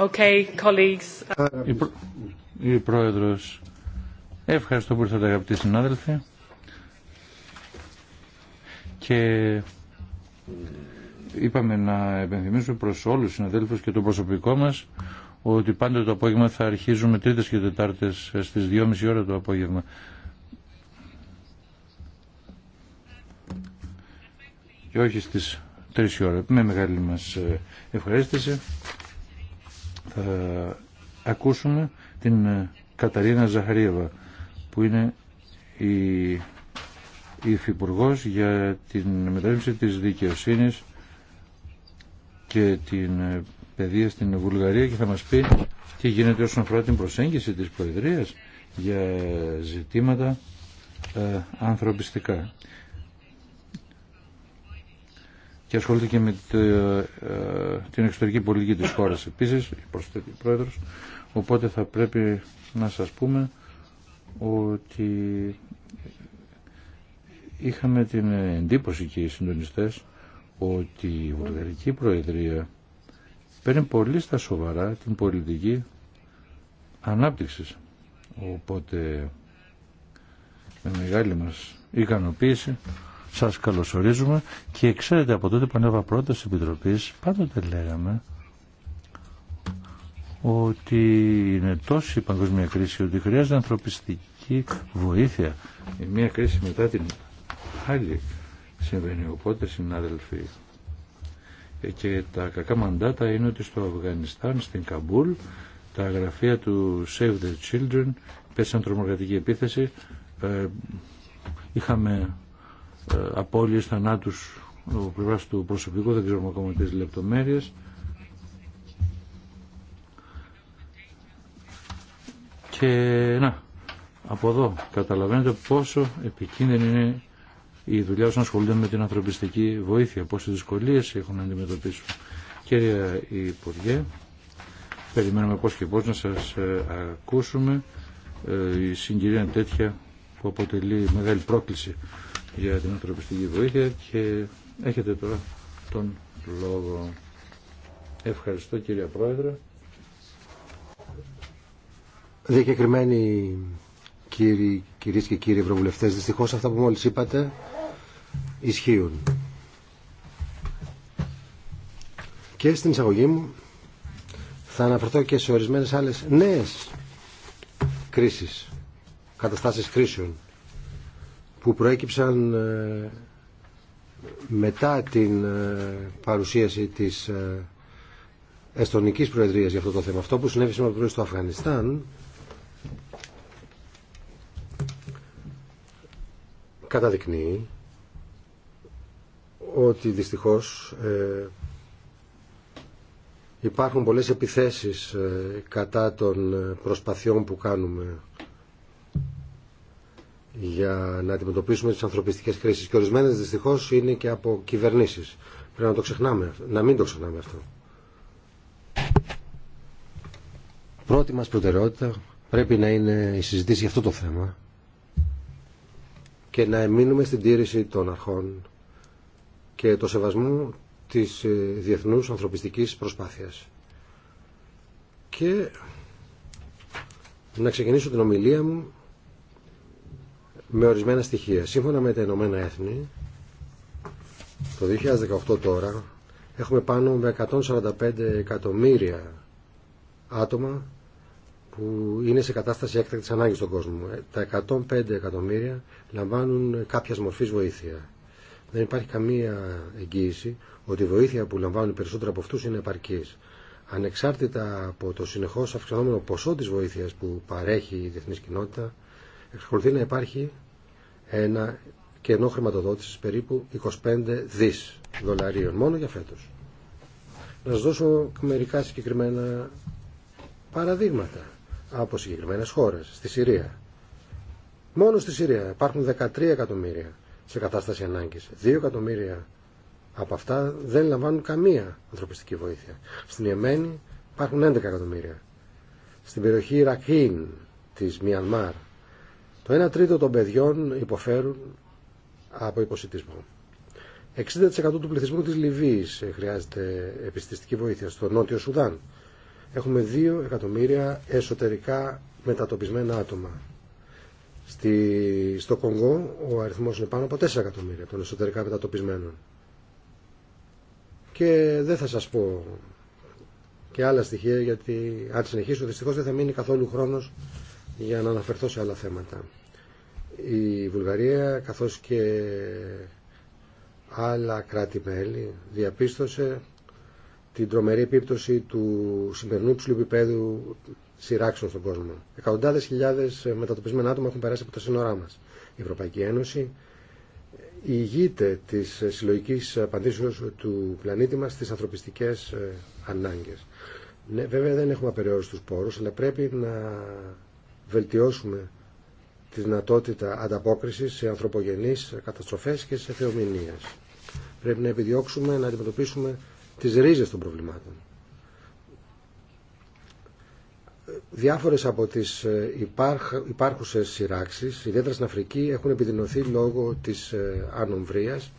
Okay, colleagues. Η, προ... Πρόεδρος, ευχαριστώ που ήρθατε αγαπητοί συνάδελφοι και είπαμε να επενθυμίσουμε προς όλους τους συναδέλφους και το προσωπικό μας ότι πάντα το απόγευμα θα αρχίζουμε τρίτες και τετάρτες στις 2.30 ώρα το απόγευμα. Και όχι στις 3 ώρα. Με μεγάλη μας ε, ευχαρίστηση θα ακούσουμε την ε, Καταρίνα Ζαχαρίεβα που είναι η, υφυπουργός για την μεταρρύθμιση της δικαιοσύνης και την ε, παιδεία στην Βουλγαρία και θα μας πει τι γίνεται όσον αφορά την προσέγγιση της Προεδρίας για ζητήματα ε, ανθρωπιστικά και ασχολείται και με ε, την εξωτερική πολιτική της χώρας επίσης, προσθέτει πρόεδρος, οπότε θα πρέπει να σας πούμε ότι είχαμε την εντύπωση και οι συντονιστές ότι η Βουλγαρική Προεδρία παίρνει πολύ στα σοβαρά την πολιτική ανάπτυξης. Οπότε με μεγάλη μας ικανοποίηση σας καλωσορίζουμε και ξέρετε από τότε που ανέβα πρώτα στην Επιτροπής πάντοτε λέγαμε ότι είναι τόση η παγκοσμία κρίση ότι χρειάζεται ανθρωπιστική βοήθεια. Η μία κρίση μετά την άλλη συμβαίνει. Οπότε συνάδελφοι ε, και τα κακά μαντάτα είναι ότι στο Αφγανιστάν, στην Καμπούλ, τα γραφεία του Save the Children πέσαν τρομοκρατική επίθεση. Ε, είχαμε ε, απώλειες θανάτους από πλευράς του προσωπικού, δεν ξέρουμε ακόμα τις λεπτομέρειες. Και να, από εδώ καταλαβαίνετε πόσο επικίνδυνη είναι η δουλειά όσων ασχολούνται με την ανθρωπιστική βοήθεια, πόσες δυσκολίες έχουν να αντιμετωπίσουν. Κύριε Υπουργέ, περιμένουμε πώς και πώς να σας ε, ακούσουμε. Ε, η συγκυρία είναι τέτοια που αποτελεί μεγάλη πρόκληση για την ανθρωπιστική βοήθεια και έχετε τώρα τον λόγο. Ευχαριστώ κύριε Πρόεδρε. Διακεκριμένοι κύριοι, κυρίες και κύριοι ευρωβουλευτές, δυστυχώς αυτά που μόλις είπατε ισχύουν. Και στην εισαγωγή μου θα αναφερθώ και σε ορισμένες άλλες νέες κρίσεις, καταστάσεις κρίσεων που προέκυψαν ε, μετά την ε, παρουσίαση της ε, Εστονικής Προεδρίας για αυτό το θέμα. Αυτό που συνέβη σήμερα στο Αφγανιστάν καταδεικνύει ότι δυστυχώς υπάρχουν πολλές επιθέσεις κατά των προσπαθειών που κάνουμε για να αντιμετωπίσουμε τις ανθρωπιστικές κρίσει. και ορισμένε δυστυχώς είναι και από κυβερνήσεις. Πρέπει να το ξεχνάμε, να μην το ξεχνάμε αυτό. Πρώτη μα προτεραιότητα πρέπει να είναι η συζήτηση για αυτό το θέμα και να εμείνουμε στην τήρηση των αρχών και το σεβασμό της ε, διεθνούς ανθρωπιστικής προσπάθειας. Και να ξεκινήσω την ομιλία μου με ορισμένα στοιχεία. Σύμφωνα με τα Ηνωμένα Έθνη, το 2018 τώρα, έχουμε πάνω με 145 εκατομμύρια άτομα που είναι σε κατάσταση έκτακτης ανάγκης στον κόσμο. Ε, τα 105 εκατομμύρια λαμβάνουν κάποια μορφή βοήθεια. Δεν υπάρχει καμία εγγύηση ότι η βοήθεια που λαμβάνουν περισσότερο από αυτούς είναι επαρκής. Ανεξάρτητα από το συνεχώς αυξανόμενο ποσό της βοήθειας που παρέχει η διεθνής κοινότητα, εξακολουθεί να υπάρχει ένα κενό χρηματοδότησης περίπου 25 δις δολαρίων μόνο για φέτος. Να σα δώσω μερικά συγκεκριμένα παραδείγματα από συγκεκριμένε χώρε Στη Συρία. Μόνο στη Συρία υπάρχουν 13 εκατομμύρια σε κατάσταση ανάγκης. 2 εκατομμύρια από αυτά δεν λαμβάνουν καμία ανθρωπιστική βοήθεια. Στην Ιεμένη υπάρχουν 11 εκατομμύρια. Στην περιοχή Ρακίν της Μιανμάρ το 1 τρίτο των παιδιών υποφέρουν από υποσυτισμό. 60% του πληθυσμού της Λιβύης ε, χρειάζεται επιστηστική βοήθεια. Στο Νότιο Σουδάν έχουμε 2 εκατομμύρια εσωτερικά μετατοπισμένα άτομα. Στη, στο Κονγκό ο αριθμός είναι πάνω από 4 εκατομμύρια των εσωτερικά μετατοπισμένων. Και δεν θα σας πω και άλλα στοιχεία γιατί αν συνεχίσω δυστυχώς δεν θα μείνει καθόλου χρόνος για να αναφερθώ σε άλλα θέματα. Η Βουλγαρία καθώς και άλλα κράτη-μέλη διαπίστωσε την τρομερή επίπτωση του σημερινού ψηλού επίπεδου σειράξεων στον κόσμο. Εκατοντάδες χιλιάδες μετατοπισμένα άτομα έχουν περάσει από τα σύνορά μας. Η Ευρωπαϊκή Ένωση ηγείται της συλλογική απαντήσεως του πλανήτη μας στις ανθρωπιστικές ε, ανάγκες. Ναι, βέβαια δεν έχουμε απεριόριστους πόρους, αλλά πρέπει να βελτιώσουμε τη δυνατότητα ανταπόκρισης σε ανθρωπογενείς καταστροφές και σε θεομηνίες. Πρέπει να επιδιώξουμε να αντιμετωπίσουμε τις ρίζες των προβλημάτων. Διάφορες από τις ε, υπάρχουσες σειράξεις, ιδιαίτερα στην Αφρική, έχουν επιδεινωθεί λόγω της ε, ανομβρίας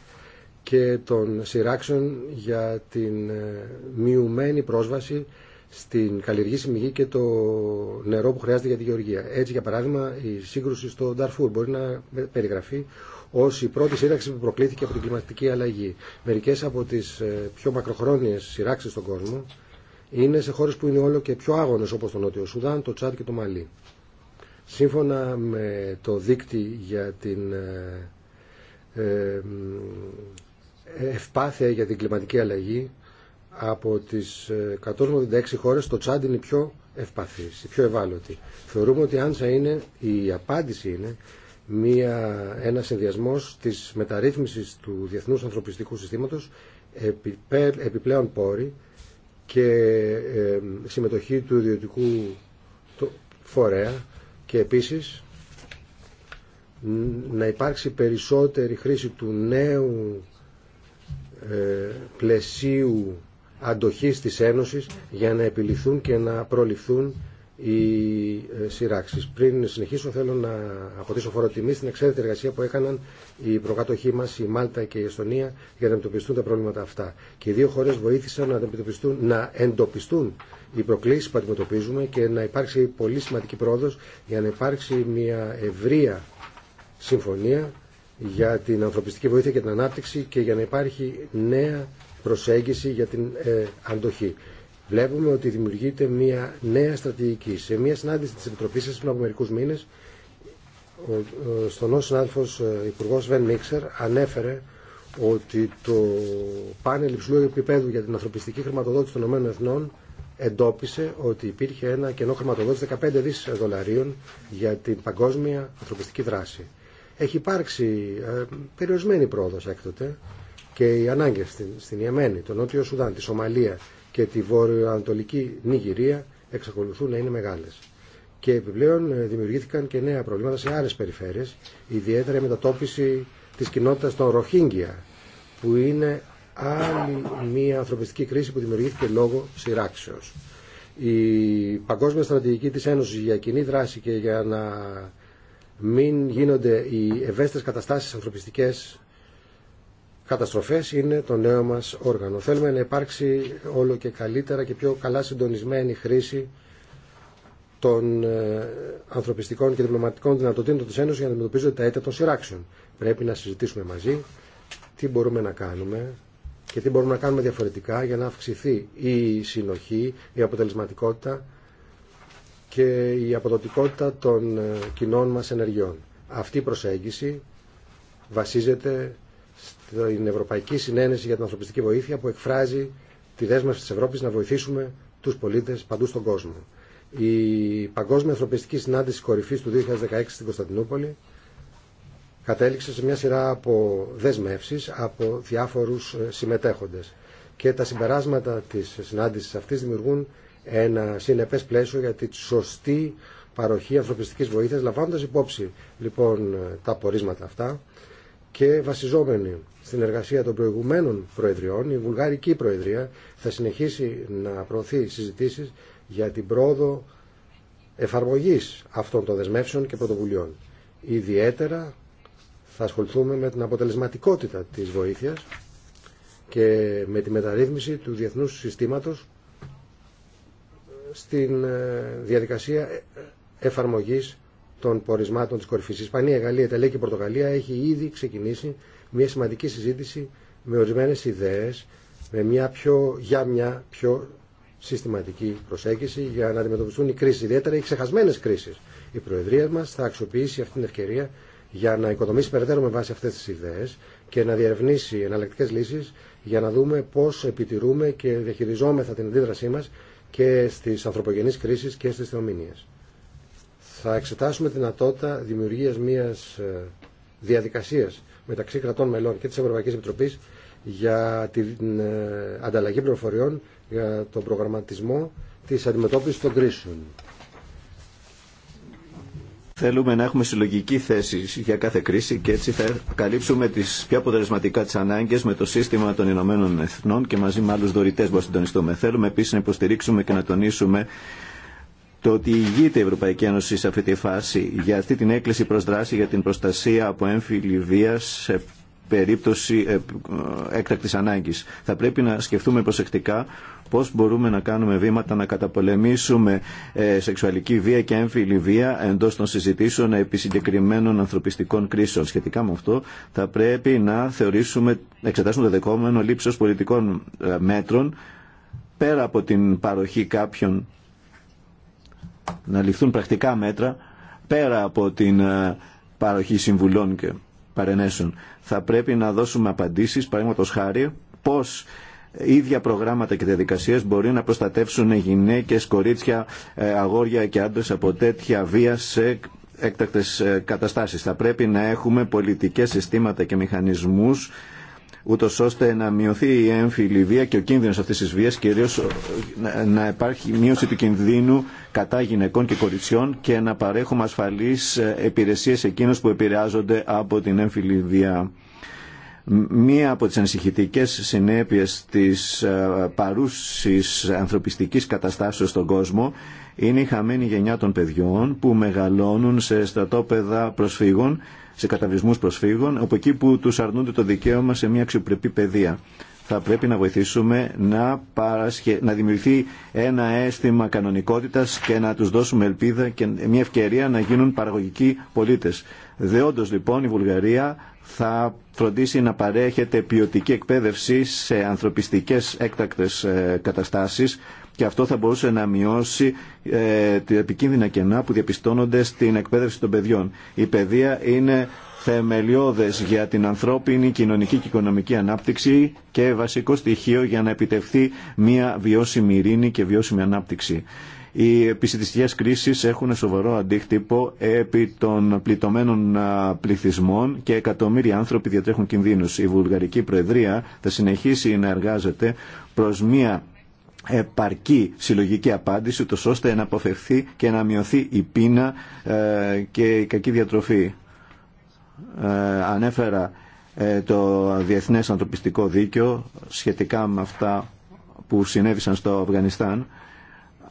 και των σειράξεων για την ε, μειωμένη πρόσβαση στην καλλιεργήσιμη γη και το νερό που χρειάζεται για τη γεωργία. Έτσι, για παράδειγμα, η σύγκρουση στο Νταρφούρ μπορεί να περιγραφεί ω η πρώτη σύραξη που προκλήθηκε από την κλιματική αλλαγή. Μερικέ από τι ε, πιο μακροχρόνιε σειράξει στον κόσμο είναι σε χώρε που είναι όλο και πιο άγονε, όπω το Νότιο Σουδάν, το Τσάντ και το Μαλί. Σύμφωνα με το δίκτυο για την ε, ε, ευπάθεια για την κλιματική αλλαγή, από τις 186 ε, χώρες το Τσάντ είναι πιο ευπαθής, η πιο ευάλωτη. Θεωρούμε ότι αν είναι, η απάντηση είναι μια, ένα συνδυασμό της μεταρρύθμιση του διεθνού Ανθρωπιστικού Συστήματος επιπλέον πόρη και ε, συμμετοχή του ιδιωτικού φορέα και επίσης να υπάρξει περισσότερη χρήση του νέου ε, πλαισίου αντοχής της Ένωσης για να επιληθούν και να προληφθούν οι ε, σειράξεις. Πριν συνεχίσω θέλω να αποτίσω φοροτιμή στην εξαίρετη εργασία που έκαναν οι προκατοχοί μας, η Μάλτα και η Εστονία, για να αντιμετωπιστούν τα προβλήματα αυτά. Και οι δύο χώρες βοήθησαν να, αντιμετωπιστούν, να εντοπιστούν οι προκλήσεις που αντιμετωπίζουμε και να υπάρξει πολύ σημαντική πρόοδος για να υπάρξει μια ευρεία συμφωνία για την ανθρωπιστική βοήθεια και την ανάπτυξη και για να υπάρχει νέα προσέγγιση για την ε, αντοχή. Βλέπουμε ότι δημιουργείται μια νέα στρατηγική. Σε μια συνάντηση τη Επιτροπής σας πριν από μερικού μήνε, ο, ο στονός συνάδελφος ε, Υπουργός Βεν Μίξερ ανέφερε ότι το πάνελ υψηλού επίπεδου για την ανθρωπιστική χρηματοδότηση των ΗΕ εντόπισε ότι υπήρχε ένα κενό χρηματοδότηση 15 δις δολαρίων για την παγκόσμια ανθρωπιστική δράση. Έχει υπάρξει ε, περιορισμένη πρόοδος έκτοτε, και οι ανάγκε στην, στην Ιεμένη, τον Νότιο Σουδάν, τη Σομαλία και τη Βορειοανατολική Νιγηρία εξακολουθούν να είναι μεγάλες. Και επιπλέον ε, δημιουργήθηκαν και νέα προβλήματα σε άλλες περιφέρειες, ιδιαίτερα η μετατόπιση της κοινότητας των Ροχίνγκια, που είναι άλλη μια ανθρωπιστική κρίση που δημιουργήθηκε λόγω σειράξεω. Η παγκόσμια στρατηγική τη Ένωση για κοινή δράση και για να μην γίνονται οι ευαίσθητε καταστάσει ανθρωπιστικέ καταστροφές είναι το νέο μας όργανο. Θέλουμε να υπάρξει όλο και καλύτερα και πιο καλά συντονισμένη χρήση των ε, ανθρωπιστικών και διπλωματικών δυνατοτήτων της Ένωσης για να αντιμετωπίζονται τα αίτια των σειράξεων. Πρέπει να συζητήσουμε μαζί τι μπορούμε να κάνουμε και τι μπορούμε να κάνουμε διαφορετικά για να αυξηθεί η συνοχή, η αποτελεσματικότητα και η αποδοτικότητα των ε, κοινών μας ενεργειών. Αυτή η προσέγγιση βασίζεται την Ευρωπαϊκή Συνένεση για την Ανθρωπιστική Βοήθεια που εκφράζει τη δέσμευση της Ευρώπης να βοηθήσουμε τους πολίτες παντού στον κόσμο. Η Παγκόσμια Ανθρωπιστική Συνάντηση Κορυφής του 2016 στην Κωνσταντινούπολη κατέληξε σε μια σειρά από δεσμεύσεις από διάφορους ε, συμμετέχοντες και τα συμπεράσματα της συνάντησης αυτής δημιουργούν ένα συνεπές πλαίσιο για τη σωστή παροχή ανθρωπιστικής βοήθειας λαμβάνοντας υπόψη λοιπόν ε, τα πορίσματα αυτά και βασιζόμενοι στην εργασία των προηγουμένων προεδριών, η Βουλγαρική Προεδρία θα συνεχίσει να προωθεί συζητήσεις για την πρόοδο εφαρμογής αυτών των δεσμεύσεων και πρωτοβουλειών. Ιδιαίτερα θα ασχοληθούμε με την αποτελεσματικότητα της βοήθειας και με τη μεταρρύθμιση του διεθνούς συστήματος στην ε, διαδικασία ε, εφαρμογής των πορισμάτων τη Κορυφή, Η Ισπανία, Γαλλία, η Ιταλία και Πορτογαλία έχει ήδη ξεκινήσει μια σημαντική συζήτηση με ορισμένε ιδέε με μια πιο, για μια πιο συστηματική προσέγγιση για να αντιμετωπιστούν οι κρίσει ιδιαίτερα οι ξεχασμένε κρίσει. Η Προεδρία μα θα αξιοποιήσει αυτή την ευκαιρία για να οικοδομήσει περαιτέρω με βάση αυτέ τι ιδέε και να διερευνήσει εναλλακτικέ λύσει για να δούμε πώ επιτηρούμε και διαχειριζόμεθα την αντίδρασή μα και στι ανθρωπογενεί κρίσει και στι θεομηνίε θα εξετάσουμε τη δυνατότητα δημιουργίας μιας ε, διαδικασίας μεταξύ κρατών μελών και της Ευρωπαϊκής Επιτροπής για την ε, ανταλλαγή πληροφοριών για τον προγραμματισμό της αντιμετώπισης των κρίσεων. Θέλουμε να έχουμε συλλογική θέση για κάθε κρίση και έτσι θα καλύψουμε τις πιο αποτελεσματικά τις ανάγκες με το σύστημα των Ηνωμένων Εθνών και μαζί με άλλους δωρητές που συντονιστούμε. Θέλουμε επίσης να υποστηρίξουμε και να τονίσουμε το ότι ηγείται η Ευρωπαϊκή Ένωση σε αυτή τη φάση για αυτή την έκκληση προς δράση για την προστασία από έμφυλη βία σε περίπτωση ε, ε, έκτακτης ανάγκης. Θα πρέπει να σκεφτούμε προσεκτικά πώς μπορούμε να κάνουμε βήματα να καταπολεμήσουμε ε, σεξουαλική βία και έμφυλη βία εντός των συζητήσεων επί συγκεκριμένων ανθρωπιστικών κρίσεων. Σχετικά με αυτό θα πρέπει να θεωρήσουμε, εξετάσουμε το δεκόμενο λήψεως πολιτικών μέτρων πέρα από την παροχή κάποιων να ληφθούν πρακτικά μέτρα πέρα από την ε, παροχή συμβουλών και παρενέσεων. Θα πρέπει να δώσουμε απαντήσεις, παραδείγματο χάρη, πώς ίδια προγράμματα και διαδικασίε μπορεί να προστατεύσουν γυναίκες, κορίτσια, ε, αγόρια και άντρε από τέτοια βία σε έκτακτες ε, καταστάσεις. Θα πρέπει να έχουμε πολιτικές συστήματα και μηχανισμούς ούτω ώστε να μειωθεί η έμφυλη βία και ο κίνδυνο αυτή τη βία, κυρίω να υπάρχει μείωση του κινδύνου κατά γυναικών και κοριτσιών και να παρέχουμε ασφαλεί υπηρεσίε εκείνου που επηρεάζονται από την έμφυλη βία. Μία από τις ανησυχητικέ συνέπειες της ε, παρούσης ανθρωπιστικής καταστάσεως στον κόσμο είναι η χαμένη γενιά των παιδιών που μεγαλώνουν σε στρατόπεδα προσφύγων σε καταβλισμού προσφύγων, από εκεί που του αρνούνται το δικαίωμα σε μια αξιοπρεπή παιδεία. Θα πρέπει να βοηθήσουμε να, παρασχε... να δημιουργηθεί ένα αίσθημα κανονικότητα και να του δώσουμε ελπίδα και μια ευκαιρία να γίνουν παραγωγικοί πολίτε. Δεόντω λοιπόν η Βουλγαρία θα φροντίσει να παρέχεται ποιοτική εκπαίδευση σε ανθρωπιστικές έκτακτες ε, καταστάσεις και αυτό θα μπορούσε να μειώσει ε, τα επικίνδυνα κενά που διαπιστώνονται στην εκπαίδευση των παιδιών. Η παιδεία είναι θεμελιώδες για την ανθρώπινη, κοινωνική και οικονομική ανάπτυξη και βασικό στοιχείο για να επιτευχθεί μια βιώσιμη ειρήνη και βιώσιμη ανάπτυξη. Οι επιστημιστικές κρίσεις έχουν σοβαρό αντίκτυπο επί των πληττωμένων πληθυσμών και εκατομμύρια άνθρωποι διατρέχουν κινδύνους. Η Βουλγαρική Προεδρία θα συνεχίσει να εργάζεται προς μια επαρκή συλλογική απάντηση, ούτως ώστε να αποφευθεί και να μειωθεί η πείνα ε, και η κακή διατροφή. Ε, ανέφερα ε, το Διεθνές Ανθρωπιστικό Δίκαιο σχετικά με αυτά που συνέβησαν στο Αφγανιστάν,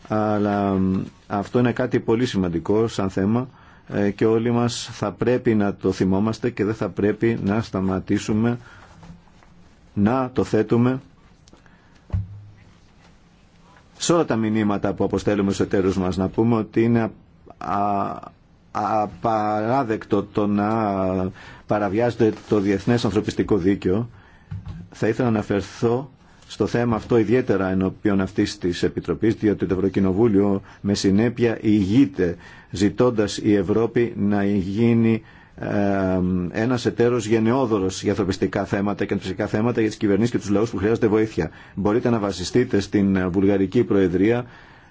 αλλά αυτό είναι κάτι πολύ σημαντικό σαν θέμα και όλοι μας θα πρέπει να το θυμόμαστε και δεν θα πρέπει να σταματήσουμε να το θέτουμε σε όλα τα μηνύματα που αποστέλουμε στους εταίρους μας να πούμε ότι είναι απαράδεκτο το να παραβιάζεται το διεθνές ανθρωπιστικό δίκαιο. Θα ήθελα να αναφερθώ στο θέμα αυτό ιδιαίτερα ενώπιον αυτή τη Επιτροπή, διότι το Ευρωκοινοβούλιο με συνέπεια ηγείται, ζητώντα η Ευρώπη να γίνει ε, ένα εταίρο γενναιόδωρο για ανθρωπιστικά θέματα και ανθρωπιστικά θέματα για τι κυβερνήσει και του λαού που χρειάζονται βοήθεια. Μπορείτε να βασιστείτε στην Βουλγαρική Προεδρία.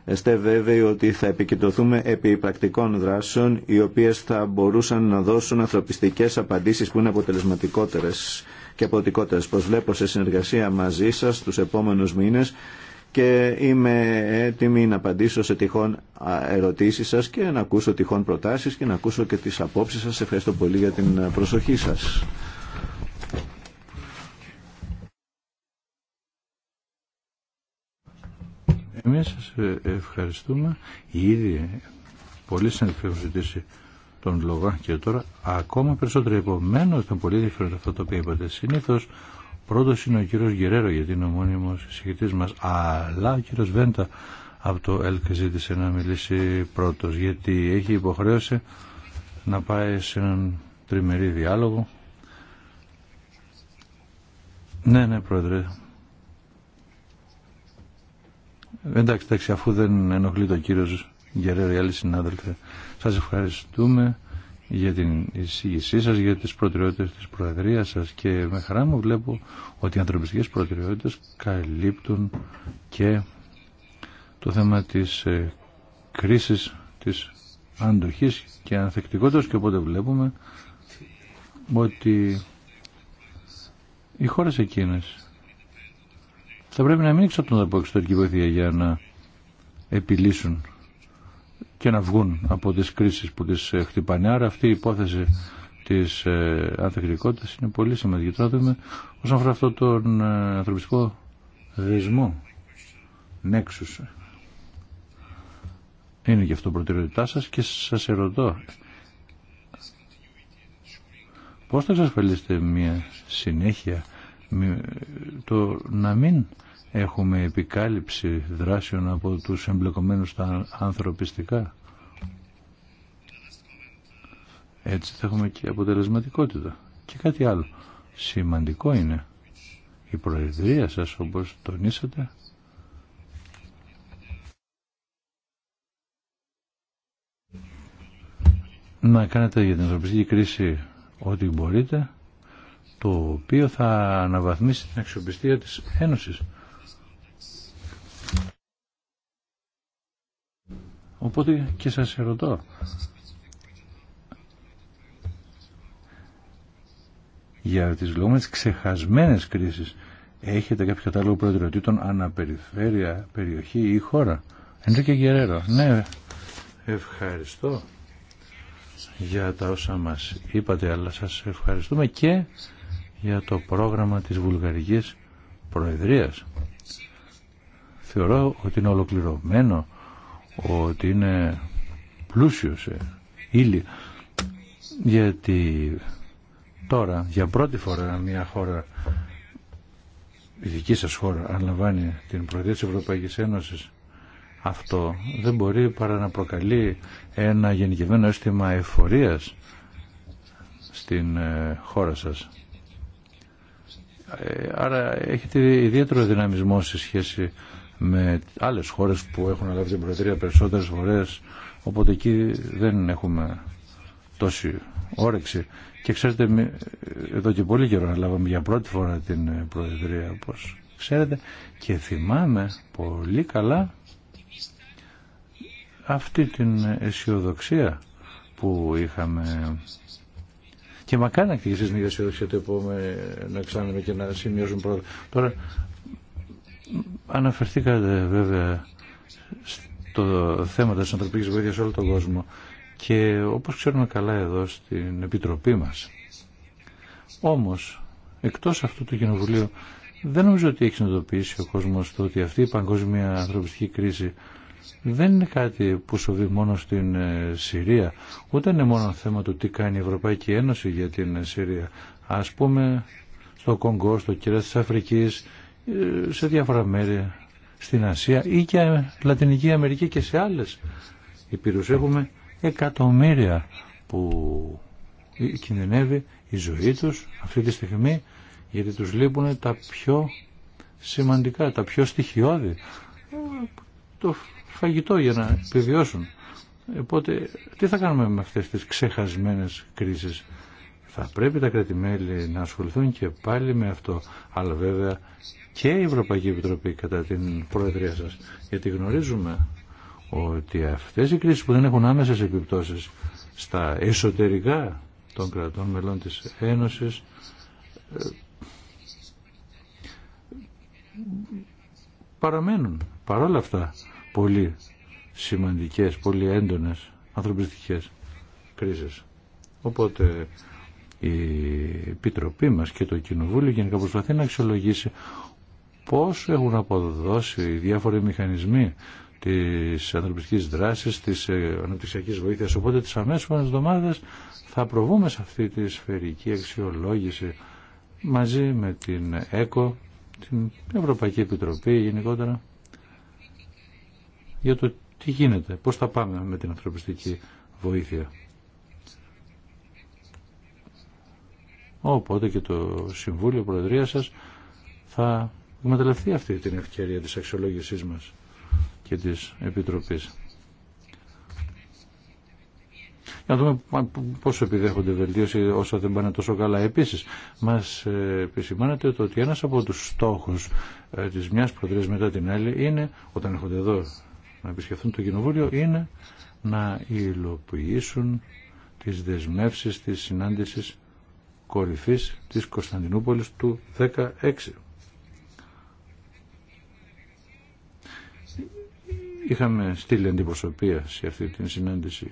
Είστε βέβαιοι ότι θα επικεντρωθούμε επί πρακτικών δράσεων οι οποίε θα μπορούσαν να δώσουν ανθρωπιστικέ απαντήσει που είναι αποτελεσματικότερε και αποδοτικότερε. Προσβλέπω σε συνεργασία μαζί σα του επόμενου μήνε και είμαι έτοιμη να απαντήσω σε τυχόν ερωτήσεις σας και να ακούσω τυχόν προτάσεις και να ακούσω και τις απόψεις σας. Ευχαριστώ πολύ για την προσοχή σας. Εμείς σας ευχαριστούμε. Ήδη πολύ συναδελφοί έχουν ζητήσει τον λόγο και τώρα ακόμα περισσότερο επομένως ήταν πολύ ενδιαφέροντα αυτό το οποίο είπατε. Συνήθως Πρώτος είναι ο κύριος Γκερέρο γιατί είναι ο μόνιμος συγχητής μας αλλά ο κύριος Βέντα από το ΕΛΚ ζήτησε να μιλήσει πρώτο. γιατί έχει υποχρέωση να πάει σε έναν τριμερή διάλογο. Ναι, ναι, πρόεδρε. Εντάξει, εντάξει, αφού δεν ενοχλεί το κύριο Γκερέρο οι άλλοι συνάδελφοι. Σας ευχαριστούμε για την εισήγησή σας, για τις προτεραιότητες της Προεδρίας σας και με χαρά μου βλέπω ότι οι ανθρωπιστικές προτεραιότητες καλύπτουν και το θέμα της ε, κρίσης, της αντοχής και ανθεκτικότητας και οπότε βλέπουμε ότι οι χώρες εκείνες θα πρέπει να μην εξαρτώνται από εξωτερική βοήθεια για να επιλύσουν και να βγουν από τις κρίσεις που τις ε, χτυπάνε. Άρα αυτή η υπόθεση της ε, ανθεκτικότητας είναι πολύ σημαντική. Τώρα δούμε όσον αφορά αυτό τον ε, ανθρωπιστικό δεσμό, νέξους. Είναι και αυτό προτεραιότητά σας και σας ερωτώ. Πώς θα εξασφαλίσετε μια συνέχεια το να μην Έχουμε επικάλυψη δράσεων από τους εμπλεκομένους στα ανθρωπιστικά. Έτσι θα έχουμε και αποτελεσματικότητα. Και κάτι άλλο. Σημαντικό είναι η προεδρία σας όπως τονίσατε να κάνετε για την ανθρωπιστική κρίση ό,τι μπορείτε το οποίο θα αναβαθμίσει την αξιοπιστία της Ένωσης. Οπότε και σας ερωτώ. Για τις λεγόμενες ξεχασμένες κρίσεις έχετε κάποιο κατάλογο προτεραιοτήτων αναπεριφέρεια, περιοχή ή χώρα. και Γερέρο. Ναι, ευχαριστώ για τα όσα μας είπατε, αλλά σας ευχαριστούμε και για το πρόγραμμα της Βουλγαρικής Προεδρίας. Θεωρώ ότι είναι ολοκληρωμένο ότι είναι πλούσιο σε ύλη γιατί τώρα για πρώτη φορά μια χώρα η δική σας χώρα λαμβάνει την Προεδρία της Ευρωπαϊκής Ένωσης αυτό δεν μπορεί παρά να προκαλεί ένα γενικευμένο αίσθημα εφορίας στην ε, χώρα σας. Ε, άρα έχετε ιδιαίτερο δυναμισμό σε σχέση με άλλες χώρες που έχουν αλλάξει την Προεδρία περισσότερες φορές οπότε εκεί δεν έχουμε τόση όρεξη και ξέρετε εδώ και πολύ καιρό αναλάβαμε για πρώτη φορά την Προεδρία όπως ξέρετε και θυμάμαι πολύ καλά αυτή την αισιοδοξία που είχαμε και μακάρι να κτηγήσεις μια αισιοδοξία το επόμενο εξάμεινο και να σημειώσουν πρώτα Τώρα Αναφερθήκατε βέβαια στο θέμα της ανθρωπικής βοήθειας σε όλο τον κόσμο και όπως ξέρουμε καλά εδώ στην Επιτροπή μας. Όμως, εκτός αυτού του κοινοβουλίου, δεν νομίζω ότι έχει συνειδητοποιήσει ο κόσμος το ότι αυτή η παγκόσμια ανθρωπιστική κρίση δεν είναι κάτι που σοβεί μόνο στην ε, Συρία, ούτε είναι μόνο θέμα του τι κάνει η Ευρωπαϊκή Ένωση για την ε, Συρία. Ας πούμε στο Κονγκό, στο κυρίες της Αφρικής, σε διάφορα μέρη στην Ασία ή και Λατινική Αμερική και σε άλλες υπήρους. Έχουμε εκατομμύρια που κινδυνεύει η ζωή τους αυτή τη στιγμή γιατί τους λείπουν τα πιο σημαντικά, τα πιο στοιχειώδη το φαγητό για να επιβιώσουν. Οπότε τι θα κάνουμε με αυτές τις ξεχασμένες κρίσεις. Θα πρέπει τα κρατημέλη να ασχοληθούν και πάλι με αυτό. Αλλά βέβαια και η Ευρωπαϊκή Επιτροπή κατά την Προεδρία σας. Γιατί γνωρίζουμε ότι αυτές οι κρίσεις που δεν έχουν άμεσες επιπτώσεις στα εσωτερικά των κρατών μελών της Ένωσης ε, παραμένουν παρόλα αυτά πολύ σημαντικές, πολύ έντονες ανθρωπιστικές κρίσεις Οπότε η Επιτροπή μας και το Κοινοβούλιο γενικά προσπαθεί να αξιολογήσει πώς έχουν αποδώσει οι διάφοροι μηχανισμοί της ανθρωπιστικής δράσης, της ε, αναπτυξιακής βοήθειας. Οπότε τις αμέσως εβδομάδες θα προβούμε σε αυτή τη σφαιρική αξιολόγηση μαζί με την ΕΚΟ, την Ευρωπαϊκή Επιτροπή γενικότερα, για το τι γίνεται, πώς θα πάμε με την ανθρωπιστική βοήθεια. Οπότε και το Συμβούλιο Προεδρία σα θα εκμεταλλευτεί αυτή την ευκαιρία της αξιολόγησής μας και της Επιτροπής. Για να δούμε πόσο επιδέχονται βελτίωση όσα δεν πάνε τόσο καλά. Επίσης, μας ε, επισημάνεται ότι ένας από του στόχους ε, της μια Προεδρία μετά την άλλη είναι, όταν έρχονται εδώ να επισκεφθούν το Κοινοβούλιο, είναι να υλοποιήσουν τις δεσμεύσεις της συνάντησης κορυφής της Κωνσταντινούπολης του 16. Είχαμε στείλει αντιπροσωπεία σε αυτή την συνάντηση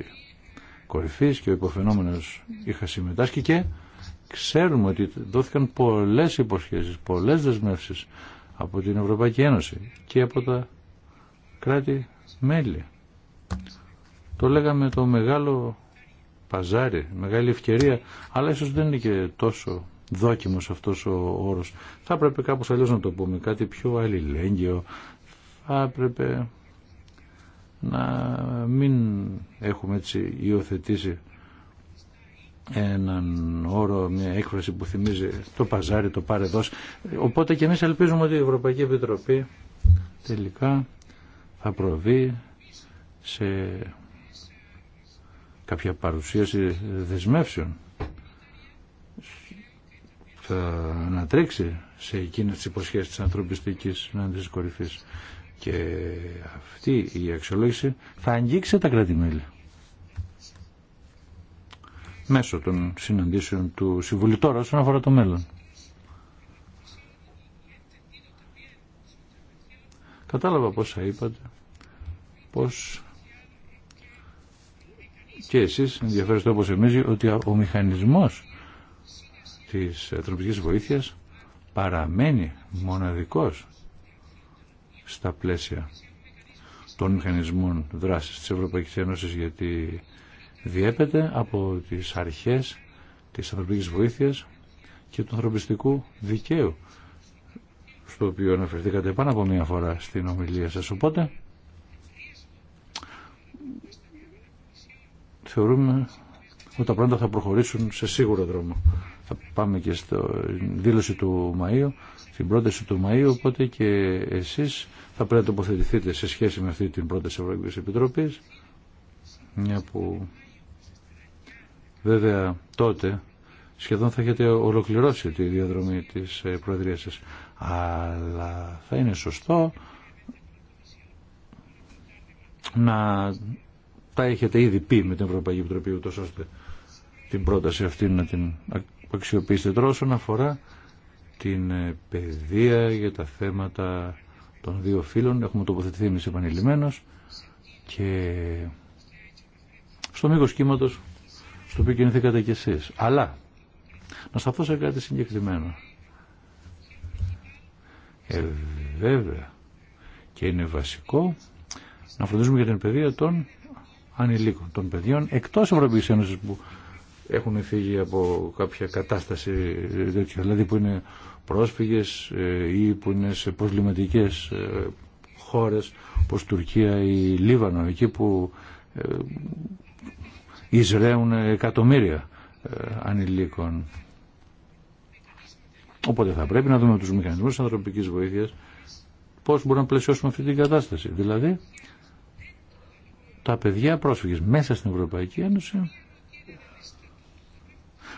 κορυφής και ο υποφαινόμενος είχα συμμετάσχει και ξέρουμε ότι δόθηκαν πολλές υποσχέσεις, πολλές δεσμεύσεις από την Ευρωπαϊκή Ένωση και από τα κράτη-μέλη. Το λέγαμε το μεγάλο παζάρι, μεγάλη ευκαιρία, αλλά ίσως δεν είναι και τόσο δόκιμος αυτός ο όρος. Θα έπρεπε κάπως αλλιώς να το πούμε, κάτι πιο αλληλέγγυο. Θα έπρεπε να μην έχουμε έτσι υιοθετήσει έναν όρο, μια έκφραση που θυμίζει το παζάρι, το πάρε Οπότε και εμείς ελπίζουμε ότι η Ευρωπαϊκή Επιτροπή τελικά θα προβεί σε κάποια παρουσίαση δεσμεύσεων θα ανατρέξει σε εκείνες τις υποσχέσεις της ανθρωπιστικής συνάντησης κορυφής και αυτή η αξιολόγηση θα αγγίξει τα κρατη μέσω των συναντήσεων του Συμβουλίου τώρα όσον αφορά το μέλλον. Κατάλαβα πόσα είπατε, πώς και εσείς ενδιαφέρεστε όπως εμείς ότι ο μηχανισμός της ανθρωπικής βοήθειας παραμένει μοναδικός στα πλαίσια των μηχανισμών δράσης της Ευρωπαϊκής Ένωσης γιατί διέπεται από τις αρχές της ανθρωπικής βοήθειας και του ανθρωπιστικού δικαίου στο οποίο αναφερθήκατε πάνω από μία φορά στην ομιλία σας οπότε θεωρούμε ότι τα πράγματα θα προχωρήσουν σε σίγουρο δρόμο. Θα πάμε και στο δήλωση του Μαΐου, στην πρόταση του Μαΐου, οπότε και εσείς θα πρέπει να τοποθετηθείτε σε σχέση με αυτή την πρόταση Ευρωπαϊκής Επιτροπής, μια που βέβαια τότε σχεδόν θα έχετε ολοκληρώσει τη διαδρομή της ε, Προεδρίας σας. Αλλά θα είναι σωστό να τα έχετε ήδη πει με την Ευρωπαϊκή Επιτροπή ούτω ώστε την πρόταση αυτή να την αξιοποιήσετε τώρα όσον αφορά την ε, παιδεία για τα θέματα των δύο φίλων έχουμε τοποθετηθεί εμείς επανειλημμένως και στο μήκος κύματος στο οποίο κινηθήκατε κι εσείς αλλά να σταθώ σε κάτι συγκεκριμένο ε, βέβαια και είναι βασικό να φροντίζουμε για την παιδεία των ανηλίκων, των παιδιών εκτός Ευρωπαϊκής Ένωσης που έχουν φύγει από κάποια κατάσταση δηλαδή που είναι πρόσφυγες ε, ή που είναι σε προβληματικές ε, χώρες όπως Τουρκία ή Λίβανο, εκεί που ε, εισραίουν εκατομμύρια ανηλίκων. Οπότε θα πρέπει να δούμε τους μηχανισμούς ανθρωπικής βοήθειας πώς μπορούμε να πλαισιώσουμε αυτή την κατάσταση. Δηλαδή τα παιδιά πρόσφυγες μέσα στην Ευρωπαϊκή Ένωση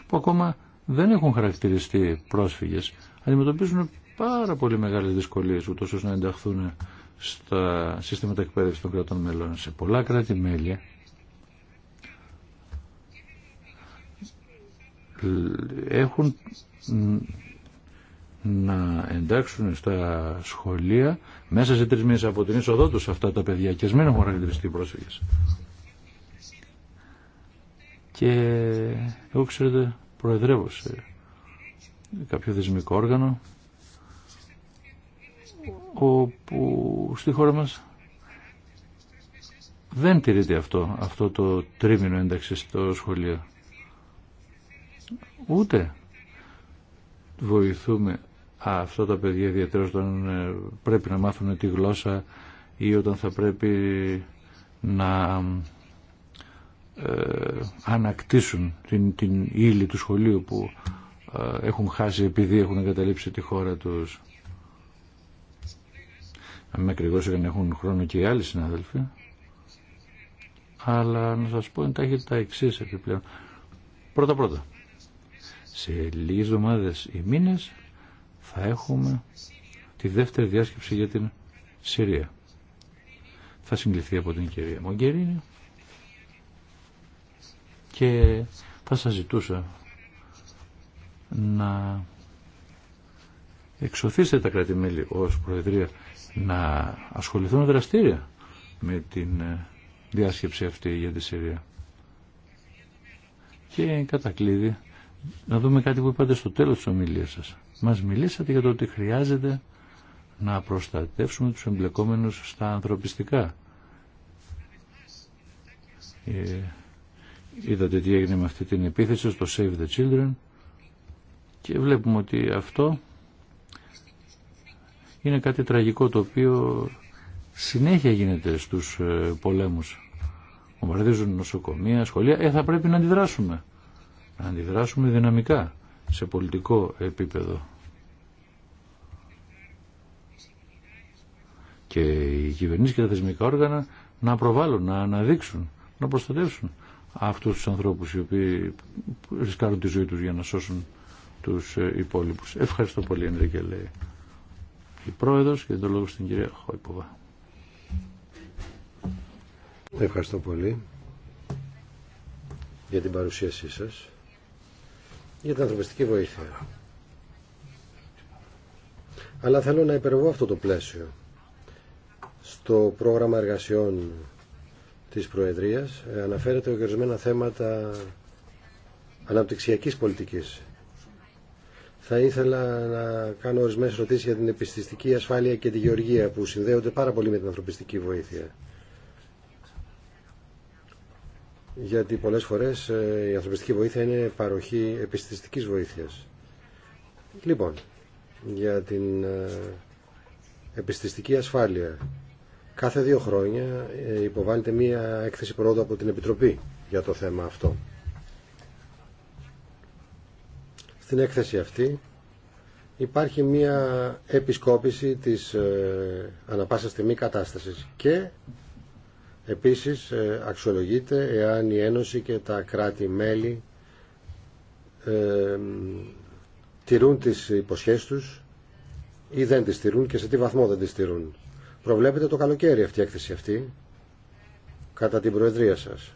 που ακόμα δεν έχουν χαρακτηριστεί πρόσφυγες αντιμετωπίζουν πάρα πολύ μεγάλες δυσκολίες ούτως ώστε να ενταχθούν στα σύστηματα εκπαίδευση των κρατών μελών σε πολλά κράτη-μέλη έχουν να εντάξουν στα σχολεία μέσα σε τρει μήνε από την είσοδό του αυτά τα παιδιά και μην έχουν χαρακτηριστεί πρόσφυγε. Και εγώ ξέρετε προεδρεύω σε κάποιο θεσμικό όργανο όπου στη χώρα μας δεν τηρείται αυτό, αυτό το τρίμηνο ένταξη στο σχολείο. Ούτε βοηθούμε αυτό τα παιδιά ιδιαίτερα όταν ε, πρέπει να μάθουν τη γλώσσα ή όταν θα πρέπει να ε, ανακτήσουν την, την ύλη του σχολείου που ε, έχουν χάσει επειδή έχουν εγκαταλείψει τη χώρα τους. Αν με ακριβώς έχουν χρόνο και οι άλλοι συνάδελφοι. Αλλά να σας πω εντάχει τα εξής επιπλέον. Πρώτα πρώτα. Σε λίγες εβδομάδες ή μήνες θα έχουμε τη δεύτερη διάσκεψη για την Συρία. Θα συγκληθεί από την κυρία Μογκερίνη και θα σας ζητούσα να εξωθήσετε τα κράτη-μέλη ως Προεδρία να ασχοληθούν δραστήρια με την ε, διάσκεψη αυτή για τη Συρία. Και κατά κλείδι, να δούμε κάτι που είπατε στο τέλος της ομιλίας σας. Μας μιλήσατε για το ότι χρειάζεται να προστατεύσουμε τους εμπλεκόμενους στα ανθρωπιστικά. Ε, είδατε τι έγινε με αυτή την επίθεση στο Save the Children και βλέπουμε ότι αυτό είναι κάτι τραγικό το οποίο συνέχεια γίνεται στους ε, πολέμους. Ομπαρδίζουν νοσοκομεία, σχολεία. Ε, θα πρέπει να αντιδράσουμε. Να αντιδράσουμε δυναμικά σε πολιτικό επίπεδο. Και οι κυβερνήσεις και τα θεσμικά όργανα να προβάλλουν, να αναδείξουν, να προστατεύσουν αυτούς τους ανθρώπους οι οποίοι ρισκάρουν τη ζωή τους για να σώσουν τους ε, υπόλοιπους. Ευχαριστώ πολύ Ενρίκε λέει η πρόεδρος και το λόγο στην κυρία Χόιποβα. Ευχαριστώ πολύ για την παρουσίασή σας για την ανθρωπιστική βοήθεια. Αλλά θέλω να υπερβώ αυτό το πλαίσιο. Στο πρόγραμμα εργασιών της Προεδρίας ε, αναφέρεται ορισμένα θέματα αναπτυξιακής πολιτικής. Θα ήθελα να κάνω ορισμένες ερωτήσεις για την επιστηστική ασφάλεια και τη γεωργία που συνδέονται πάρα πολύ με την ανθρωπιστική βοήθεια. γιατί πολλές φορές ε, η ανθρωπιστική βοήθεια είναι παροχή επιστηστικής βοήθειας. Λοιπόν, για την ε, επιστηστική ασφάλεια. Κάθε δύο χρόνια ε, υποβάλλεται μία έκθεση πρόοδου από την Επιτροπή για το θέμα αυτό. Στην έκθεση αυτή υπάρχει μία επισκόπηση της ανα πάσα κατάστασης και Επίσης ε, αξιολογείται εάν η Ένωση και τα κράτη-μέλη ε, τηρούν τις υποσχέσεις τους ή δεν τις τηρούν και σε τι βαθμό δεν τις τηρούν. Προβλέπετε το καλοκαίρι αυτή η έκθεση αυτή κατά την Προεδρία σας.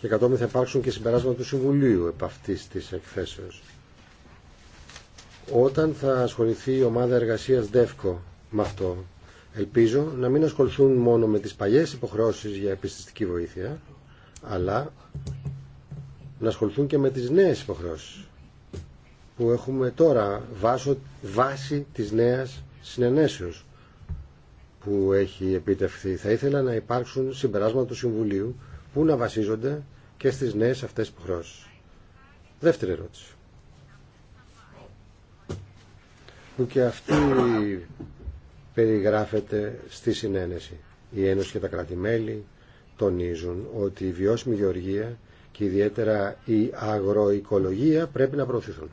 Και κατόπιν θα υπάρξουν και συμπεράσματα του Συμβουλίου επ' αυτής της εκθέσεως. Όταν θα ασχοληθεί η ομάδα εργασίας ΔΕΦΚΟ με αυτό, Ελπίζω να μην ασχοληθούν μόνο με τις παλιές υποχρεώσεις για επιστηστική βοήθεια, αλλά να ασχοληθούν και με τις νέες υποχρεώσεις που έχουμε τώρα βάσω, βάση της νέας συνενέσεως που έχει επιτευχθεί. Θα ήθελα να υπάρξουν συμπεράσματα του Συμβουλίου που να βασίζονται και στις νέες αυτές υποχρεώσεις. Δεύτερη ερώτηση. Που και αυτή περιγράφεται στη συνένεση. Η Ένωση και τα κρατη τονίζουν ότι η βιώσιμη γεωργία και ιδιαίτερα η αγροοικολογία πρέπει να προωθηθούν.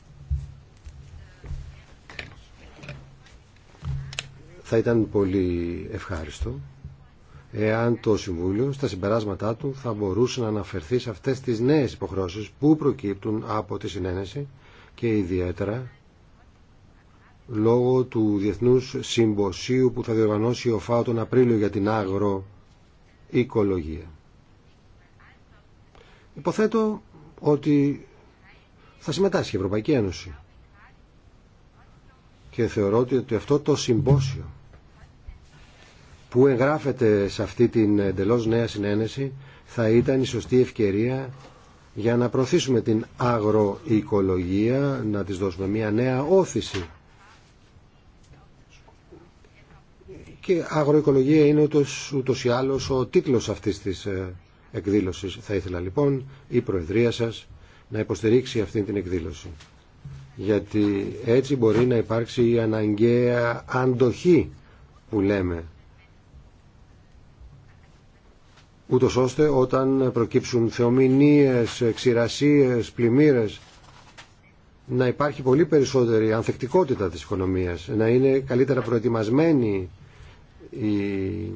Θα ήταν πολύ ευχάριστο εάν το Συμβούλιο στα συμπεράσματά του θα μπορούσε να αναφερθεί σε αυτές τις νέες υποχρώσεις που προκύπτουν από τη συνένεση και ιδιαίτερα λόγω του Διεθνούς Συμποσίου που θα διοργανώσει ο ΦΑΟ τον Απρίλιο για την αγροοικολογία. Υποθέτω ότι θα συμμετάσχει η Ευρωπαϊκή Ένωση και θεωρώ ότι αυτό το συμπόσιο που εγγράφεται σε αυτή την εντελώ νέα συνένεση θα ήταν η σωστή ευκαιρία για να προωθήσουμε την αγροοικολογία, να της δώσουμε μια νέα όθηση Και αγροοικολογία είναι ούτως, ούτως ή άλλως ο τίτλος αυτής της ε, λοιπόν, η Προεδρία σας να υποστηρίξει αυτή την εκδήλωση. Γιατί έτσι μπορεί να υπάρξει η αναγκαία αντοχή που λέμε. Ούτως ώστε όταν προκύψουν θεομηνίες, ξηρασίες, πλημμύρες να υπάρχει πολύ περισσότερη ανθεκτικότητα της οικονομίας, να είναι καλύτερα προετοιμασμένη η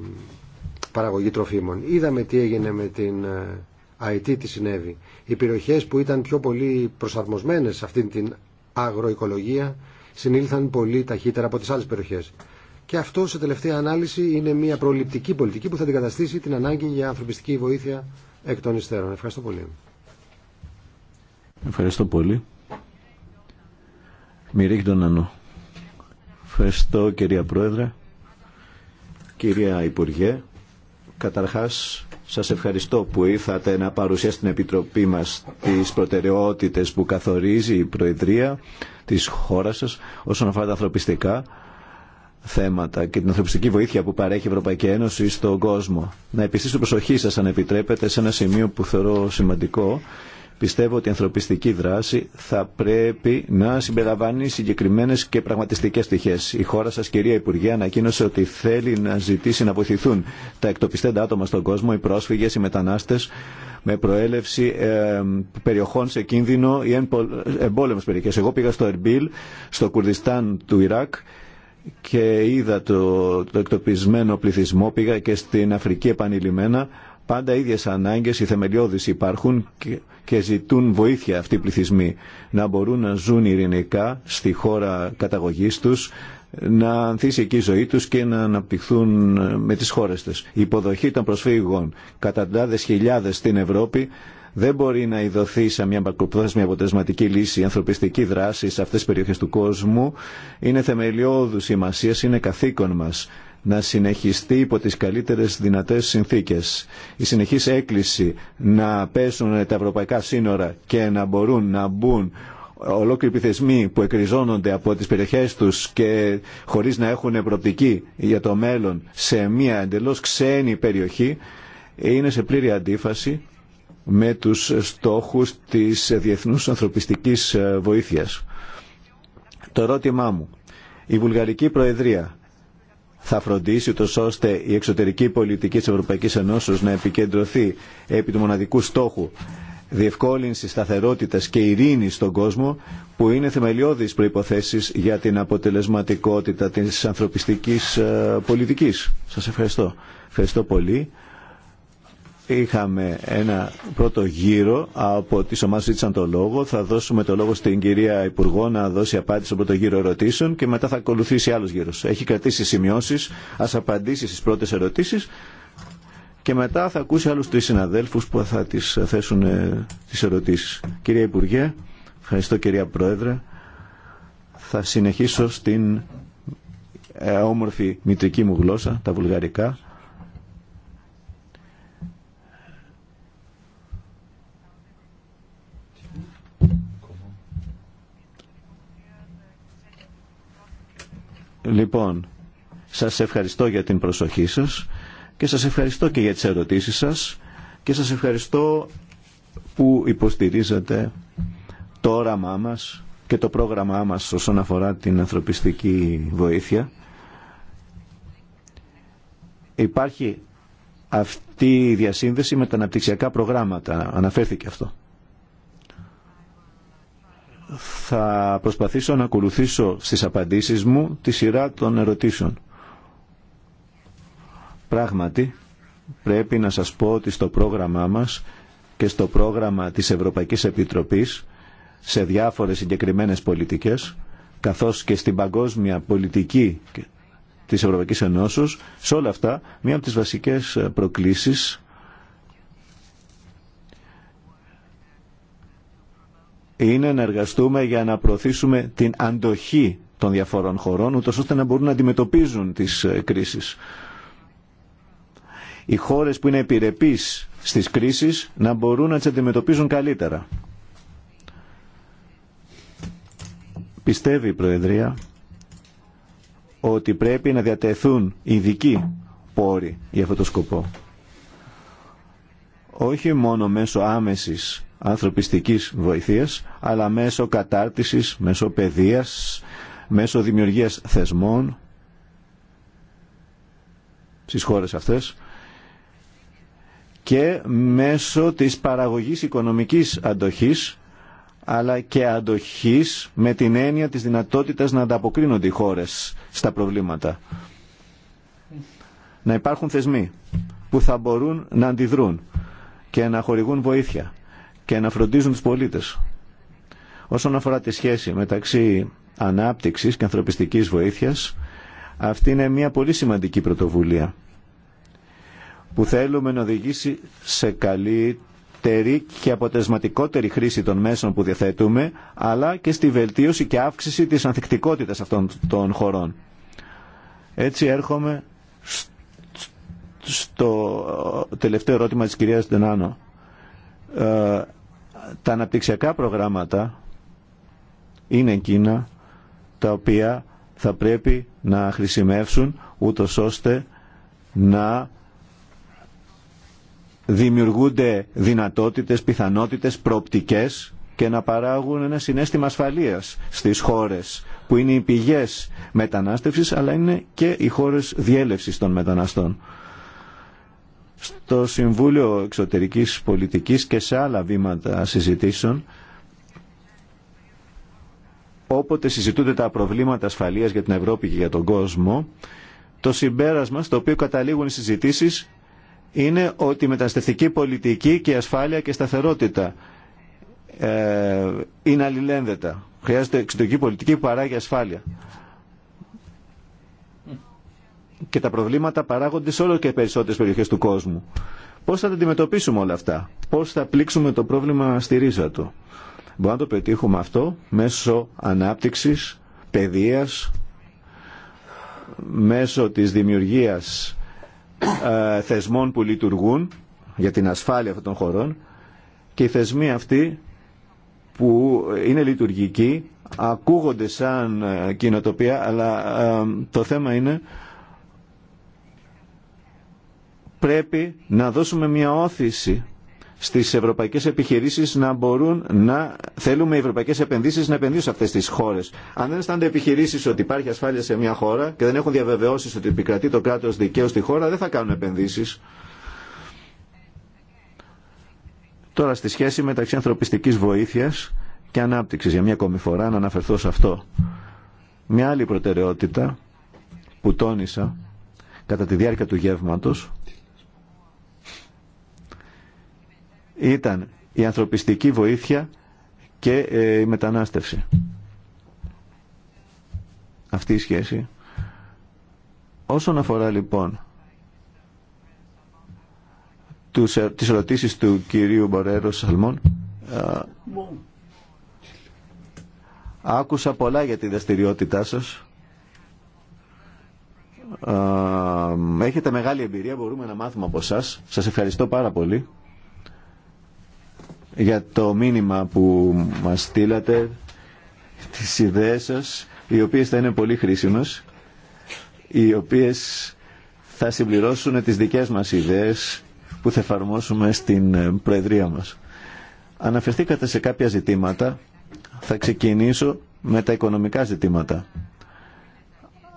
παραγωγή τροφίμων. Είδαμε τι έγινε με την ΑΕΤ, τι συνέβη. Οι περιοχές που ήταν πιο πολύ προσαρμοσμένες σε αυτήν την αγροοικολογία συνήλθαν πολύ ταχύτερα από τις άλλες περιοχές. Και αυτό σε τελευταία ανάλυση είναι μια προληπτική πολιτική που θα αντικαταστήσει την ανάγκη για ανθρωπιστική βοήθεια εκ των υστέρων. Ευχαριστώ πολύ. Ευχαριστώ πολύ. Μυρίκ Ευχαριστώ κυρία Πρόεδρε. Κυρία Υπουργέ, καταρχάς σας ευχαριστώ που ήρθατε να παρουσιάσετε στην Επιτροπή μας τις προτεραιότητες που καθορίζει η Προεδρία της χώρας σας όσον αφορά τα ανθρωπιστικά θέματα και την ανθρωπιστική βοήθεια που παρέχει η Ευρωπαϊκή Ένωση στον κόσμο. Να επιστήσω προσοχή σας αν επιτρέπετε σε ένα σημείο που θεωρώ σημαντικό Πιστεύω ότι η ανθρωπιστική δράση θα πρέπει να συμπεραβάνει συγκεκριμένε και πραγματιστικέ στοιχείε. Η χώρα σα, κυρία Υπουργέ, ανακοίνωσε ότι θέλει να ζητήσει να βοηθηθούν τα εκτοπιστέντα άτομα στον κόσμο, οι πρόσφυγε, οι μετανάστε, με προέλευση ε, περιοχών σε κίνδυνο ή εμπόλεμε περιοχέ. Εγώ πήγα στο Ερμπίλ, στο Κουρδιστάν του Ιράκ και είδα το, το εκτοπισμένο πληθυσμό. Πήγα και στην Αφρική επανειλημμένα Πάντα ίδιες ανάγκες, οι θεμελιώδεις υπάρχουν και ζητούν βοήθεια αυτοί οι πληθυσμοί. Να μπορούν να ζουν ειρηνικά στη χώρα καταγωγής τους, να ανθίσει εκεί η ζωή τους και να αναπτυχθούν με τις χώρες τους. Η υποδοχή των προσφύγων κατά χιλιάδες στην Ευρώπη δεν μπορεί να ειδωθεί σε μια μακροπρόθεσμη αποτελεσματική λύση η ανθρωπιστική δράση σε αυτές τις περιοχές του κόσμου. Είναι θεμελιώδου σημασία, είναι καθήκον μας να συνεχιστεί υπό τις καλύτερες δυνατές συνθήκες. Η συνεχής έκκληση να πέσουν τα ευρωπαϊκά σύνορα και να μπορούν να μπουν ολόκληροι πληθυσμοί που εκριζώνονται από τις περιοχές τους και χωρίς να έχουν προοπτική για το μέλλον σε μια εντελώς ξένη περιοχή είναι σε πλήρη αντίφαση με τους στόχους της διεθνούς ανθρωπιστικής βοήθειας. Το ερώτημά μου. Η Βουλγαρική Προεδρία θα φροντίσει ούτως ώστε η εξωτερική πολιτική της Ευρωπαϊκής Ενώσεως να επικεντρωθεί επί του μοναδικού στόχου διευκόλυνση σταθερότητας και ειρήνη στον κόσμο που είναι θεμελιώδης προϋποθέσεις για την αποτελεσματικότητα της ανθρωπιστικής ε, πολιτικής. Σας ευχαριστώ. Ευχαριστώ πολύ. Είχαμε ένα πρώτο γύρο από τι ομάδε που ζήτησαν το λόγο. Θα δώσουμε το λόγο στην κυρία Υπουργό να δώσει απάντηση από πρώτο γύρο ερωτήσεων και μετά θα ακολουθήσει άλλο γύρο. Έχει κρατήσει σημειώσει, α απαντήσει στι πρώτε ερωτήσει και μετά θα ακούσει άλλου τρει συναδέλφου που θα τι θέσουν ε, τι ερωτήσει. Κυρία Υπουργέ, ευχαριστώ κυρία Πρόεδρε. Θα συνεχίσω στην ε, όμορφη μητρική μου γλώσσα, τα βουλγαρικά. Λοιπόν, σας ευχαριστώ για την προσοχή σας και σας ευχαριστώ και για τις ερωτήσεις σας και σας ευχαριστώ που υποστηρίζετε το όραμά μας και το πρόγραμμά μας όσον αφορά την ανθρωπιστική βοήθεια. Υπάρχει αυτή η διασύνδεση με τα αναπτυξιακά προγράμματα. Αναφέρθηκε αυτό θα προσπαθήσω να ακολουθήσω στις απαντήσεις μου τη σειρά των ερωτήσεων. Πράγματι, πρέπει να σας πω ότι στο πρόγραμμά μας και στο πρόγραμμα της Ευρωπαϊκής Επιτροπής σε διάφορες συγκεκριμένες πολιτικές καθώς και στην παγκόσμια πολιτική της Ευρωπαϊκής Ενώσεως σε όλα αυτά μία από τις βασικές προκλήσεις είναι να εργαστούμε για να προωθήσουμε την αντοχή των διαφορών χωρών, ούτως ώστε να μπορούν να αντιμετωπίζουν τις ε, κρίσεις. Οι χώρες που είναι επιρρεπείς στις κρίσεις να μπορούν να τις αντιμετωπίζουν καλύτερα. Πιστεύει η Προεδρία ότι πρέπει να διατεθούν ειδικοί πόροι για αυτό το σκοπό. Όχι μόνο μέσω άμεσης ανθρωπιστικής βοηθείας, αλλά μέσω κατάρτισης, μέσω παιδείας, μέσω δημιουργίας θεσμών στις χώρες αυτές και μέσω της παραγωγής οικονομικής αντοχής αλλά και αντοχής με την έννοια της δυνατότητας να ανταποκρίνονται οι χώρες στα προβλήματα. Να υπάρχουν θεσμοί που θα μπορούν να αντιδρούν και να χορηγούν βοήθεια και να φροντίζουν τους πολίτες. Όσον αφορά τη σχέση μεταξύ ανάπτυξης και ανθρωπιστικής βοήθειας, αυτή είναι μια πολύ σημαντική πρωτοβουλία που θέλουμε να οδηγήσει σε καλύτερη και αποτελεσματικότερη χρήση των μέσων που διαθέτουμε, αλλά και στη βελτίωση και αύξηση της ανθεκτικότητας αυτών των χωρών. Έτσι έρχομαι στο τελευταίο ερώτημα της κυρίας Ντενάνο. Ε, τα αναπτυξιακά προγράμματα είναι εκείνα τα οποία θα πρέπει να χρησιμεύσουν ούτω ώστε να δημιουργούνται δυνατότητες, πιθανότητες, προοπτικές και να παράγουν ένα συνέστημα ασφαλείας στις χώρες που είναι οι πηγές μετανάστευσης αλλά είναι και οι χώρες διέλευσης των μεταναστών στο Συμβούλιο Εξωτερικής Πολιτικής και σε άλλα βήματα συζητήσεων όποτε συζητούνται τα προβλήματα ασφαλείας για την Ευρώπη και για τον κόσμο το συμπέρασμα στο οποίο καταλήγουν οι συζητήσεις είναι ότι η μεταναστευτική πολιτική και η ασφάλεια και η σταθερότητα ε, είναι αλληλένδετα. Χρειάζεται εξωτερική πολιτική που παράγει ασφάλεια και τα προβλήματα παράγονται σε όλο και περισσότερες περιοχές του κόσμου. Πώς θα τα αντιμετωπίσουμε όλα αυτά, πώς θα πλήξουμε το πρόβλημα στη ρίζα του. Μπορούμε να το πετύχουμε αυτό μέσω ανάπτυξης, παιδείας, μέσω της δημιουργίας ε, θεσμών που λειτουργούν για την ασφάλεια αυτών των χωρών και οι θεσμοί αυτοί που είναι λειτουργικοί ακούγονται σαν ε, κοινοτοπία αλλά ε, το θέμα είναι πρέπει να δώσουμε μια όθηση στις ευρωπαϊκές επιχειρήσεις να μπορούν να θέλουμε οι ευρωπαϊκές επενδύσεις να επενδύσουν σε αυτές τις χώρες. Αν δεν αισθάνονται επιχειρήσεις ότι υπάρχει ασφάλεια σε μια χώρα και δεν έχουν διαβεβαιώσεις ότι επικρατεί το κράτος δικαίου στη χώρα, δεν θα κάνουν επενδύσεις. Τώρα στη σχέση μεταξύ ανθρωπιστικής βοήθειας και ανάπτυξης, για μια ακόμη φορά να αναφερθώ σε αυτό. Μια άλλη προτεραιότητα που τόνισα κατά τη διάρκεια του γεύματος ήταν η ανθρωπιστική βοήθεια και ε, η μετανάστευση. Αυτή η σχέση. Όσον αφορά λοιπόν ε, τις ερωτήσεις του κυρίου Μπορέρο Σαλμών, ε, άκουσα πολλά για τη δραστηριότητά σας. Έχετε μεγάλη εμπειρία, μπορούμε να μάθουμε από εσάς. Σας ευχαριστώ πάρα πολύ για το μήνυμα που μας στείλατε, τις ιδέες σας, οι οποίες θα είναι πολύ χρήσιμες, οι οποίες θα συμπληρώσουν τις δικές μας ιδέες που θα εφαρμόσουμε στην ε, Προεδρία μας. Αναφερθήκατε σε κάποια ζητήματα. Θα ξεκινήσω με τα οικονομικά ζητήματα.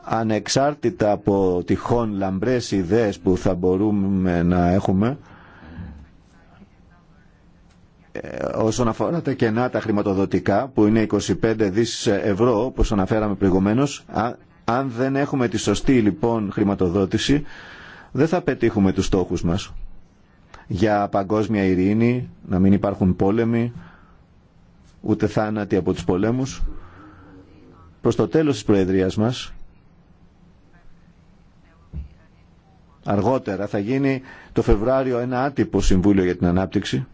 Ανεξάρτητα από τυχόν λαμπρές ιδέες που θα μπορούμε να έχουμε, όσον αφορά τα κενά τα χρηματοδοτικά που είναι 25 δις ευρώ όπως αναφέραμε προηγουμένως αν δεν έχουμε τη σωστή λοιπόν χρηματοδότηση δεν θα πετύχουμε τους στόχους μας για παγκόσμια ειρήνη, να μην υπάρχουν πόλεμοι ούτε θάνατοι από τους πολέμους προς το τέλος της Προεδρίας μας αργότερα θα γίνει το Φεβράριο ένα άτυπο Συμβούλιο για την Ανάπτυξη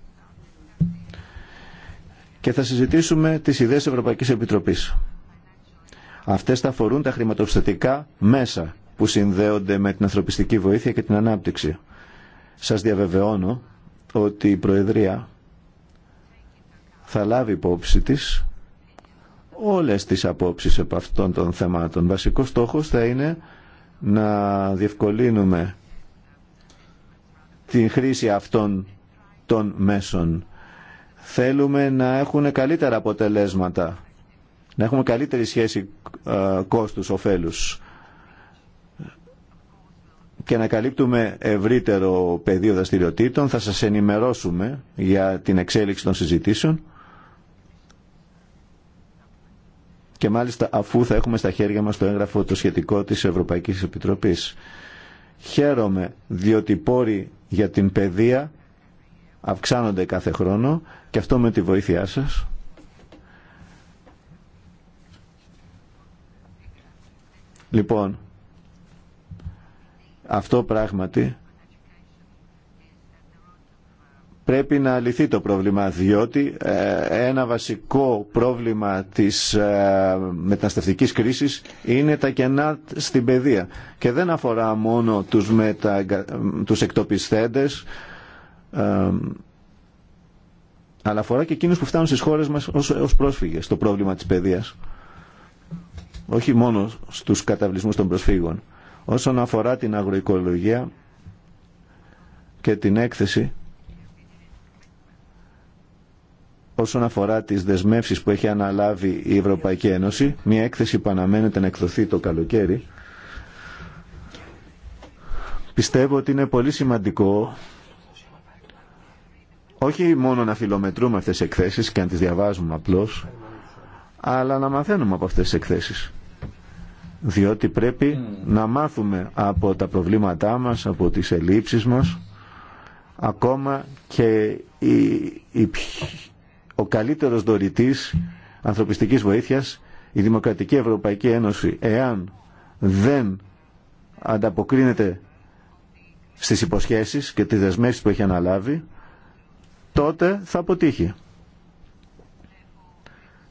και θα συζητήσουμε τις ιδέες Ευρωπαϊκής Επιτροπής. Αυτές θα αφορούν τα χρηματοπιστωτικά μέσα που συνδέονται με την ανθρωπιστική βοήθεια και την ανάπτυξη. Σας διαβεβαιώνω ότι η Προεδρία θα λάβει υπόψη της όλες τις απόψεις από αυτών των θεμάτων. Βασικός στόχος θα είναι να διευκολύνουμε την χρήση αυτών των μέσων Θέλουμε να έχουν καλύτερα αποτελέσματα, να έχουμε καλύτερη σχέση ε, κόστους-οφέλους και να καλύπτουμε ευρύτερο πεδίο δραστηριοτήτων. Θα σας ενημερώσουμε για την εξέλιξη των συζητήσεων και μάλιστα αφού θα έχουμε στα χέρια μας το έγγραφο το σχετικό της Ευρωπαϊκής Επιτροπής. Χαίρομαι διότι πόροι για την παιδεία αυξάνονται κάθε χρόνο και αυτό με τη βοήθειά σας. Λοιπόν, αυτό πράγματι πρέπει να λυθεί το πρόβλημα διότι ε, ένα βασικό πρόβλημα της ε, μεταναστευτικής κρίσης είναι τα κενά στην παιδεία και δεν αφορά μόνο τους, μέτα τους ε, αλλά αφορά και εκείνους που φτάνουν στις χώρες μας ως, ως πρόσφυγες το πρόβλημα της παιδείας όχι μόνο στους καταβλισμούς των προσφύγων όσον αφορά την αγροοικολογία και την έκθεση όσον αφορά τις δεσμεύσεις που έχει αναλάβει η Ευρωπαϊκή Ένωση μια έκθεση που αναμένεται να εκδοθεί το καλοκαίρι πιστεύω ότι είναι πολύ σημαντικό όχι μόνο να φιλομετρούμε αυτές τις εκθέσεις και να τις διαβάζουμε απλώς, αλλά να μαθαίνουμε από αυτές τις εκθέσεις. Διότι πρέπει mm. να μάθουμε από τα προβλήματά μας, από τις ελλείψεις μας, ακόμα και η, ο καλύτερος δωρητής ανθρωπιστικής βοήθειας, η Δημοκρατική Ευρωπαϊκή Ένωση, εάν δεν ανταποκρίνεται στις υποσχέσεις και τις δεσμεύσεις που έχει αναλάβει, τότε θα αποτύχει.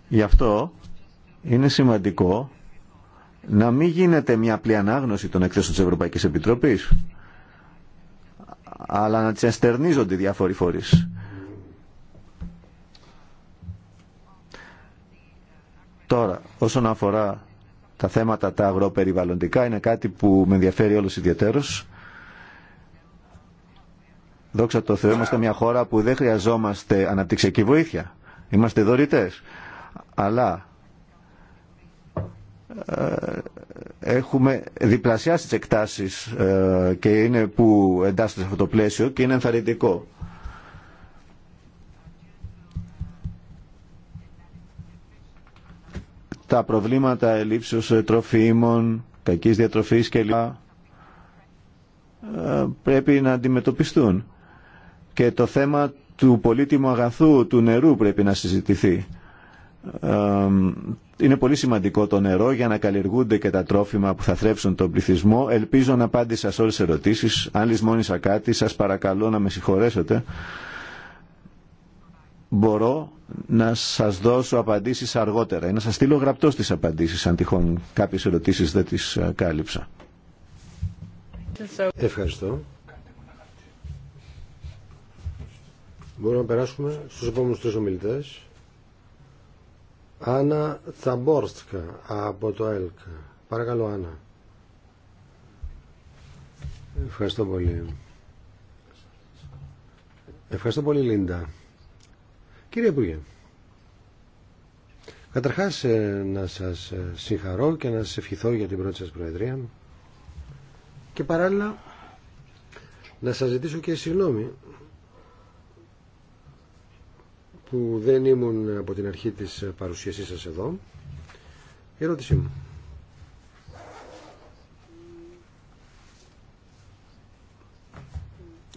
Γι' αυτό είναι σημαντικό να μην γίνεται μια απλή ανάγνωση των εκθέσεων της Ευρωπαϊκής Επιτροπής, αλλά να τις εστερνίζονται οι διάφοροι φορείς. Τώρα, όσον αφορά τα θέματα τα αγροπεριβαλλοντικά, είναι κάτι που με ενδιαφέρει όλος ιδιαίτερος. Δόξα τω Θεώ, είμαστε μια χώρα που δεν χρειαζόμαστε αναπτυξιακή βοήθεια. Είμαστε δωρητές. Αλλά ε, έχουμε διπλασιάσει τις εκτάσεις ε, και είναι που εντάσσεται σε αυτό το πλαίσιο και είναι ενθαρρυντικό. Τα προβλήματα ελλείψεως ε, τροφίμων, κακής διατροφής κλπ πρέπει να αντιμετωπιστούν και το θέμα του πολύτιμου αγαθού, του νερού πρέπει να συζητηθεί. Είναι πολύ σημαντικό το νερό για να καλλιεργούνται και τα τρόφιμα που θα θρέψουν τον πληθυσμό. Ελπίζω να απάντησα σε όλες τις ερωτήσεις. Αν λησμόνησα κάτι, σας παρακαλώ να με συγχωρέσετε. Μπορώ να σας δώσω απαντήσεις αργότερα ή να σας στείλω γραπτό τις απαντήσεις αν τυχόν κάποιες ερωτήσεις δεν τις ε, κάλυψα. Ευχαριστώ. Μπορούμε να περάσουμε στους επόμενους τρεις ομιλητές. Άννα Θαμπόρστκα από το ΕΛΚ. Παρακαλώ Άννα. Ευχαριστώ πολύ. Ευχαριστώ πολύ Λίντα. Κύριε Υπουργέ, καταρχάς ε, να σας ε, συγχαρώ και να σας ευχηθώ για την πρώτη σας Προεδρία και παράλληλα να σας ζητήσω και συγγνώμη που δεν ήμουν από την αρχή της παρουσίασής σας εδώ. Η ερώτησή μου.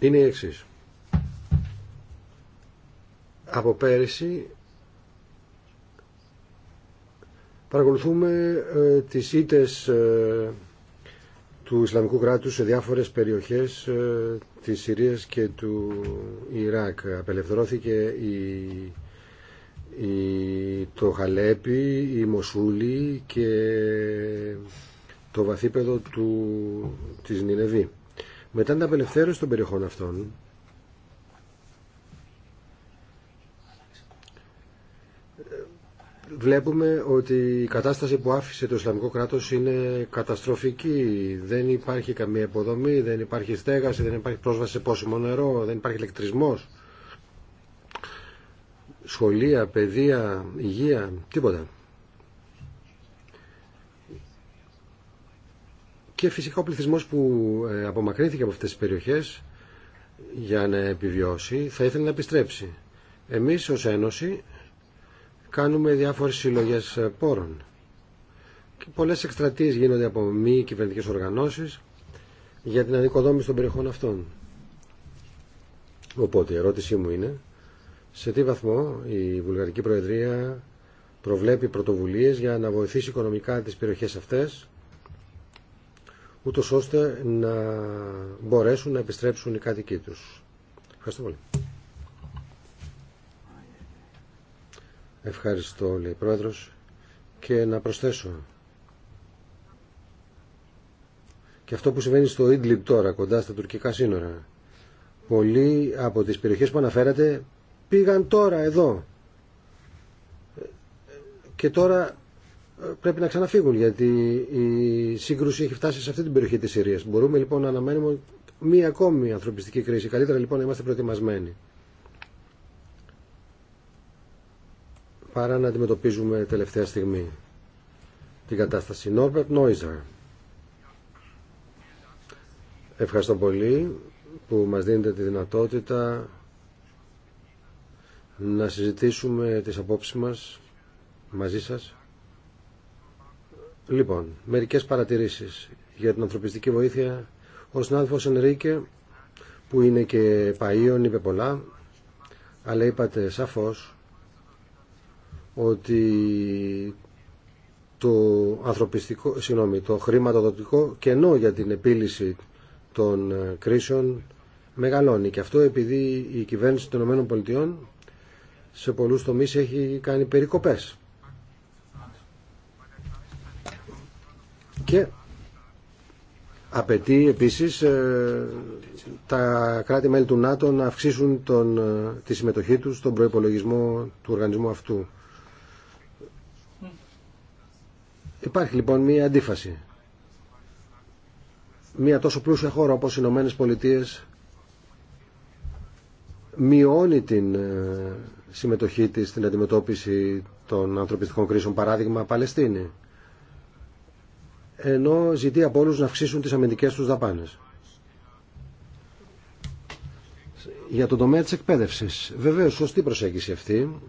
Είναι η εξής. Από πέρυσι παρακολουθούμε ε, τις ήτες ε, του Ισλαμικού κράτους σε διάφορες περιοχές ε, της Συρίας και του Ιράκ. Απελευθερώθηκε η, η, το Χαλέπι, η Μοσούλη και το βαθύπεδο του, της Νινεβή. Μετά την απελευθέρωση των περιοχών αυτών βλέπουμε ότι η κατάσταση που άφησε το Ισλαμικό κράτος είναι καταστροφική. Δεν υπάρχει καμία υποδομή, δεν υπάρχει στέγαση, δεν υπάρχει πρόσβαση σε πόσιμο νερό, δεν υπάρχει ηλεκτρισμός. Σχολεία, παιδεία, υγεία, τίποτα. Και φυσικά ο πληθυσμός που ε, απομακρύνθηκε από αυτές τις περιοχές για να επιβιώσει θα ήθελε να επιστρέψει. Εμείς ως Ένωση κάνουμε διάφορες συλλογές ε, πόρων. Και πολλές εκστρατείες γίνονται από μη κυβερνητικέ οργανώσεις για την ανοικοδόμηση των περιοχών αυτών. Οπότε η ερώτησή μου είναι σε τι βαθμό η Βουλγαρική Προεδρία προβλέπει πρωτοβουλίες για να βοηθήσει οικονομικά τις περιοχές αυτές ούτως ώστε να μπορέσουν να επιστρέψουν οι κάτοικοί τους. Ευχαριστώ πολύ. Ευχαριστώ, λέει πρόεδρος. Και να προσθέσω. Και αυτό που συμβαίνει στο Ίντλιπ τώρα, κοντά στα τουρκικά σύνορα. Πολλοί από τις περιοχές που αναφέρατε πήγαν τώρα εδώ. Και τώρα ε, πρέπει να ξαναφύγουν γιατί η σύγκρουση έχει φτάσει σε αυτή την περιοχή της Συρίας. Μπορούμε λοιπόν να αναμένουμε μία ακόμη ανθρωπιστική κρίση. Καλύτερα λοιπόν να είμαστε προετοιμασμένοι. παρά να αντιμετωπίζουμε τελευταία στιγμή την κατάσταση. Νόρμπερτ Νόιζαρ. Ευχαριστώ πολύ που μας δίνετε τη δυνατότητα να συζητήσουμε τις απόψεις μας μαζί σας. Λοιπόν, μερικές παρατηρήσεις για την ανθρωπιστική βοήθεια. Ο συνάδελφος Ενρίκε, που είναι και παΐων, είπε πολλά, αλλά είπατε σαφώς ότι το, ανθρωπιστικό, το χρηματοδοτικό κενό για την επίλυση των ε, κρίσεων μεγαλώνει και αυτό επειδή η κυβέρνηση των ΗΠΑ σε πολλούς τομείς έχει κάνει περικοπές. Και απαιτεί επίσης ε, τα κράτη-μέλη του ΝΑΤΟ να αυξήσουν τον, ε, τη συμμετοχή τους στον προϋπολογισμό του οργανισμού αυτού. Υπάρχει λοιπόν μία αντίφαση. Μία τόσο πλούσια χώρα όπως οι Ηνωμένε Πολιτείε μειώνει την ε, συμμετοχή της στην αντιμετώπιση των ανθρωπιστικών κρίσεων, παράδειγμα Παλαιστίνη, ενώ ζητεί από όλους να αυξήσουν τις αμυντικές τους δαπάνες. Για τον τομέα της εκπαίδευσης, βεβαίως σωστή προσέγγιση αυτή,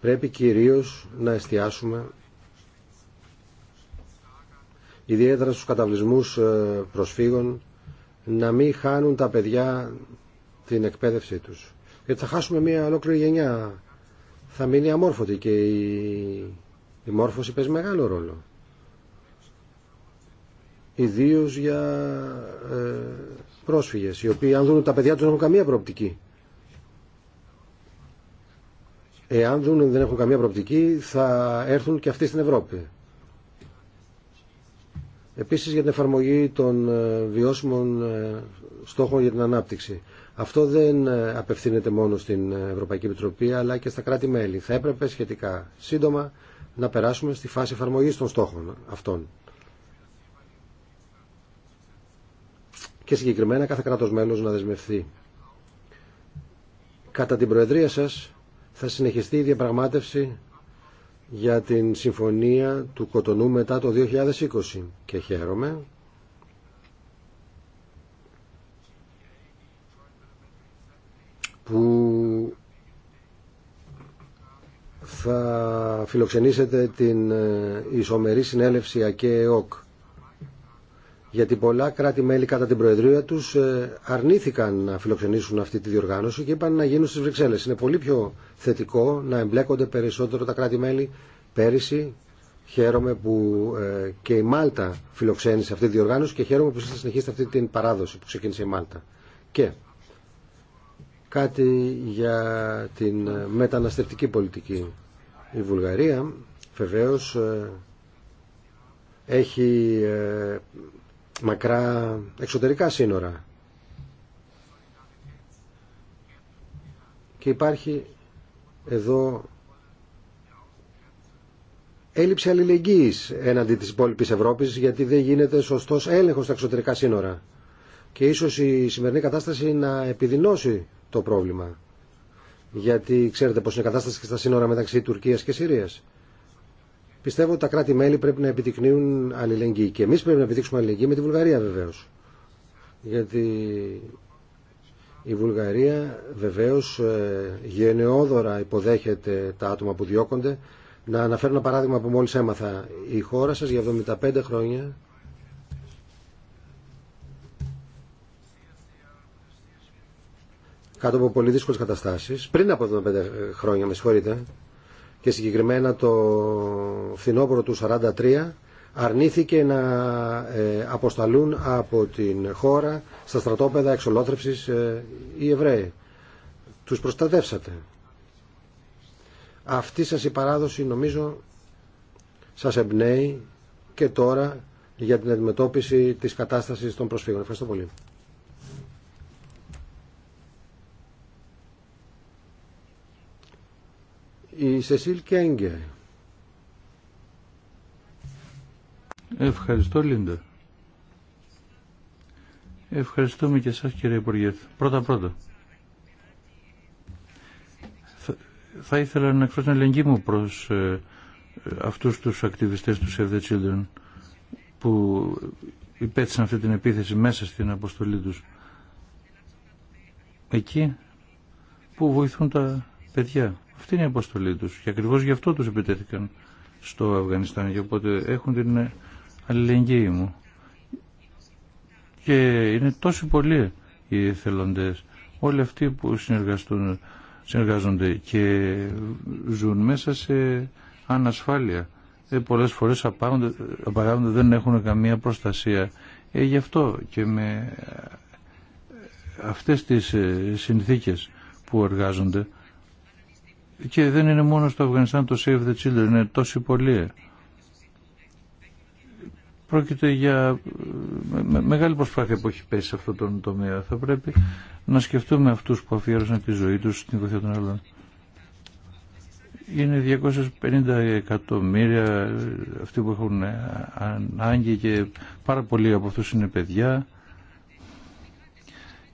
πρέπει κυρίως να εστιάσουμε ιδιαίτερα στους καταβλισμούς ε, προσφύγων, να μην χάνουν τα παιδιά την εκπαίδευσή τους. Γιατί θα χάσουμε μια ολόκληρη γενιά. Θα μείνει αμόρφωτη και η, η μόρφωση παίζει μεγάλο ρόλο. Ιδίω για ε, πρόσφυγες, οι οποίοι αν δουν τα παιδιά τους δεν έχουν καμία προοπτική. Εάν δουν δεν έχουν καμία προοπτική θα έρθουν και αυτοί στην Ευρώπη. Επίσης για την εφαρμογή των ε, βιώσιμων ε, στόχων για την ανάπτυξη. Αυτό δεν ε, απευθύνεται μόνο στην Ευρωπαϊκή Επιτροπή αλλά και στα κράτη-μέλη. Θα έπρεπε σχετικά σύντομα να περάσουμε στη φάση εφαρμογής των στόχων αυτών. Και συγκεκριμένα κάθε κράτος μέλος να δεσμευθεί. Κατά την Προεδρία σας θα συνεχιστεί η διαπραγμάτευση για την συμφωνία του Κοτονού μετά το 2020 και χαίρομαι που θα φιλοξενήσετε την ε, ισομερή συνέλευση ΑΚΕΟΚ γιατί πολλά κράτη-μέλη κατά την Προεδρία τους ε, αρνήθηκαν να φιλοξενήσουν αυτή τη διοργάνωση και είπαν να γίνουν στι Βρυξέλλες. Είναι πολύ πιο θετικό να εμπλέκονται περισσότερο τα κράτη-μέλη. Πέρυσι χαίρομαι που ε, και η Μάλτα φιλοξένησε αυτή τη διοργάνωση και χαίρομαι που θα συνεχίσετε αυτή την παράδοση που ξεκίνησε η Μάλτα. Και κάτι για την ε, μεταναστευτική πολιτική. Η Βουλγαρία βεβαίω έχει μακρά εξωτερικά σύνορα. Και υπάρχει εδώ έλλειψη αλληλεγγύης έναντι της υπόλοιπη Ευρώπης γιατί δεν γίνεται σωστός έλεγχος στα εξωτερικά σύνορα. Και ίσως η σημερινή κατάσταση να επιδεινώσει το πρόβλημα. Γιατί ξέρετε πως είναι η κατάσταση και στα σύνορα μεταξύ Τουρκίας και Συρίας. Πιστεύω ότι τα κράτη-μέλη πρέπει να επιδεικνύουν αλληλεγγύη. Και εμεί πρέπει να επιδείξουμε αλληλεγγύη με τη Βουλγαρία βεβαίω. Γιατί η Βουλγαρία βεβαίω ε, γενναιόδωρα υποδέχεται τα άτομα που διώκονται. Να αναφέρω ένα παράδειγμα που μόλι έμαθα. Η χώρα σα για 75 χρόνια κάτω από πολύ δύσκολε καταστάσει, πριν από 75 χρόνια, με συγχωρείτε, και συγκεκριμένα το φθινόπωρο του 43 αρνήθηκε να ε, αποσταλούν από την χώρα στα στρατόπεδα εξολόθρευσης ε, οι Εβραίοι. Τους προστατεύσατε. Αυτή σας η παράδοση νομίζω σας εμπνέει και τώρα για την αντιμετώπιση της κατάστασης των προσφύγων. Ευχαριστώ πολύ. Η Σεσίλ Κέγκε. Ευχαριστώ Λίντα. Ευχαριστούμε και εσάς κύριε Υπουργέ. Πρώτα πρώτα. Θα, θα ήθελα να εκφράσω την ελεγγύη μου προς ε, ε αυτούς τους ακτιβιστές του Save the Children που υπέτσαν αυτή την επίθεση μέσα στην αποστολή τους. Εκεί που βοηθούν τα παιδιά. Αυτή είναι η αποστολή τους και ακριβώς γι' αυτό τους επιτέθηκαν στο Αφγανιστάν και οπότε έχουν την αλληλεγγύη μου. Και είναι τόσοι πολλοί οι θελοντές. όλοι αυτοί που συνεργαστούν, συνεργάζονται και ζουν μέσα σε ανασφάλεια. Ε, πολλές φορές απαράγονται, δεν έχουν καμία προστασία. Ε, γι' αυτό και με ε, αυτές τις ε, συνθήκες που εργάζονται και δεν είναι μόνο στο Αφγανιστάν το Save the Children, είναι τόσοι πολλοί. Πρόκειται για ε, μεγάλη προσπάθεια που έχει πέσει σε αυτό τον τομέα. Θα πρέπει να σκεφτούμε αυτούς που αφιέρωσαν τη ζωή τους στην βοήθεια των άλλων. Είναι 250 εκατομμύρια ε, αυτοί που έχουν ε, ανάγκη και πάρα πολλοί από αυτούς είναι παιδιά.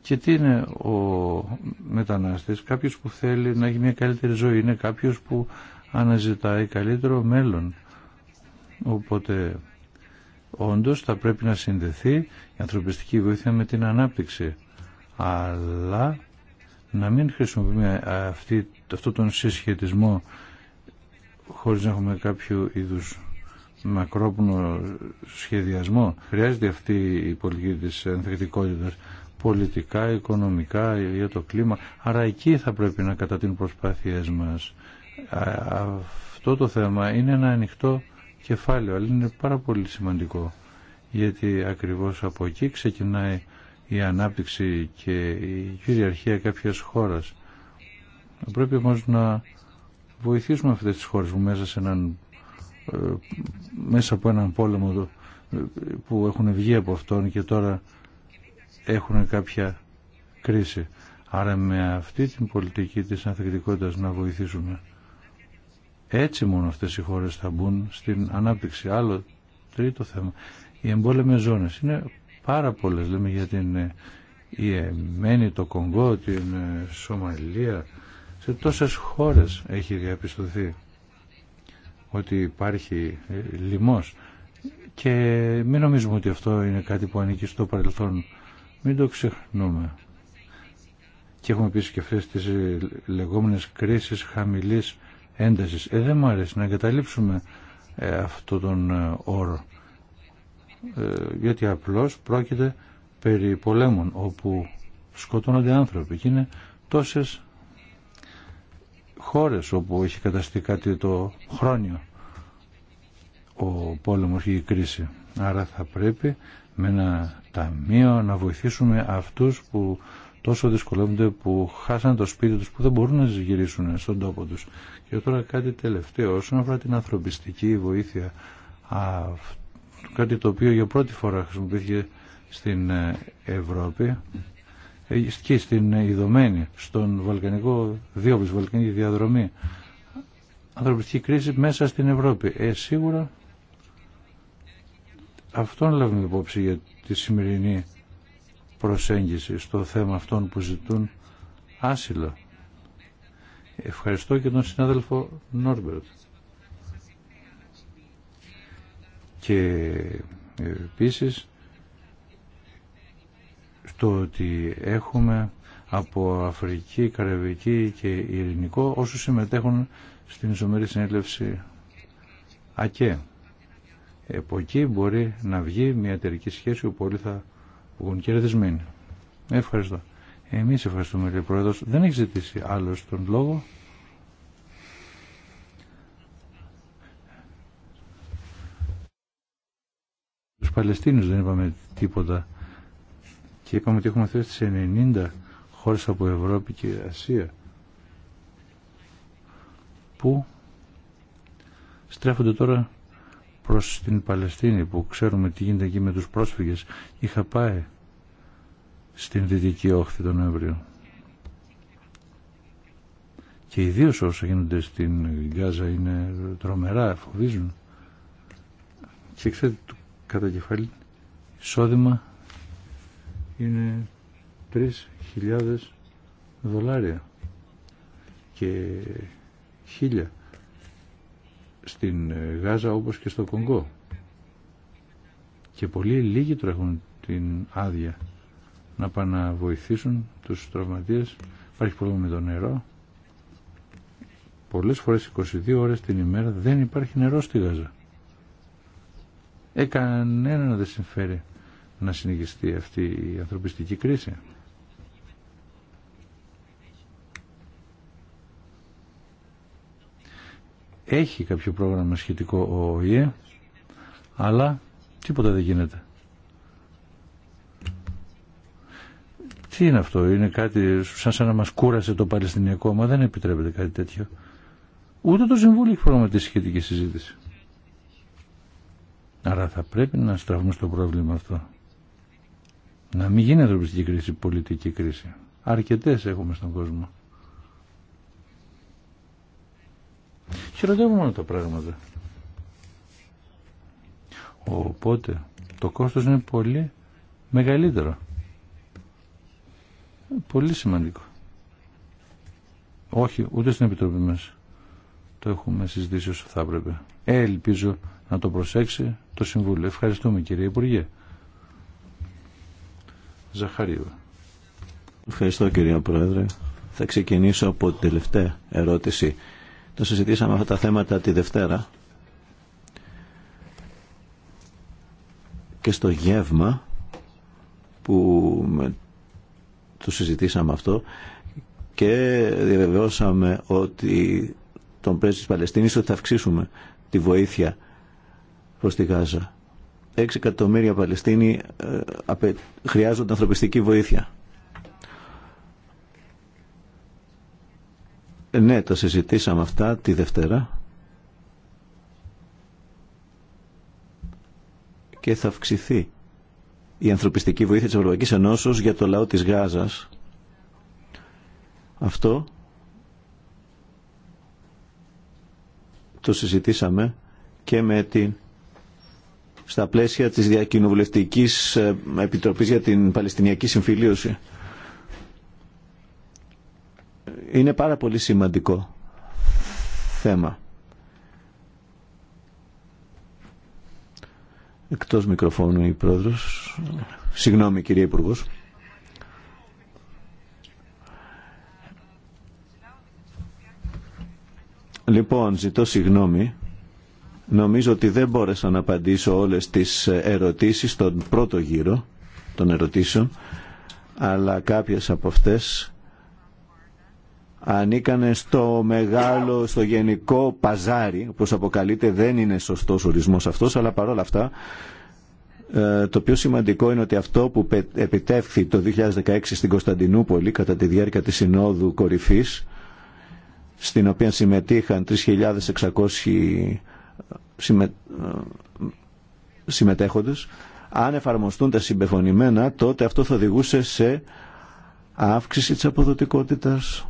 Και τι είναι ο μετανάστης, κάποιος που θέλει να έχει μια καλύτερη ζωή, είναι κάποιος που αναζητάει καλύτερο μέλλον. Οπότε όντως θα πρέπει να συνδεθεί η ανθρωπιστική βοήθεια με την ανάπτυξη. Αλλά να μην χρησιμοποιούμε αυτή, αυτό τον συσχετισμό χωρίς να έχουμε κάποιο είδους μακρόπνο σχεδιασμό. Χρειάζεται αυτή η πολιτική της ανθεκτικότητας πολιτικά, οικονομικά, για το κλίμα. Άρα εκεί θα πρέπει να κατατείνουν προσπάθειές μας. Αυτό το θέμα είναι ένα ανοιχτό κεφάλαιο, αλλά είναι πάρα πολύ σημαντικό, γιατί ακριβώς από εκεί ξεκινάει η ανάπτυξη και η κυριαρχία κάποιας χώρας. Πρέπει όμως να βοηθήσουμε αυτές τις χώρες που μέσα, σε έναν, ε, μέσα από έναν πόλεμο ε, που έχουν βγει από αυτόν και τώρα έχουν κάποια κρίση. Άρα με αυτή την πολιτική της ανθεκτικότητας να βοηθήσουμε. Έτσι μόνο αυτές οι χώρες θα μπουν στην ανάπτυξη. Άλλο τρίτο θέμα. Οι εμπόλεμες ζώνες είναι πάρα πολλές. Λέμε για την Ιεμένη, ε, το Κονγκό, την ε, Σομαλία. Σε τόσες χώρες έχει διαπιστωθεί ότι υπάρχει ε, λοιμός. Και μην νομίζουμε ότι αυτό είναι κάτι που ανήκει στο παρελθόν μην το ξεχνούμε. Και έχουμε πει και αυτέ τι ε, λεγόμενες κρίσεις χαμηλή έντασης. Ε, δεν μου αρέσει να εγκαταλείψουμε ε, αυτό τον ε, όρο. γιατί απλώς πρόκειται περί πολέμων όπου σκοτώνονται άνθρωποι και είναι τόσε χώρες όπου έχει καταστεί κάτι το χρόνιο ο πόλεμος η η κρίση. Άρα θα πρέπει με ένα ταμείο να βοηθήσουμε αυτούς που τόσο δυσκολεύονται που χάσαν το σπίτι τους που δεν μπορούν να γυρίσουν στον τόπο τους. Και τώρα κάτι τελευταίο όσον αφορά την ανθρωπιστική βοήθεια κάτι το οποίο για πρώτη φορά χρησιμοποιήθηκε στην ε, Ευρώπη ε, και στην Ιδωμένη, στον Βαλκανικό Δίωπης Βαλκανική Διαδρομή. Ανθρωπιστική κρίση μέσα στην Ευρώπη. Ε, σίγουρα αυτόν λάβουμε υπόψη για τη σημερινή προσέγγιση στο θέμα αυτών που ζητούν άσυλο. Ευχαριστώ και τον συνάδελφο Νόρμπερτ. Και ε, επίσης στο ότι έχουμε από Αφρική, Καραβική και Ειρηνικό όσους συμμετέχουν στην Ισομερή Συνέλευση ΑΚΕ από εκεί μπορεί να βγει μια εταιρική σχέση που όλοι θα βγουν κερδισμένοι. Ευχαριστώ. Εμείς ευχαριστούμε κύριε Πρόεδρος. Δεν έχει ζητήσει άλλο τον λόγο. Τους Παλαιστίνους δεν είπαμε τίποτα και είπαμε ότι έχουμε θέσει σε 90 χώρες από Ευρώπη και Ασία που στρέφονται τώρα προς την Παλαιστίνη που ξέρουμε τι γίνεται εκεί με τους πρόσφυγες. Είχα πάει στην Δυτική Όχθη τον Νοέμβριο. Και ιδίω όσα γίνονται στην Γκάζα είναι τρομερά, φοβίζουν. Και ξέρετε, το κατά κεφάλι εισόδημα είναι 3.000 δολάρια και χίλια στην Γάζα όπως και στο Κονγκό. Και πολύ λίγοι τρέχουν την άδεια να πάνε να βοηθήσουν τους τραυματίες. Υπάρχει πρόβλημα με το νερό. Πολλές φορές 22 ώρες την ημέρα δεν υπάρχει νερό στη Γάζα. Ε, κανένα δεν συμφέρει να συνεχιστεί αυτή η ανθρωπιστική κρίση. Έχει κάποιο πρόγραμμα σχετικό ο ΟΗΕ, αλλά τίποτα δεν γίνεται. Τι είναι αυτό, είναι κάτι σαν, να μας κούρασε το Παλαιστινιακό, μα δεν επιτρέπεται κάτι τέτοιο. Ούτε το Συμβούλιο έχει τη σχετική συζήτηση. Άρα θα πρέπει να στραφούμε στο πρόβλημα αυτό. Να μην γίνει ανθρωπιστική κρίση, πολιτική κρίση. Αρκετές έχουμε στον κόσμο. Χειροτεύουμε όλα τα πράγματα. Οπότε το κόστος είναι πολύ μεγαλύτερο. Πολύ σημαντικό. Όχι, ούτε στην Επιτροπή μας. Το έχουμε συζητήσει όσο θα έπρεπε. Ελπίζω να το προσέξει το Συμβούλιο. Ευχαριστούμε κύριε Υπουργέ. Ζαχαρίου. Ευχαριστώ κύριε Πρόεδρε. Θα ξεκινήσω από την τελευταία ερώτηση. Το συζητήσαμε αυτά τα θέματα τη Δευτέρα. Και στο γεύμα που το συζητήσαμε αυτό και διαβεβαιώσαμε ότι τον πρέσβη της Παλαιστίνης ότι θα αυξήσουμε τη βοήθεια προς τη Γάζα. 6 εκατομμύρια Παλαιστίνοι ε, χρειάζονται ανθρωπιστική βοήθεια. Ναι, τα συζητήσαμε αυτά τη Δευτέρα. Και θα αυξηθεί η ανθρωπιστική βοήθεια της Ευρωπαϊκής Ενώσεως για το λαό της Γάζας. Αυτό το συζητήσαμε και με την στα πλαίσια της Διακοινοβουλευτικής ε, Επιτροπής για την Παλαιστινιακή Συμφιλίωση είναι πάρα πολύ σημαντικό θέμα. Εκτός μικροφώνου η πρόεδρος. Συγγνώμη κύριε Υπουργό. Λοιπόν, ζητώ συγγνώμη. Νομίζω ότι δεν μπόρεσα να απαντήσω όλες τις ερωτήσεις στον πρώτο γύρο των ερωτήσεων, αλλά κάποιες από αυτές ανήκανε στο μεγάλο, στο γενικό παζάρι, όπως αποκαλείται, δεν είναι σωστός ορισμός αυτός, αλλά παρόλα αυτά ε, το πιο σημαντικό είναι ότι αυτό που επιτεύχθη το 2016 στην Κωνσταντινούπολη κατά τη διάρκεια της Συνόδου Κορυφής, στην οποία συμμετείχαν 3.600 συμμε... Ε, συμμετέχοντες, αν εφαρμοστούν τα συμπεφωνημένα, τότε αυτό θα οδηγούσε σε αύξηση της αποδοτικότητας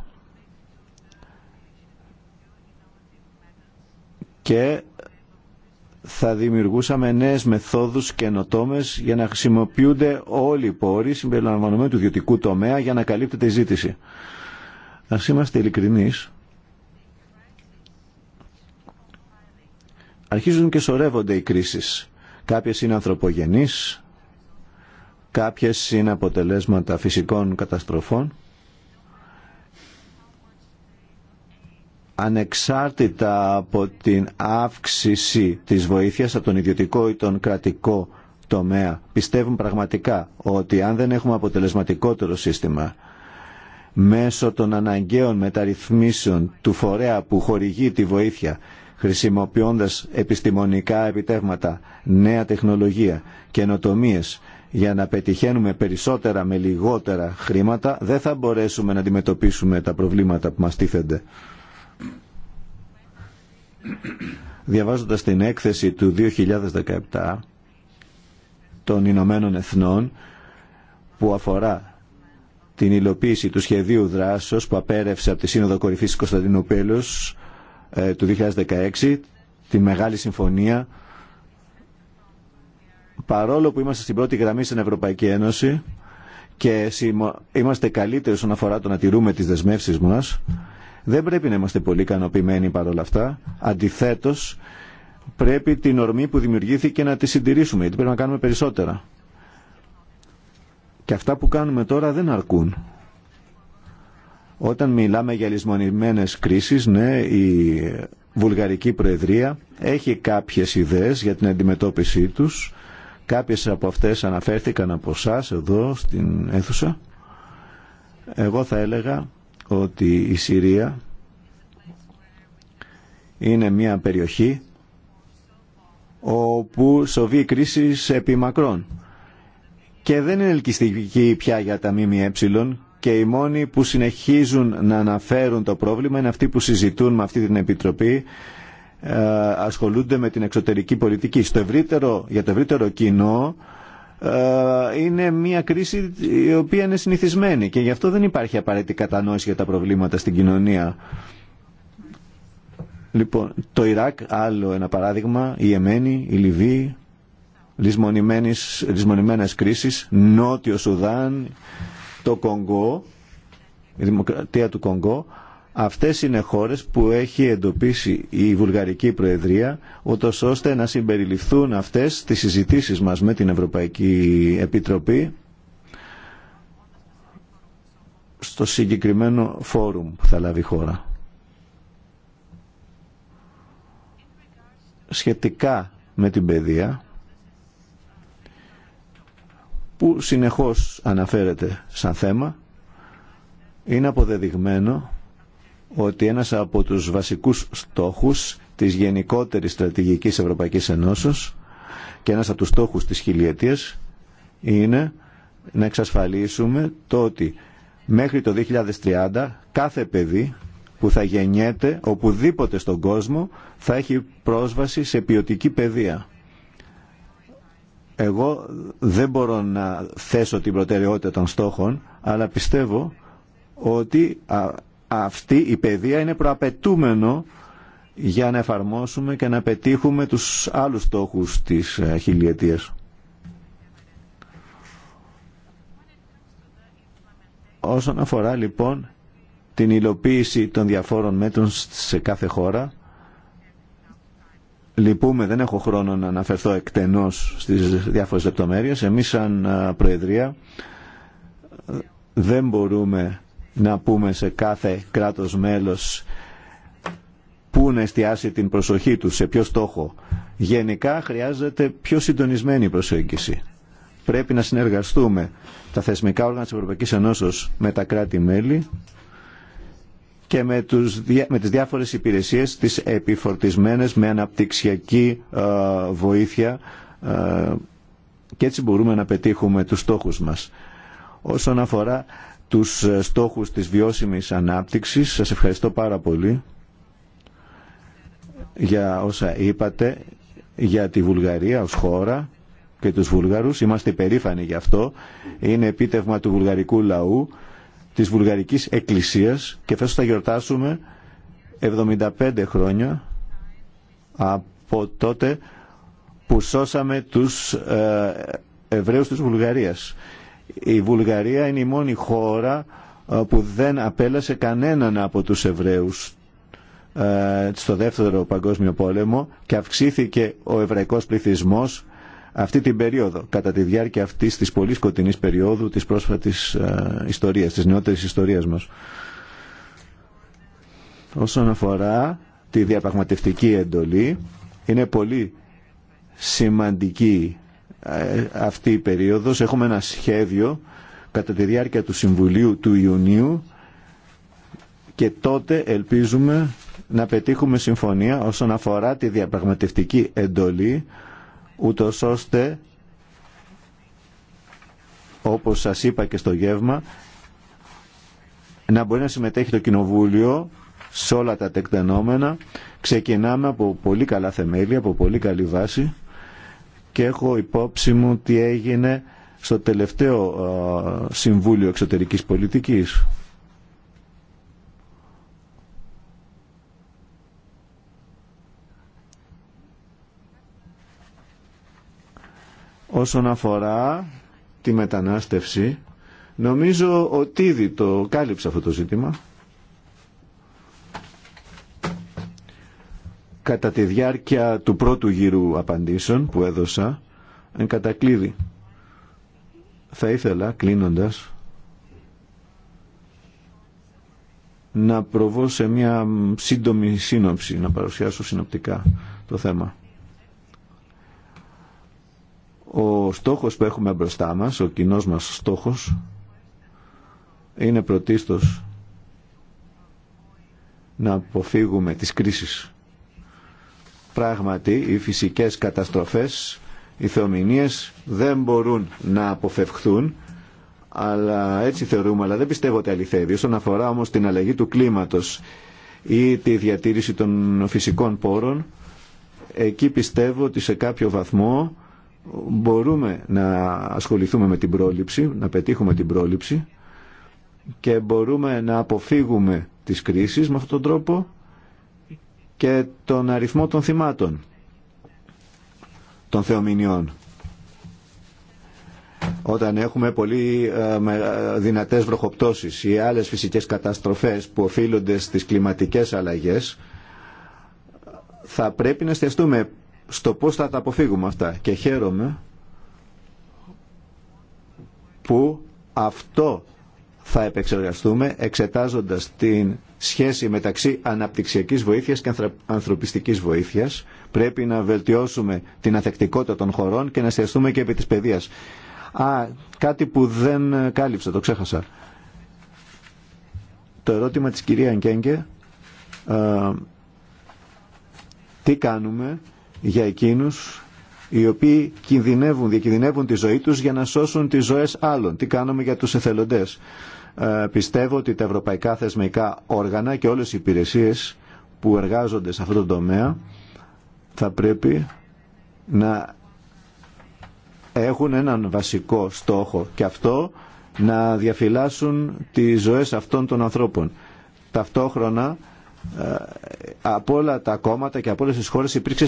και θα δημιουργούσαμε νέες μεθόδους καινοτόμε για να χρησιμοποιούνται όλοι οι πόροι συμπεριλαμβανομένου του ιδιωτικού τομέα για να καλύπτεται η ζήτηση. Ας είμαστε ειλικρινεί. Αρχίζουν και σωρεύονται οι κρίσεις. Κάποιες είναι ανθρωπογενείς, κάποιες είναι αποτελέσματα φυσικών καταστροφών. ανεξάρτητα από την αύξηση της βοήθειας από τον ιδιωτικό ή τον κρατικό τομέα. Πιστεύουν πραγματικά ότι αν δεν έχουμε αποτελεσματικότερο σύστημα μέσω των αναγκαίων μεταρρυθμίσεων του φορέα που χορηγεί τη βοήθεια χρησιμοποιώντας επιστημονικά επιτεύγματα, νέα τεχνολογία, καινοτομίε για να πετυχαίνουμε περισσότερα με λιγότερα χρήματα, δεν θα μπορέσουμε να αντιμετωπίσουμε τα προβλήματα που μας τίθενται. Διαβάζοντας την έκθεση του 2017 των Ηνωμένων Εθνών που αφορά την υλοποίηση του σχεδίου δράσεως που απέρευσε από τη Σύνοδο Κορυφής Κωνσταντινούπολης ε, του 2016, τη Μεγάλη Συμφωνία, παρόλο που είμαστε στην πρώτη γραμμή στην Ευρωπαϊκή Ένωση και είμαστε καλύτεροι όσον αφορά το να τηρούμε τις δεσμεύσεις μας, δεν πρέπει να είμαστε πολύ ικανοποιημένοι παρόλα αυτά. Αντιθέτω, πρέπει την ορμή που δημιουργήθηκε να τη συντηρήσουμε, γιατί πρέπει να κάνουμε περισσότερα. Και αυτά που κάνουμε τώρα δεν αρκούν. Όταν μιλάμε για λησμονημένες κρίσεις, ναι, η Βουλγαρική Προεδρία έχει κάποιες ιδέες για την αντιμετώπιση τους. Κάποιες από αυτές αναφέρθηκαν από εσά εδώ στην αίθουσα. Εγώ θα έλεγα ότι η Συρία είναι μια περιοχή όπου σοβεί κρίση επί μακρών. Και δεν είναι ελκυστική πια για τα ΜΜΕ και οι μόνοι που συνεχίζουν να αναφέρουν το πρόβλημα είναι αυτοί που συζητούν με αυτή την Επιτροπή ε, ασχολούνται με την εξωτερική πολιτική. Στο ευρύτερο, για το ευρύτερο κοινό ε, είναι μια κρίση η οποία είναι συνηθισμένη και γι' αυτό δεν υπάρχει απαραίτητη κατανόηση για τα προβλήματα στην κοινωνία. Λοιπόν, το Ιράκ, άλλο ένα παράδειγμα, η Εμένη, η Λιβύη, λησμονημένες κρίσεις, Νότιο Σουδάν, το Κονγκό, η Δημοκρατία του Κονγκό, Αυτές είναι χώρες που έχει εντοπίσει η Βουλγαρική Προεδρία, ούτως ώστε να συμπεριληφθούν αυτές τις συζητήσεις μας με την Ευρωπαϊκή Επιτροπή στο συγκεκριμένο φόρουμ που θα λάβει η χώρα. Σχετικά με την παιδεία, που συνεχώς αναφέρεται σαν θέμα, είναι αποδεδειγμένο ότι ένας από τους βασικούς στόχους της γενικότερης στρατηγικής Ευρωπαϊκής Ενώσεως και ένας από τους στόχους της χιλιετίας είναι να εξασφαλίσουμε το ότι μέχρι το 2030 κάθε παιδί που θα γεννιέται οπουδήποτε στον κόσμο θα έχει πρόσβαση σε ποιοτική παιδεία. Εγώ δεν μπορώ να θέσω την προτεραιότητα των στόχων, αλλά πιστεύω ότι αυτή η παιδεία είναι προαπαιτούμενο για να εφαρμόσουμε και να πετύχουμε τους άλλους στόχους της ε, χιλιετίας. Όσον αφορά λοιπόν την υλοποίηση των διαφόρων μέτρων σε κάθε χώρα, λυπούμε, δεν έχω χρόνο να αναφερθώ εκτενώς στις διάφορες λεπτομέρειες. Εμείς σαν ε, Προεδρία ε, δεν μπορούμε να πούμε σε κάθε κράτος μέλος πού να εστιάσει την προσοχή του, σε ποιο στόχο. Γενικά χρειάζεται πιο συντονισμένη προσέγγιση. Πρέπει να συνεργαστούμε τα θεσμικά όργανα της Ευρωπαϊκής Ενώσεως με τα κράτη-μέλη και με, τους, με τις διάφορες υπηρεσίες τις επιφορτισμένες με αναπτυξιακή ε, βοήθεια ε, και έτσι μπορούμε να πετύχουμε τους στόχους μας. Όσον αφορά τους ε, στόχους της βιώσιμης ανάπτυξης. Σας ευχαριστώ πάρα πολύ για όσα είπατε για τη Βουλγαρία ως χώρα και τους Βουλγαρούς. Είμαστε περήφανοι γι' αυτό. Είναι επίτευγμα του βουλγαρικού λαού, της βουλγαρικής εκκλησίας και φέτος θα γιορτάσουμε 75 χρόνια από τότε που σώσαμε τους ε, Εβραίους της Βουλγαρίας. Η Βουλγαρία είναι η μόνη χώρα ε, που δεν απέλασε κανέναν από τους Εβραίους ε, στο δεύτερο παγκόσμιο πόλεμο και αυξήθηκε ο εβραϊκός πληθυσμός αυτή την περίοδο, κατά τη διάρκεια αυτής της πολύ σκοτεινής περίοδου της πρόσφατης ε, ιστορίας, της νεότερης ιστορίας μας. Όσον αφορά τη διαπραγματευτική εντολή, είναι πολύ σημαντική αυτή η περίοδος. Έχουμε ένα σχέδιο κατά τη διάρκεια του Συμβουλίου του Ιουνίου και τότε ελπίζουμε να πετύχουμε συμφωνία όσον αφορά τη διαπραγματευτική εντολή ούτως ώστε όπως σας είπα και στο γεύμα να μπορεί να συμμετέχει το Κοινοβούλιο σε όλα τα τεκτενόμενα. Ξεκινάμε από πολύ καλά θεμέλια, από πολύ καλή βάση και έχω υπόψη μου τι έγινε στο τελευταίο Συμβούλιο Εξωτερικής Πολιτικής. Όσον αφορά τη μετανάστευση, νομίζω ότι ήδη το κάλυψε αυτό το ζήτημα. κατά τη διάρκεια του πρώτου γύρου απαντήσεων που έδωσα, εν κατακλείδη. Θα ήθελα, κλείνοντας, να προβώ σε μια σύντομη σύνοψη, να παρουσιάσω συνοπτικά το θέμα. Ο στόχος που έχουμε μπροστά μας, ο κοινός μας στόχος, είναι πρωτίστως να αποφύγουμε τις κρίσεις Πράγματι, οι φυσικές καταστροφές, οι θεομηνίες δεν μπορούν να αποφευχθούν, αλλά έτσι θεωρούμε, αλλά δεν πιστεύω ότι αληθεύει. Όσον αφορά όμως την αλλαγή του κλίματος ή τη διατήρηση των φυσικών πόρων, εκεί πιστεύω ότι σε κάποιο βαθμό μπορούμε να ασχοληθούμε με την πρόληψη, να πετύχουμε την πρόληψη και μπορούμε να αποφύγουμε τις κρίσεις με αυτόν τον τρόπο και τον αριθμό των θυμάτων των θεομηνιών. Όταν έχουμε πολύ ε, ε, δυνατές βροχοπτώσεις ή άλλες φυσικές καταστροφές που οφείλονται στις κλιματικές αλλαγές, θα πρέπει να στεστούμε στο πώς θα τα αποφύγουμε αυτά. Και χαίρομαι που αυτό θα επεξεργαστούμε εξετάζοντας την σχέση μεταξύ αναπτυξιακής βοήθειας και ανθρωπιστικής βοήθειας. Πρέπει να βελτιώσουμε την αθεκτικότητα των χωρών και να εστιαστούμε και επί της παιδείας. Α, κάτι που δεν κάλυψα, το ξέχασα. Το ερώτημα της κυρία Αγκέγκε, τι κάνουμε για εκείνους οι οποίοι κινδυνεύουν, διακινδυνεύουν τη ζωή τους για να σώσουν τις ζωές άλλων. Τι κάνουμε για τους εθελοντές. Ε, πιστεύω ότι τα ευρωπαϊκά θεσμικά όργανα και όλες οι υπηρεσίες που εργάζονται σε αυτό το τομέα θα πρέπει να έχουν έναν βασικό στόχο και αυτό να διαφυλάσσουν τις ζωές αυτών των ανθρώπων. Ταυτόχρονα ε, από όλα τα κόμματα και από όλες τις χώρες υπήρξε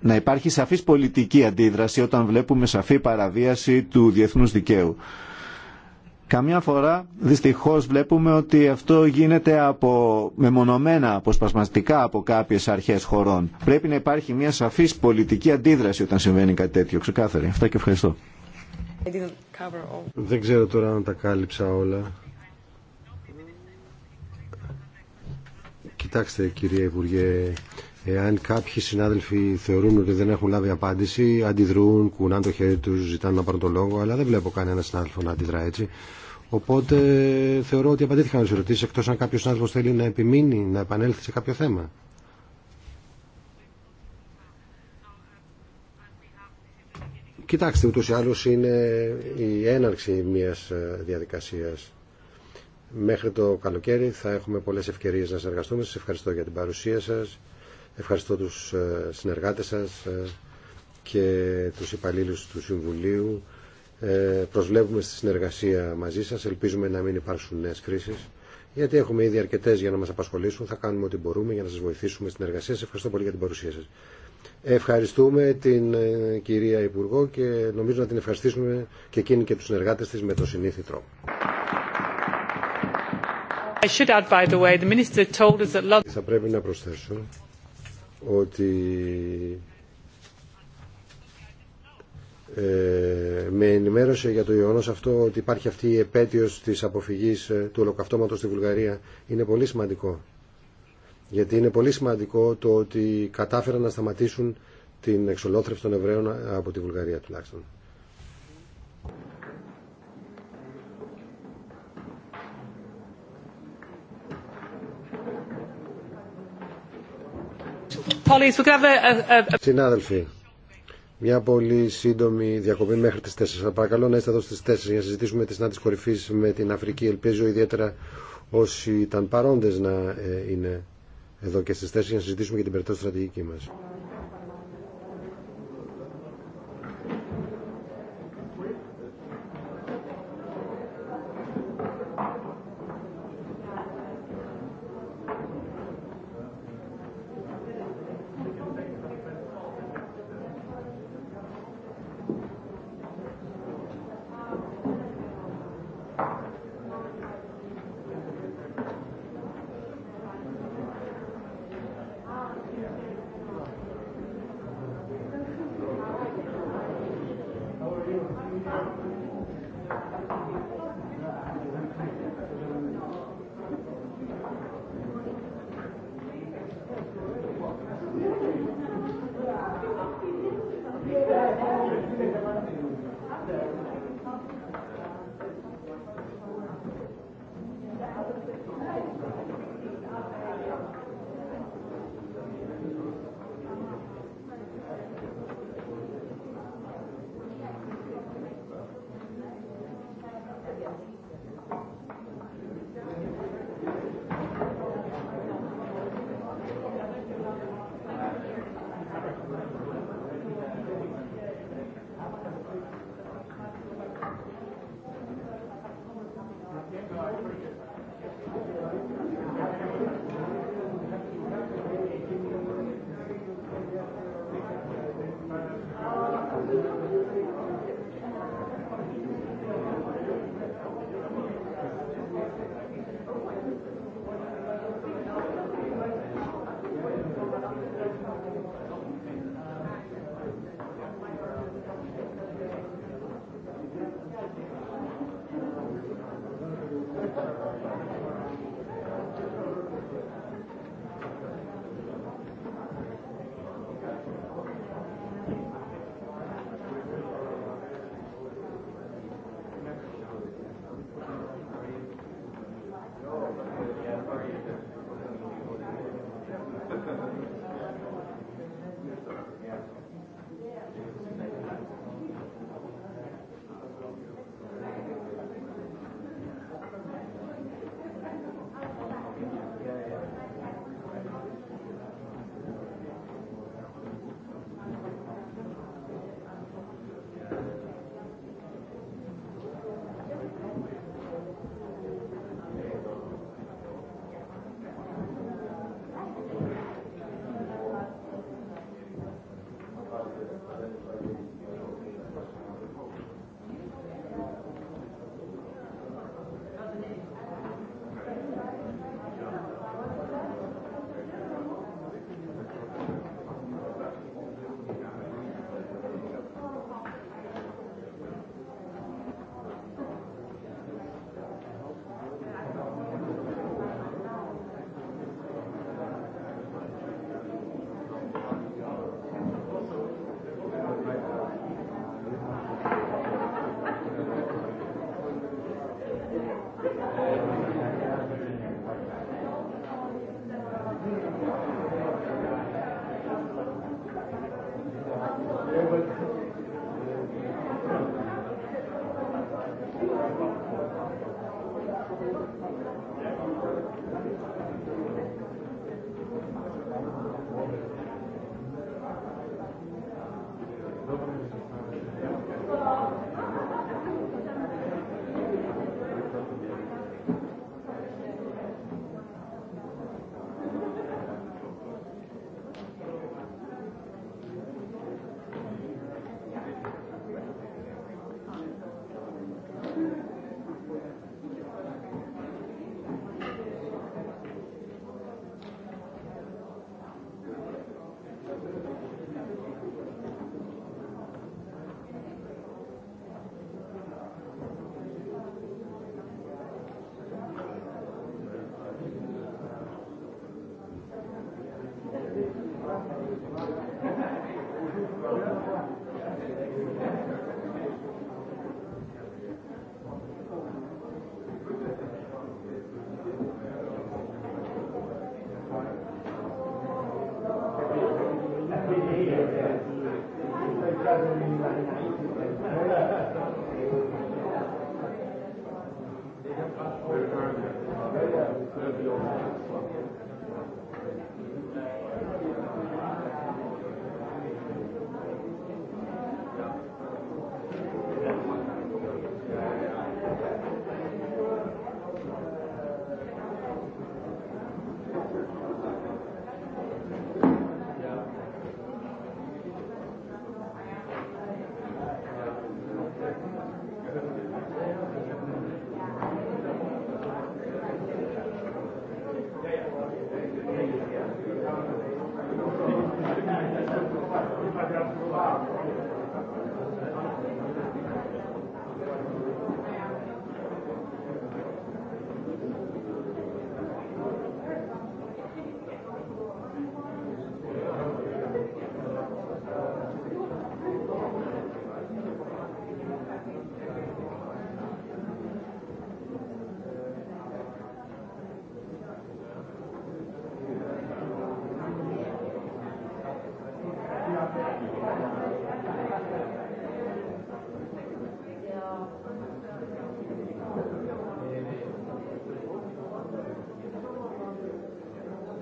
να υπάρχει σαφής πολιτική αντίδραση όταν βλέπουμε σαφή παραβίαση του διεθνούς δικαίου. Καμιά φορά δυστυχώς βλέπουμε ότι αυτό γίνεται από μεμονωμένα, αποσπασματικά από κάποιες αρχές χωρών. Πρέπει να υπάρχει μια σαφής πολιτική αντίδραση όταν συμβαίνει κάτι τέτοιο. Ξεκάθαρη. Αυτά και ευχαριστώ. Δεν ξέρω τώρα αν τα κάλυψα όλα. Κοιτάξτε κύριε Υπουργέ, Εάν κάποιοι συνάδελφοι θεωρούν ότι δεν έχουν λάβει απάντηση, αντιδρούν, κουνάνε το χέρι του, ζητάνε να πάρουν το λόγο, αλλά δεν βλέπω κανένα συνάδελφο να αντιδρά έτσι. Οπότε θεωρώ ότι απαντήθηκαν τι ερωτήσει, εκτό αν κάποιο συνάδελφο θέλει να επιμείνει, να επανέλθει σε κάποιο θέμα. Κοιτάξτε, ούτω ή άλλω είναι η έναρξη μια ε, διαδικασία. Μέχρι το καλοκαίρι θα έχουμε πολλέ ευκαιρίε να συνεργαστούμε. Σα ευχαριστώ για την παρουσία σα Ευχαριστώ τους ε, συνεργάτες σας ε, και τους υπαλλήλους του Συμβουλίου. Ε, προσβλέπουμε στη συνεργασία μαζί σας. Ελπίζουμε να μην υπάρξουν νέες κρίσεις. Γιατί έχουμε ήδη αρκετέ για να μα απασχολήσουν. Θα κάνουμε ό,τι μπορούμε για να σα βοηθήσουμε στην εργασία σα. Ευχαριστώ πολύ για την παρουσία σα. Ευχαριστούμε την κυρία Υπουργό και νομίζω να την ευχαριστήσουμε και εκείνη και του συνεργάτε τη με το συνήθι τρόπο. Θα πρέπει να προσθέσω ότι ε, με ενημέρωσε για το γεγονό αυτό ότι υπάρχει αυτή η επέτειος της αποφυγής ε, του ολοκαυτώματος στη Βουλγαρία είναι πολύ σημαντικό γιατί είναι πολύ σημαντικό το ότι κατάφεραν να σταματήσουν την εξολόθρευση των Εβραίων από τη Βουλγαρία τουλάχιστον. Συνάδελφοι, μια πολύ σύντομη διακοπή μέχρι τις 4. Θα παρακαλώ να είστε εδώ στις 4 για να συζητήσουμε τη συνάντηση κορυφής με την Αφρική. Ελπίζω ιδιαίτερα όσοι ήταν παρόντες να ε, είναι εδώ και στις 4 για να συζητήσουμε για την περαιτέρω στρατηγική μας.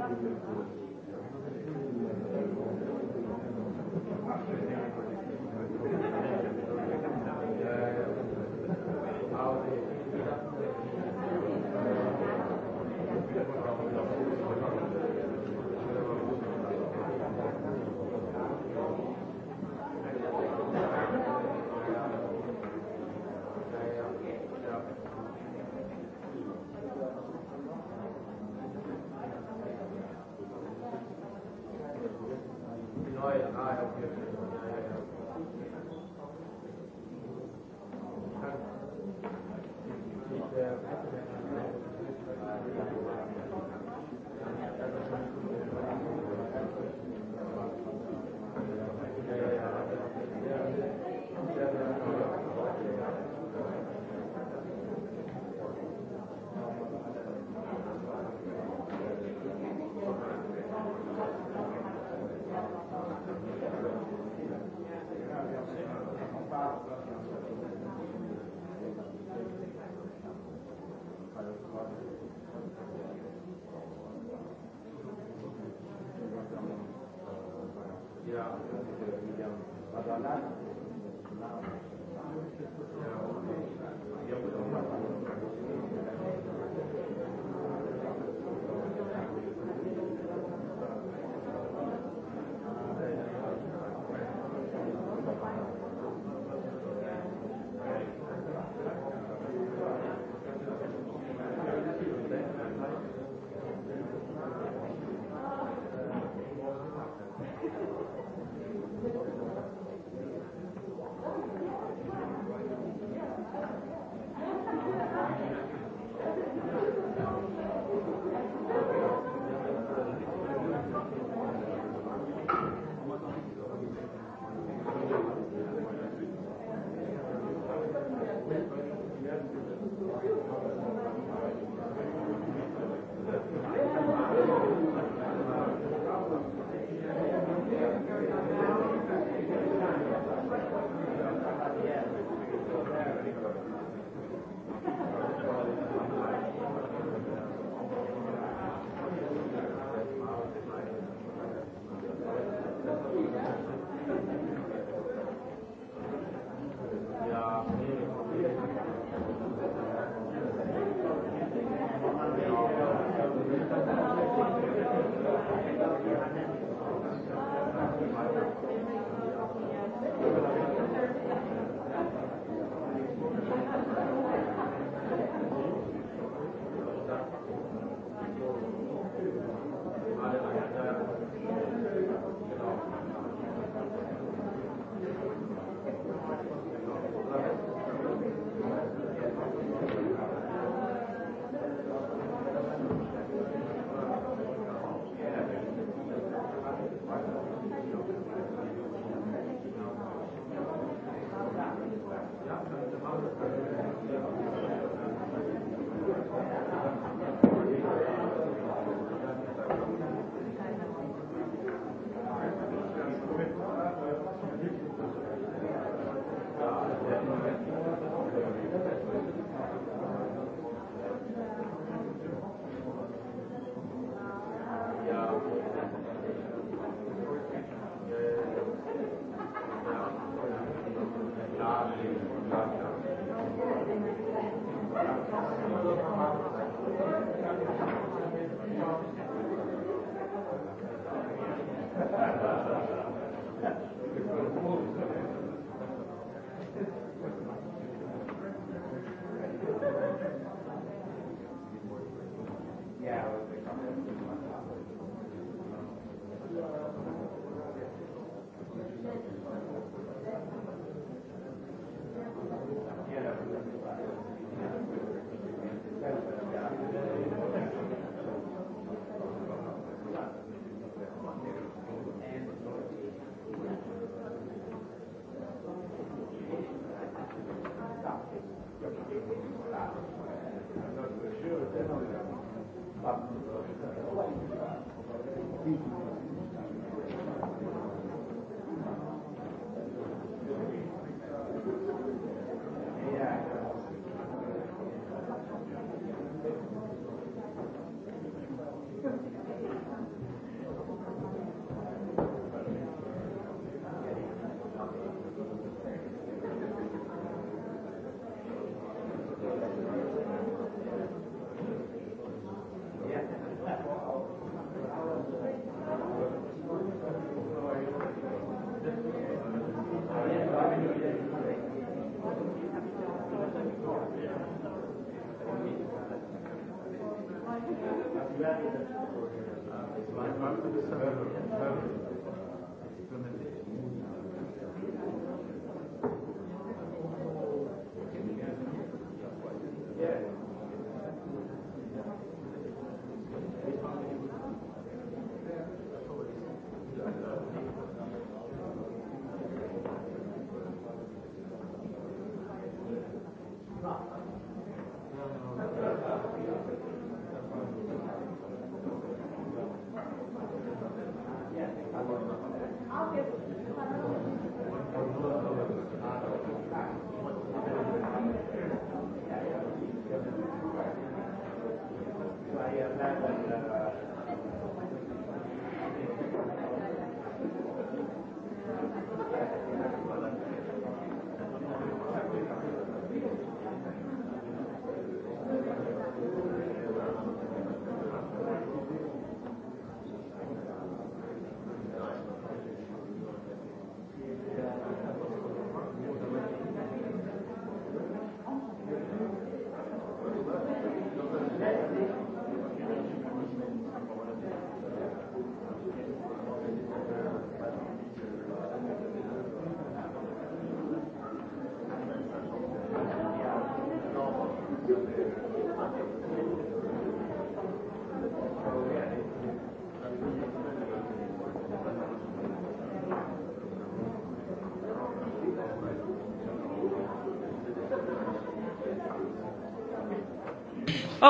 Thank you.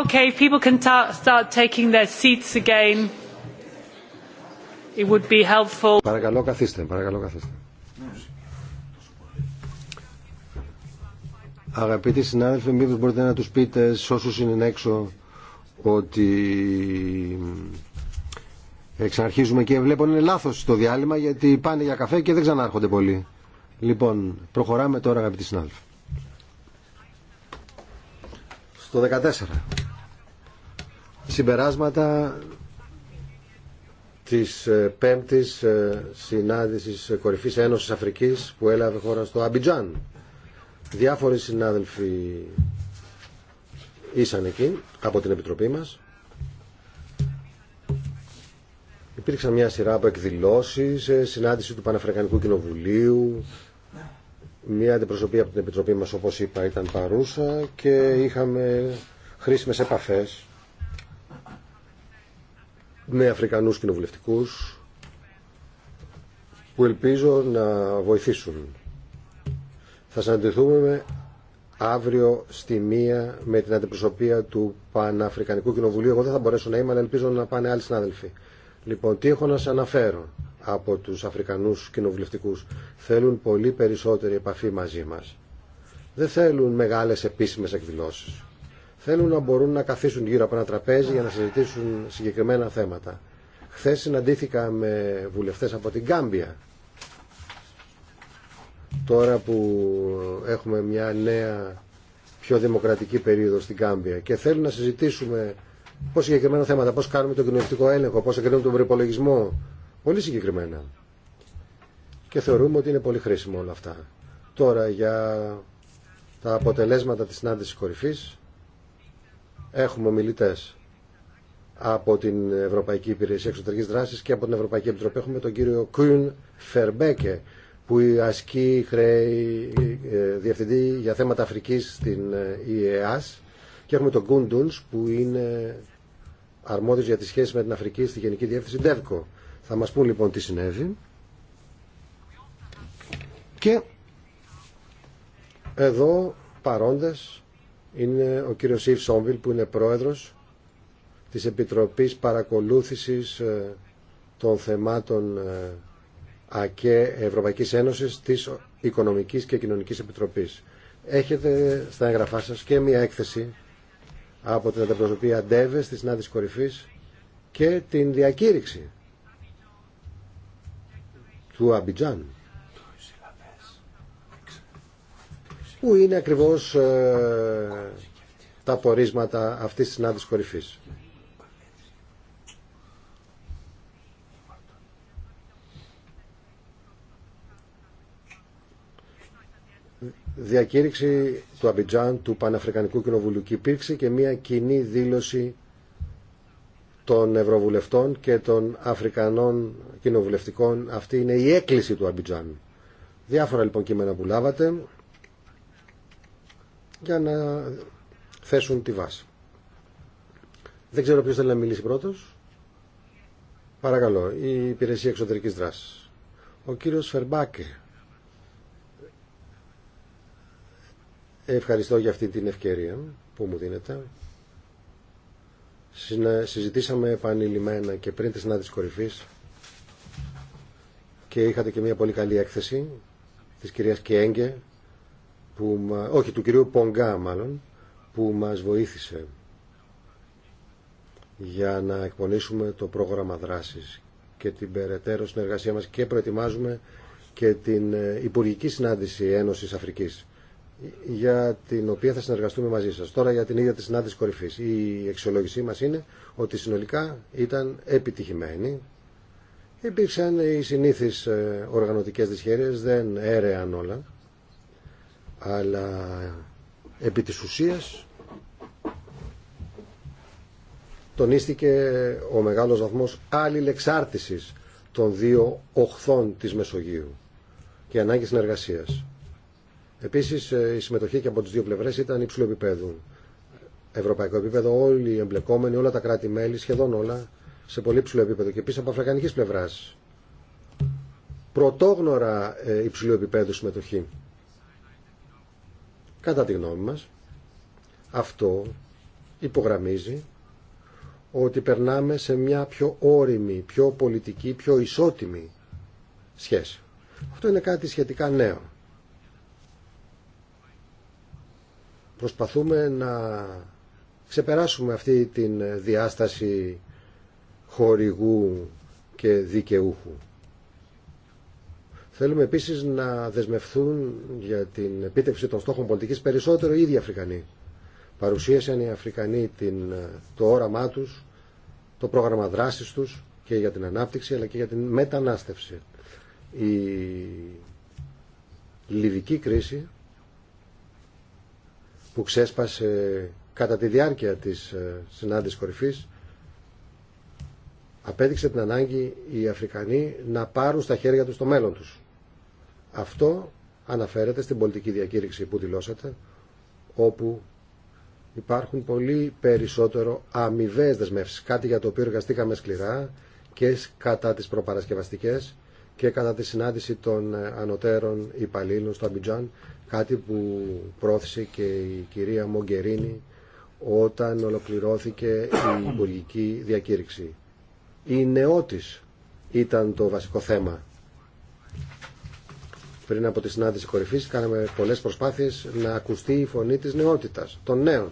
Okay, if people can start taking their seats again, it would be helpful. Παρακαλώ καθίστε, παρακαλώ καθίστε. Αγαπητοί συνάδελφοι, μήπως μπορείτε να τους πείτε σε όσους είναι έξω ότι εξαρχίζουμε και βλέπω είναι λάθος το διάλειμμα γιατί πάνε για καφέ και δεν ξανάρχονται πολύ. Λοιπόν, προχωράμε τώρα αγαπητοί συνάδελφοι. Στο 14 συμπεράσματα της ε, πέμπτης ε, συνάντησης ε, κορυφής Ένωσης Αφρικής που έλαβε χώρα στο Αμπιτζάν. Διάφοροι συνάδελφοι ήσαν εκεί από την Επιτροπή μας. Υπήρξαν μια σειρά από εκδηλώσεις, συνάντηση του Παναφρικανικού Κοινοβουλίου, μια αντιπροσωπή από την Επιτροπή μας όπως είπα ήταν παρούσα και είχαμε χρήσιμες επαφές με Αφρικανούς κοινοβουλευτικούς που ελπίζω να βοηθήσουν. Θα συναντηθούμε αύριο στη μία με την αντιπροσωπεία του Παναφρικανικού Κοινοβουλίου. Εγώ δεν θα μπορέσω να είμαι, αλλά ελπίζω να πάνε άλλοι συνάδελφοι. Λοιπόν, τι έχω να σας αναφέρω από τους Αφρικανούς κοινοβουλευτικούς. Θέλουν πολύ περισσότερη επαφή μαζί μας. Δεν θέλουν μεγάλες επίσημες εκδηλώσεις θέλουν να μπορούν να καθίσουν γύρω από ένα τραπέζι για να συζητήσουν συγκεκριμένα θέματα. Χθε συναντήθηκα με βουλευτές από την Κάμπια. Τώρα που έχουμε μια νέα πιο δημοκρατική περίοδο στην Κάμπια και θέλουν να συζητήσουμε πώς συγκεκριμένα θέματα, πώς κάνουμε τον κοινωνιστικό έλεγχο, πώς εγκρίνουμε τον προπολογισμό, πολύ συγκεκριμένα. Και θεωρούμε ότι είναι πολύ χρήσιμο όλα αυτά. Τώρα για τα αποτελέσματα της συνάντησης κορυφής, Έχουμε ομιλητέ από την Ευρωπαϊκή Υπηρεσία Εξωτερική Δράση και από την Ευρωπαϊκή Επιτροπή. Έχουμε τον κύριο Κουν Φερμπέκε, που ασκεί χρέη ε, διευθυντή για θέματα Αφρικής στην ε, ΙΕΑΣ και έχουμε τον Ντούλς που είναι αρμόδιος για τις σχέσεις με την Αφρική στη Γενική Διεύθυνση ΔΕΒΚΟ. Θα μας πούν λοιπόν τι συνέβη. Και εδώ παρόντες είναι ο κύριος Ιβ Σόμβιλ που είναι πρόεδρος της Επιτροπής Παρακολούθησης ε, των θεμάτων ε, ΑΚΕ Ευρωπαϊκής Ένωσης της Οικονομικής και Κοινωνικής Επιτροπής. Έχετε στα εγγραφά σας και μια έκθεση από την αντιπροσωπή Αντέβε της Νάδης κορυφής και την διακήρυξη του Αμπιτζάν. Πού είναι ακριβώς ε, τα πορίσματα αυτής της συνάντησης κορυφής. Διακήρυξη του Αμπιτζάν του Παναφρικανικού Κοινοβουλίου και υπήρξε και μια κοινή δήλωση των Ευρωβουλευτών και των Αφρικανών Κοινοβουλευτικών. Αυτή είναι η έκκληση του Αμπιτζάν. Διάφορα λοιπόν κείμενα που λάβατε για να θέσουν τη βάση. Δεν ξέρω ποιος θέλει να μιλήσει πρώτος. Παρακαλώ, η Υπηρεσία Εξωτερικής Δράσης. Ο κύριος Φερμπάκε. Ευχαριστώ για αυτή την ευκαιρία που μου δίνετε. Συζητήσαμε επανειλημμένα και πριν τη συνάντηση κορυφής και είχατε και μια πολύ καλή έκθεση της κυρίας Κιέγκε που, όχι του κυρίου Πονγκά μάλλον, που μας βοήθησε για να εκπονήσουμε το πρόγραμμα δράσης και την περαιτέρω συνεργασία μας και προετοιμάζουμε και την ε, Υπουργική Συνάντηση Ένωσης Αφρικής για την οποία θα συνεργαστούμε μαζί σας. Τώρα για την ίδια τη συνάντηση κορυφής. Η εξολόγησή μας είναι ότι συνολικά ήταν επιτυχημένη. Υπήρξαν οι συνήθεις ε, οργανωτικές δυσχέρειες, δεν έρεαν όλα αλλά επί της ουσίας τονίστηκε ο μεγάλος βαθμός αλληλεξάρτησης των δύο οχθών της Μεσογείου και ανάγκη συνεργασίας. Επίσης ε, η συμμετοχή και από τις δύο πλευρές ήταν υψηλού επίπεδου. Ευρωπαϊκό επίπεδο όλοι οι εμπλεκόμενοι, όλα τα κράτη-μέλη, σχεδόν όλα, σε πολύ υψηλό επίπεδο και επίσης από αφρακανική πλευράς. Πρωτόγνωρα ε, υψηλό επίπεδου συμμετοχή. Κατά τη γνώμη μας, αυτό υπογραμμίζει ότι περνάμε σε μια πιο όρημη, πιο πολιτική, πιο ισότιμη σχέση. Αυτό είναι κάτι σχετικά νέο. Προσπαθούμε να ξεπεράσουμε αυτή την διάσταση χορηγού και δικαιούχου. Θέλουμε επίσης να δεσμευθούν για την επίτευξη των στόχων πολιτικής περισσότερο οι ίδιοι Αφρικανοί. Παρουσίασαν οι Αφρικανοί την, το όραμά του, το πρόγραμμα δράση τους και για την ανάπτυξη αλλά και για την μετανάστευση. Η λιβική κρίση που ξέσπασε κατά τη διάρκεια της ε, συνάντησης κορυφής απέδειξε την ανάγκη οι Αφρικανοί να πάρουν στα χέρια τους το μέλλον τους. Αυτό αναφέρεται στην πολιτική διακήρυξη που δηλώσατε, όπου υπάρχουν πολύ περισσότερο αμοιβέ δεσμεύσει. Κάτι για το οποίο εργαστήκαμε σκληρά και κατά τι προπαρασκευαστικέ και κατά τη συνάντηση των ε, ανωτέρων υπαλλήλων στο Αμπιτζάν, κάτι που πρόθεσε και η κυρία Μογκερίνη όταν ολοκληρώθηκε η υπουργική διακήρυξη. Η νεότης ήταν το βασικό θέμα πριν από τη συνάντηση κορυφής κάναμε πολλές προσπάθειες να ακουστεί η φωνή της νεότητας, των νέων,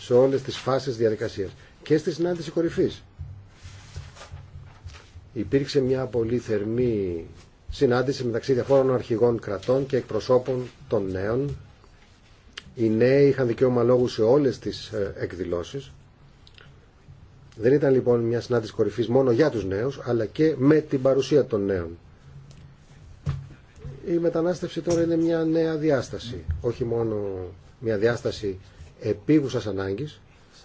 σε όλες τις φάσεις διαδικασίας και στη συνάντηση κορυφής. Υπήρξε μια πολύ θερμή συνάντηση μεταξύ διαφόρων αρχηγών κρατών και εκπροσώπων των νέων. Οι νέοι είχαν δικαίωμα λόγου σε όλες τις ε, εκδηλώσεις. Δεν ήταν λοιπόν μια συνάντηση κορυφής μόνο για τους νέους, αλλά και με την παρουσία των νέων η μετανάστευση τώρα είναι μια νέα διάσταση. Όχι μόνο μια διάσταση επίγουσας ανάγκης,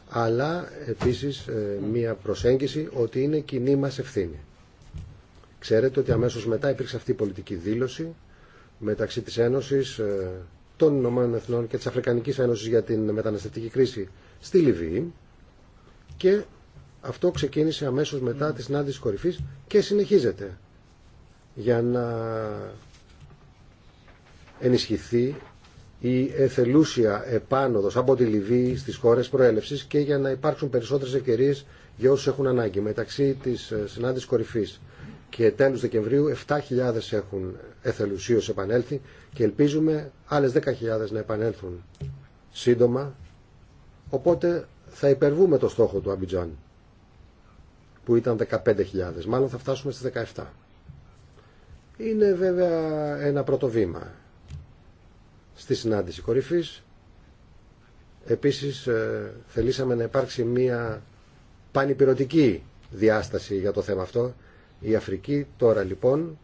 αλλά επίσης ε, μια προσέγγιση ότι είναι κοινή μας ευθύνη. Ξέρετε ότι αμέσως μετά υπήρξε αυτή η πολιτική δήλωση μεταξύ της Ένωσης ε, των Ηνωμένων Εθνών και της Αφρικανικής Ένωσης για την μεταναστευτική κρίση στη Λιβύη και αυτό ξεκίνησε αμέσως μετά τη συνάντηση κορυφής και συνεχίζεται για να ενισχυθεί η εθελούσια επάνωδος από τη Λιβύη στις χώρες προέλευσης και για να υπάρξουν περισσότερες ευκαιρίες για όσους έχουν ανάγκη. Μεταξύ της ε, συνάντησης κορυφής και τέλους Δεκεμβρίου 7.000 έχουν εθελουσίως επανέλθει και ελπίζουμε άλλες 10.000 να επανέλθουν σύντομα. Οπότε θα υπερβούμε το στόχο του Αμπιτζάν που ήταν 15.000. Μάλλον θα φτάσουμε στις 17. Είναι βέβαια ένα πρώτο βήμα στη συνάντηση κορυφής. Επίσης ε, θελήσαμε να υπάρξει μια πανυπηρωτική διάσταση για το θέμα αυτό. Η Αφρική τώρα λοιπόν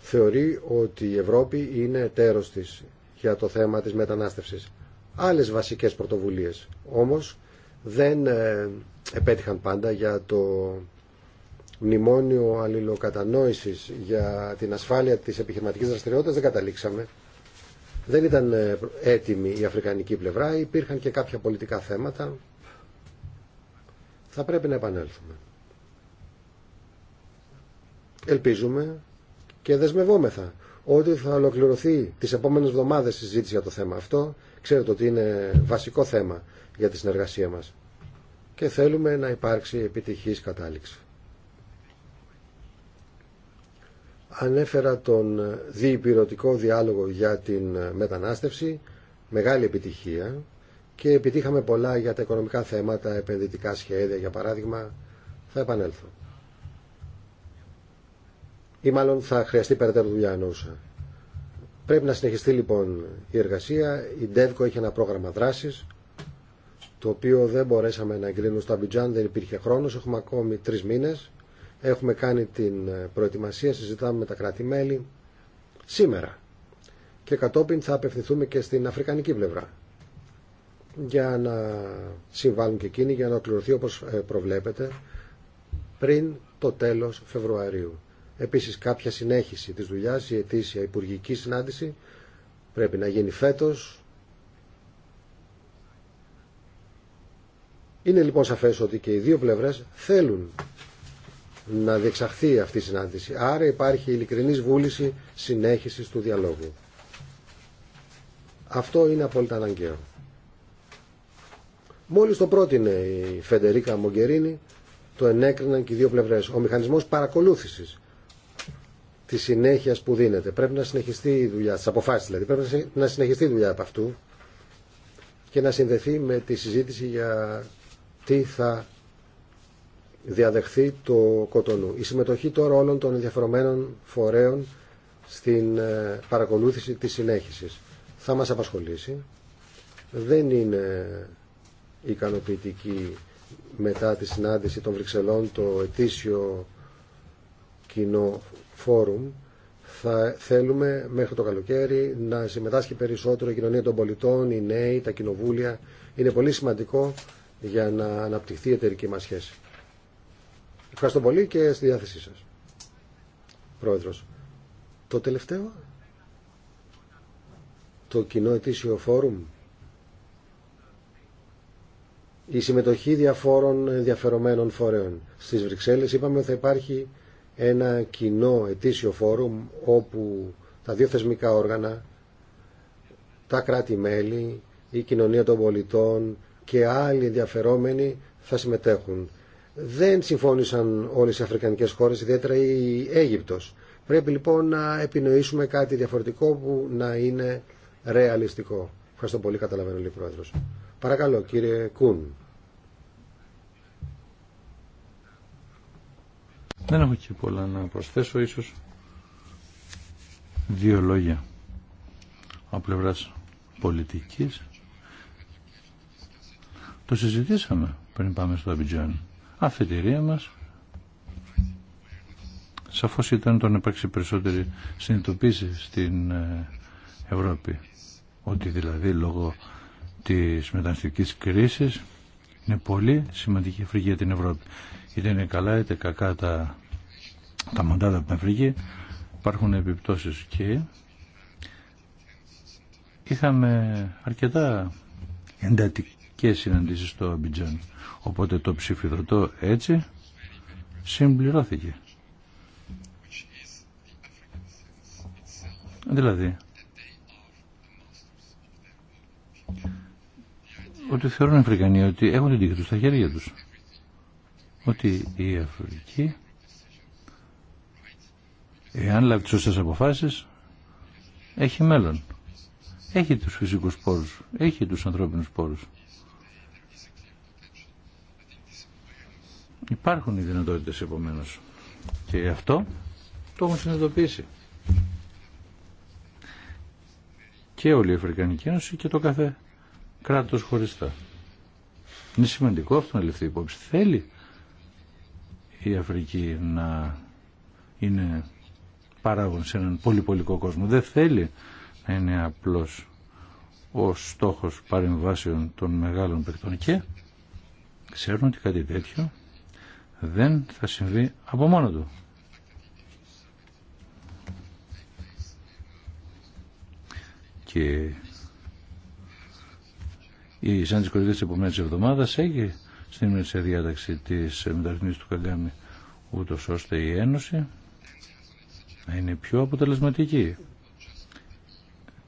θεωρεί ότι η Ευρώπη είναι τέρος της για το θέμα της μετανάστευσης. Άλλες βασικές πρωτοβουλίες όμως δεν ε, επέτυχαν πάντα για το μνημόνιο αλληλοκατανόησης για την ασφάλεια της επιχειρηματικής δραστηριότητας δεν καταλήξαμε. Δεν ήταν ε, έτοιμη η αφρικανική πλευρά, υπήρχαν και κάποια πολιτικά θέματα. Θα πρέπει να επανέλθουμε. Ελπίζουμε και δεσμευόμεθα ότι θα ολοκληρωθεί τις επόμενες εβδομάδες συζήτηση για το θέμα αυτό. Ξέρετε ότι είναι βασικό θέμα για τη συνεργασία μας και θέλουμε να υπάρξει επιτυχής κατάληξη. Ανέφερα τον διυπηρωτικό διάλογο για την μετανάστευση, μεγάλη επιτυχία και επιτύχαμε πολλά για τα οικονομικά θέματα, επενδυτικά σχέδια για παράδειγμα. Θα επανέλθω. Ή μάλλον θα χρειαστεί περαιτέρω δουλειά εννοούσα. Πρέπει να συνεχιστεί λοιπόν η εργασία. Η ΝΤΕΒΚΟ έχει ένα πρόγραμμα δράση, το οποίο δεν μπορέσαμε να εγκρίνουμε στο Αμπιτζάν, δεν υπήρχε χρόνο. Έχουμε ακόμη τρει μήνε. Έχουμε κάνει την ε, προετοιμασία, συζητάμε με τα κράτη-μέλη σήμερα. Και κατόπιν θα απευθυνθούμε και στην αφρικανική πλευρά για να συμβάλλουν και εκείνοι για να ολοκληρωθεί όπως ε, προβλέπετε πριν το τέλος Φεβρουαρίου. Επίσης κάποια συνέχιση της δουλειάς, η ετήσια υπουργική συνάντηση πρέπει να γίνει φέτος. Είναι λοιπόν σαφές ότι και οι δύο πλευρές θέλουν να διεξαχθεί αυτή η συνάντηση. Άρα υπάρχει ειλικρινής βούληση συνέχισης του διαλόγου. Αυτό είναι απόλυτα αναγκαίο. Μόλις το πρότεινε η Φεντερίκα Μογκερίνη, το ενέκριναν και οι δύο πλευρές. Ο μηχανισμός παρακολούθησης της συνέχειας που δίνεται. Πρέπει να συνεχιστεί η δουλειά, τις αποφάσεις δηλαδή, πρέπει να συνεχιστεί η δουλειά από αυτού και να συνδεθεί με τη συζήτηση για τι θα διαδεχθεί το κοτονού. Η συμμετοχή τώρα όλων των ενδιαφερομένων φορέων στην ε, παρακολούθηση της συνέχισης θα μας απασχολήσει. Δεν είναι ικανοποιητική μετά τη συνάντηση των Βρυξελών το ετήσιο κοινό φόρουμ. Θα θέλουμε μέχρι το καλοκαίρι να συμμετάσχει περισσότερο η κοινωνία των πολιτών, οι νέοι, τα κοινοβούλια. Είναι πολύ σημαντικό για να αναπτυχθεί η εταιρική μας σχέση. Ευχαριστώ πολύ και στη διάθεσή σας. Πρόεδρος. Το τελευταίο. Το κοινό ετήσιο φόρουμ. Η συμμετοχή διαφόρων ενδιαφερομένων φορέων. Στις Βρυξέλλες είπαμε ότι θα υπάρχει ένα κοινό ετήσιο φόρουμ όπου τα δύο θεσμικά όργανα, τα κράτη-μέλη, η κοινωνία των πολιτών και άλλοι ενδιαφερόμενοι θα συμμετέχουν δεν συμφώνησαν όλες οι αφρικανικές χώρες, ιδιαίτερα η Αίγυπτος. Πρέπει λοιπόν να επινοήσουμε κάτι διαφορετικό που να είναι ρεαλιστικό. Ευχαριστώ πολύ, καταλαβαίνω λίγο πρόεδρος. Παρακαλώ, κύριε Κούν. Δεν έχω και πολλά να προσθέσω, ίσως δύο λόγια από πλευράς πολιτικής. Το συζητήσαμε πριν πάμε στο Αμπιτζάνι αφετηρία μας σαφώς ήταν το να υπάρξει περισσότερη συνειδητοποίηση στην ε, Ευρώπη ότι δηλαδή λόγω της μεταναστικής κρίσης είναι πολύ σημαντική η για την Ευρώπη είτε είναι καλά είτε κακά τα, μοντάδα μαντάτα από την υπάρχουν επιπτώσεις και είχαμε αρκετά εντατική και συναντήσεις στο Αμπιτζάν. Οπότε το ψηφιδωτό έτσι συμπληρώθηκε. Δηλαδή, ότι θεωρούν οι Αφρικανοί ότι έχουν την τύχη τους στα χέρια τους. Ότι η Αφρική, εάν λάβει τις σωστές αποφάσεις, έχει μέλλον. Έχει τους φυσικούς πόρους, έχει τους ανθρώπινους πόρους. Υπάρχουν οι δυνατότητες επομένως και αυτό το έχουν συνειδητοποιήσει. Και όλη η Αφρικανική Ένωση και το κάθε κράτος χωριστά. Είναι σημαντικό αυτό να ληφθεί υπόψη. Θέλει η Αφρική να είναι παράγον σε έναν πολυπολικό κόσμο. Δεν θέλει να είναι απλώς ο στόχος παρεμβάσεων των μεγάλων παικτών και ξέρουν ότι κάτι τέτοιο δεν θα συμβεί από μόνο του. Και η σαν της κορυφής της επομένης εβδομάδας έχει στην μέση διάταξη της μεταρρυθμίσης του Καγκάμι ούτως ώστε η Ένωση να είναι πιο αποτελεσματική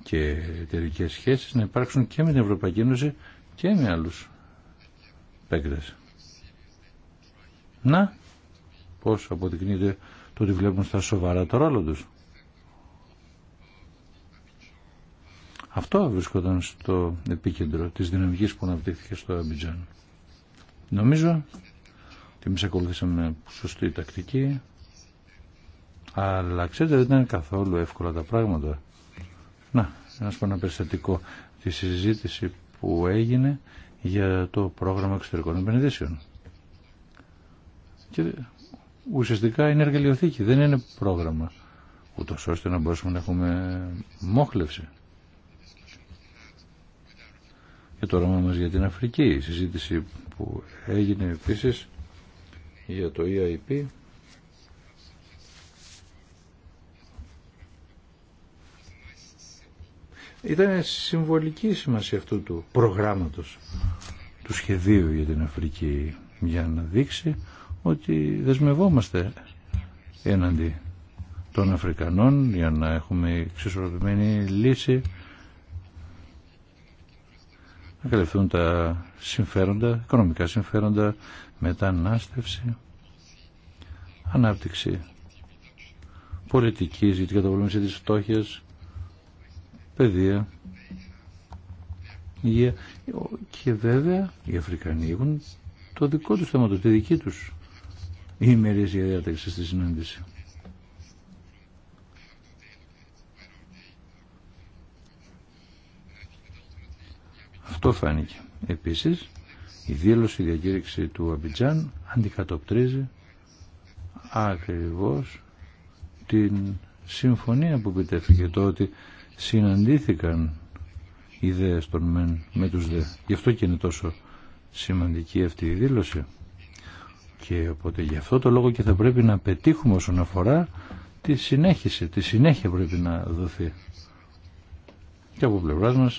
και εταιρικέ σχέσεις να υπάρξουν και με την Ευρωπαϊκή Ένωση και με άλλους παίκτες. Να, πώς αποδεικνύεται το ότι βλέπουν στα σοβαρά το ρόλο Αυτό βρισκόταν στο επίκεντρο της δυναμικής που αναπτύχθηκε στο Αμπιτζάν. Νομίζω ότι εμεί ακολουθήσαμε σωστή τακτική, αλλά ξέρετε δεν ήταν καθόλου εύκολα τα πράγματα. Να, ένα πάνω περιστατικό τη συζήτηση που έγινε για το πρόγραμμα εξωτερικών επενδύσεων και ουσιαστικά είναι εργαλειοθήκη, δεν είναι πρόγραμμα ούτως ώστε να μπορούμε να έχουμε μόχλευση. Και το όραμα μας για την Αφρική, η συζήτηση που έγινε επίσης για το EIP ήταν συμβολική σημασία αυτού του προγράμματος του σχεδίου για την Αφρική για να δείξει ότι δεσμευόμαστε έναντι των Αφρικανών για να έχουμε εξισορροπημένη λύση να καλυφθούν τα συμφέροντα, οικονομικά συμφέροντα, μετανάστευση, ανάπτυξη πολιτικής για την καταπολέμηση της φτώχειας, παιδεία, υγεία και βέβαια οι Αφρικανοί έχουν το δικό τους θέμα, το δική τους η ημερήσια διάταξη στη συνάντηση. Αυτό φάνηκε. Επίσης, η δήλωση διακήρυξη του Αμπιτζάν αντικατοπτρίζει ακριβώς την συμφωνία που επιτεύχθηκε το ότι συναντήθηκαν ιδέες των μεν με τους δε. Γι' αυτό και είναι τόσο σημαντική αυτή η δήλωση. Και οπότε γι' αυτό το λόγο και θα πρέπει να πετύχουμε όσον αφορά τη συνέχιση. Τη συνέχεια πρέπει να δοθεί. Και από πλευρά μα,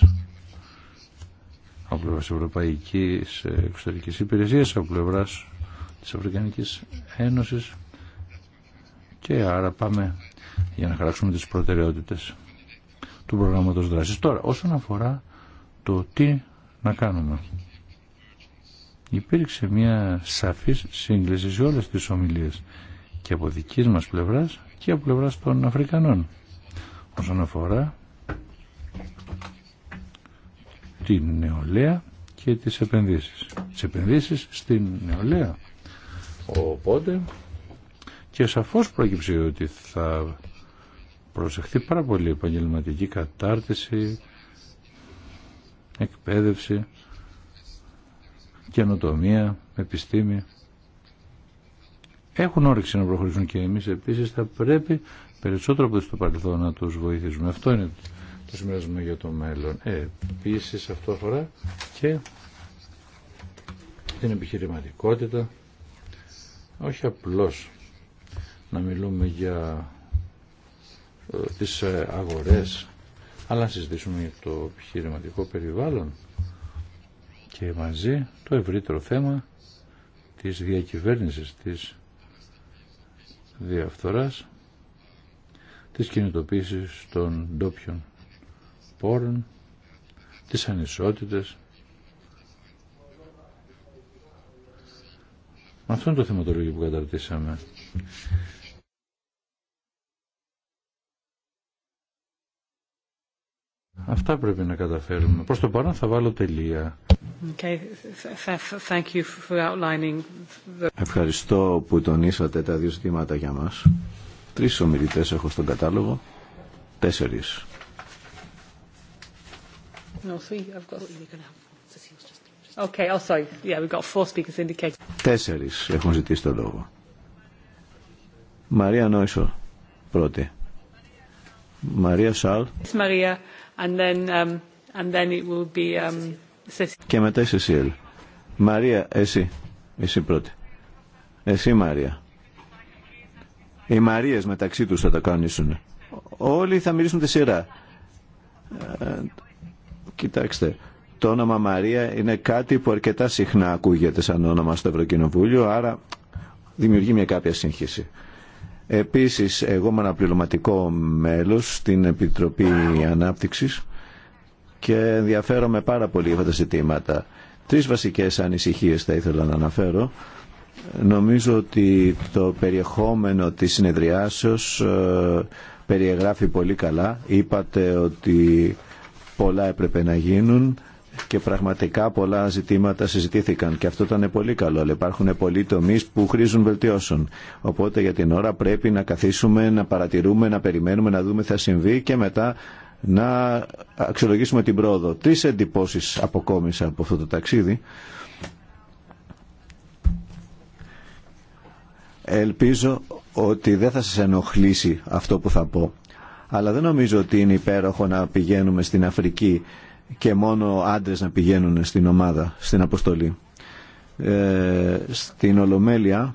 από πλευρά Ευρωπαϊκή Εξωτερική Υπηρεσία, από πλευρά τη Αφρικανική Ένωση. Και άρα πάμε για να χαράξουμε τις προτεραιότητες του προγράμματος δράσης. Τώρα, όσον αφορά το τι να κάνουμε υπήρξε μια σαφής σύγκληση σε όλες τις ομιλίες και από δικής μας πλευράς και από πλευράς των Αφρικανών όσον αφορά την νεολαία και τις επενδύσεις. Τις επενδύσεις στην νεολαία. Οπότε και σαφώς πρόκειψε ότι θα προσεχθεί πάρα πολύ επαγγελματική κατάρτιση, εκπαίδευση καινοτομία, επιστήμη. Έχουν όρεξη να προχωρήσουν και εμείς επίσης θα πρέπει περισσότερο από το παρελθόν να τους βοηθήσουμε. Αυτό είναι το συμπέρασμα για το μέλλον. Ε, επίσης αυτό αφορά και την επιχειρηματικότητα. Όχι απλώς να μιλούμε για ε, τις ε, αγορές αλλά να συζητήσουμε το επιχειρηματικό περιβάλλον και μαζί το ευρύτερο θέμα της διακυβέρνησης της διαφθοράς της κινητοποίησης των ντόπιων πόρων της ανισότητες με αυτό είναι το θεματολόγιο που καταρτήσαμε Αυτά πρέπει να καταφέρουμε. Προς το παρόν θα βάλω τελεία. Okay. Thank you for outlining the... Ευχαριστώ που τονίσατε τα δύο ζητήματα για μας. Τρεις ομιλητές έχω στον κατάλογο. Τέσσερις. No I've got. Okay, oh, sorry. Yeah, we've got four speakers indicated. Τέσσερις έχουν ζητήσει το λόγο. Μαρία Νόησο, πρώτη. Μαρία Σαλ. Μαρία. Και μετά η Σεσίλ. Μαρία, εσύ. Εσύ πρώτη. Εσύ Μαρία. Οι Μαρίες μεταξύ τους θα τα κάνουν. Όλοι θα μιλήσουν τη σειρά. Ε, κοιτάξτε, το όνομα Μαρία είναι κάτι που αρκετά συχνά ακούγεται σαν όνομα στο Ευρωκοινοβούλιο, άρα δημιουργεί μια κάποια σύγχυση. Επίσης, εγώ είμαι πληρωματικό μέλος στην Επιτροπή Ανάπτυξης και ενδιαφέρομαι πάρα πολύ για αυτά τα ζητήματα. Τρεις βασικές ανησυχίες θα ήθελα να αναφέρω. Νομίζω ότι το περιεχόμενο της συνεδριάσεως ε, περιεγράφει πολύ καλά. Είπατε ότι πολλά έπρεπε να γίνουν και πραγματικά πολλά ζητήματα συζητήθηκαν και αυτό ήταν πολύ καλό. Αλλά υπάρχουν πολλοί τομεί που χρήζουν βελτιώσεων. Οπότε για την ώρα πρέπει να καθίσουμε, να παρατηρούμε, να περιμένουμε, να δούμε τι θα συμβεί και μετά να αξιολογήσουμε την πρόοδο. Τρει εντυπώσει αποκόμισα από αυτό το ταξίδι. Ελπίζω ότι δεν θα σας ενοχλήσει αυτό που θα πω. Αλλά δεν νομίζω ότι είναι υπέροχο να πηγαίνουμε στην Αφρική και μόνο άντρες να πηγαίνουν στην ομάδα, στην αποστολή. Ε, στην Ολομέλεια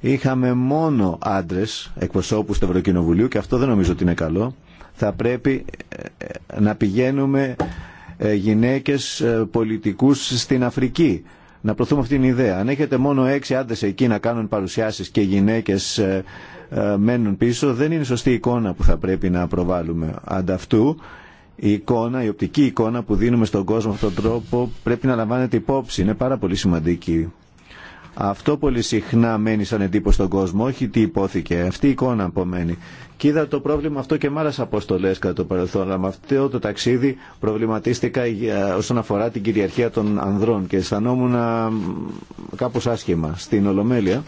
είχαμε μόνο άντρες εκπροσώπου του Ευρωκοινοβουλίου και αυτό δεν νομίζω ότι είναι καλό. Θα πρέπει ε, να πηγαίνουμε ε, γυναίκες πολιτικούς στην Αφρική. Να προωθούμε αυτήν την ιδέα. Αν έχετε μόνο έξι άντρες εκεί να κάνουν παρουσιάσεις και γυναίκες μένουν πίσω, δεν είναι σωστή εικόνα που θα πρέπει να προβάλλουμε. Ανταυτού, η εικόνα, η οπτική εικόνα που δίνουμε στον κόσμο αυτόν τον τρόπο πρέπει να λαμβάνεται υπόψη. Είναι πάρα πολύ σημαντική. Αυτό πολύ συχνά μένει σαν εντύπωση στον κόσμο, όχι τι υπόθηκε. Αυτή η εικόνα απομένει. Και είδα το πρόβλημα αυτό και με άλλε αποστολέ κατά το παρελθόν. Αλλά με αυτό το ταξίδι προβληματίστηκα ε, όσον αφορά την κυριαρχία των ανδρών και αισθανόμουν ε, κάπω άσχημα στην Ολομέλεια.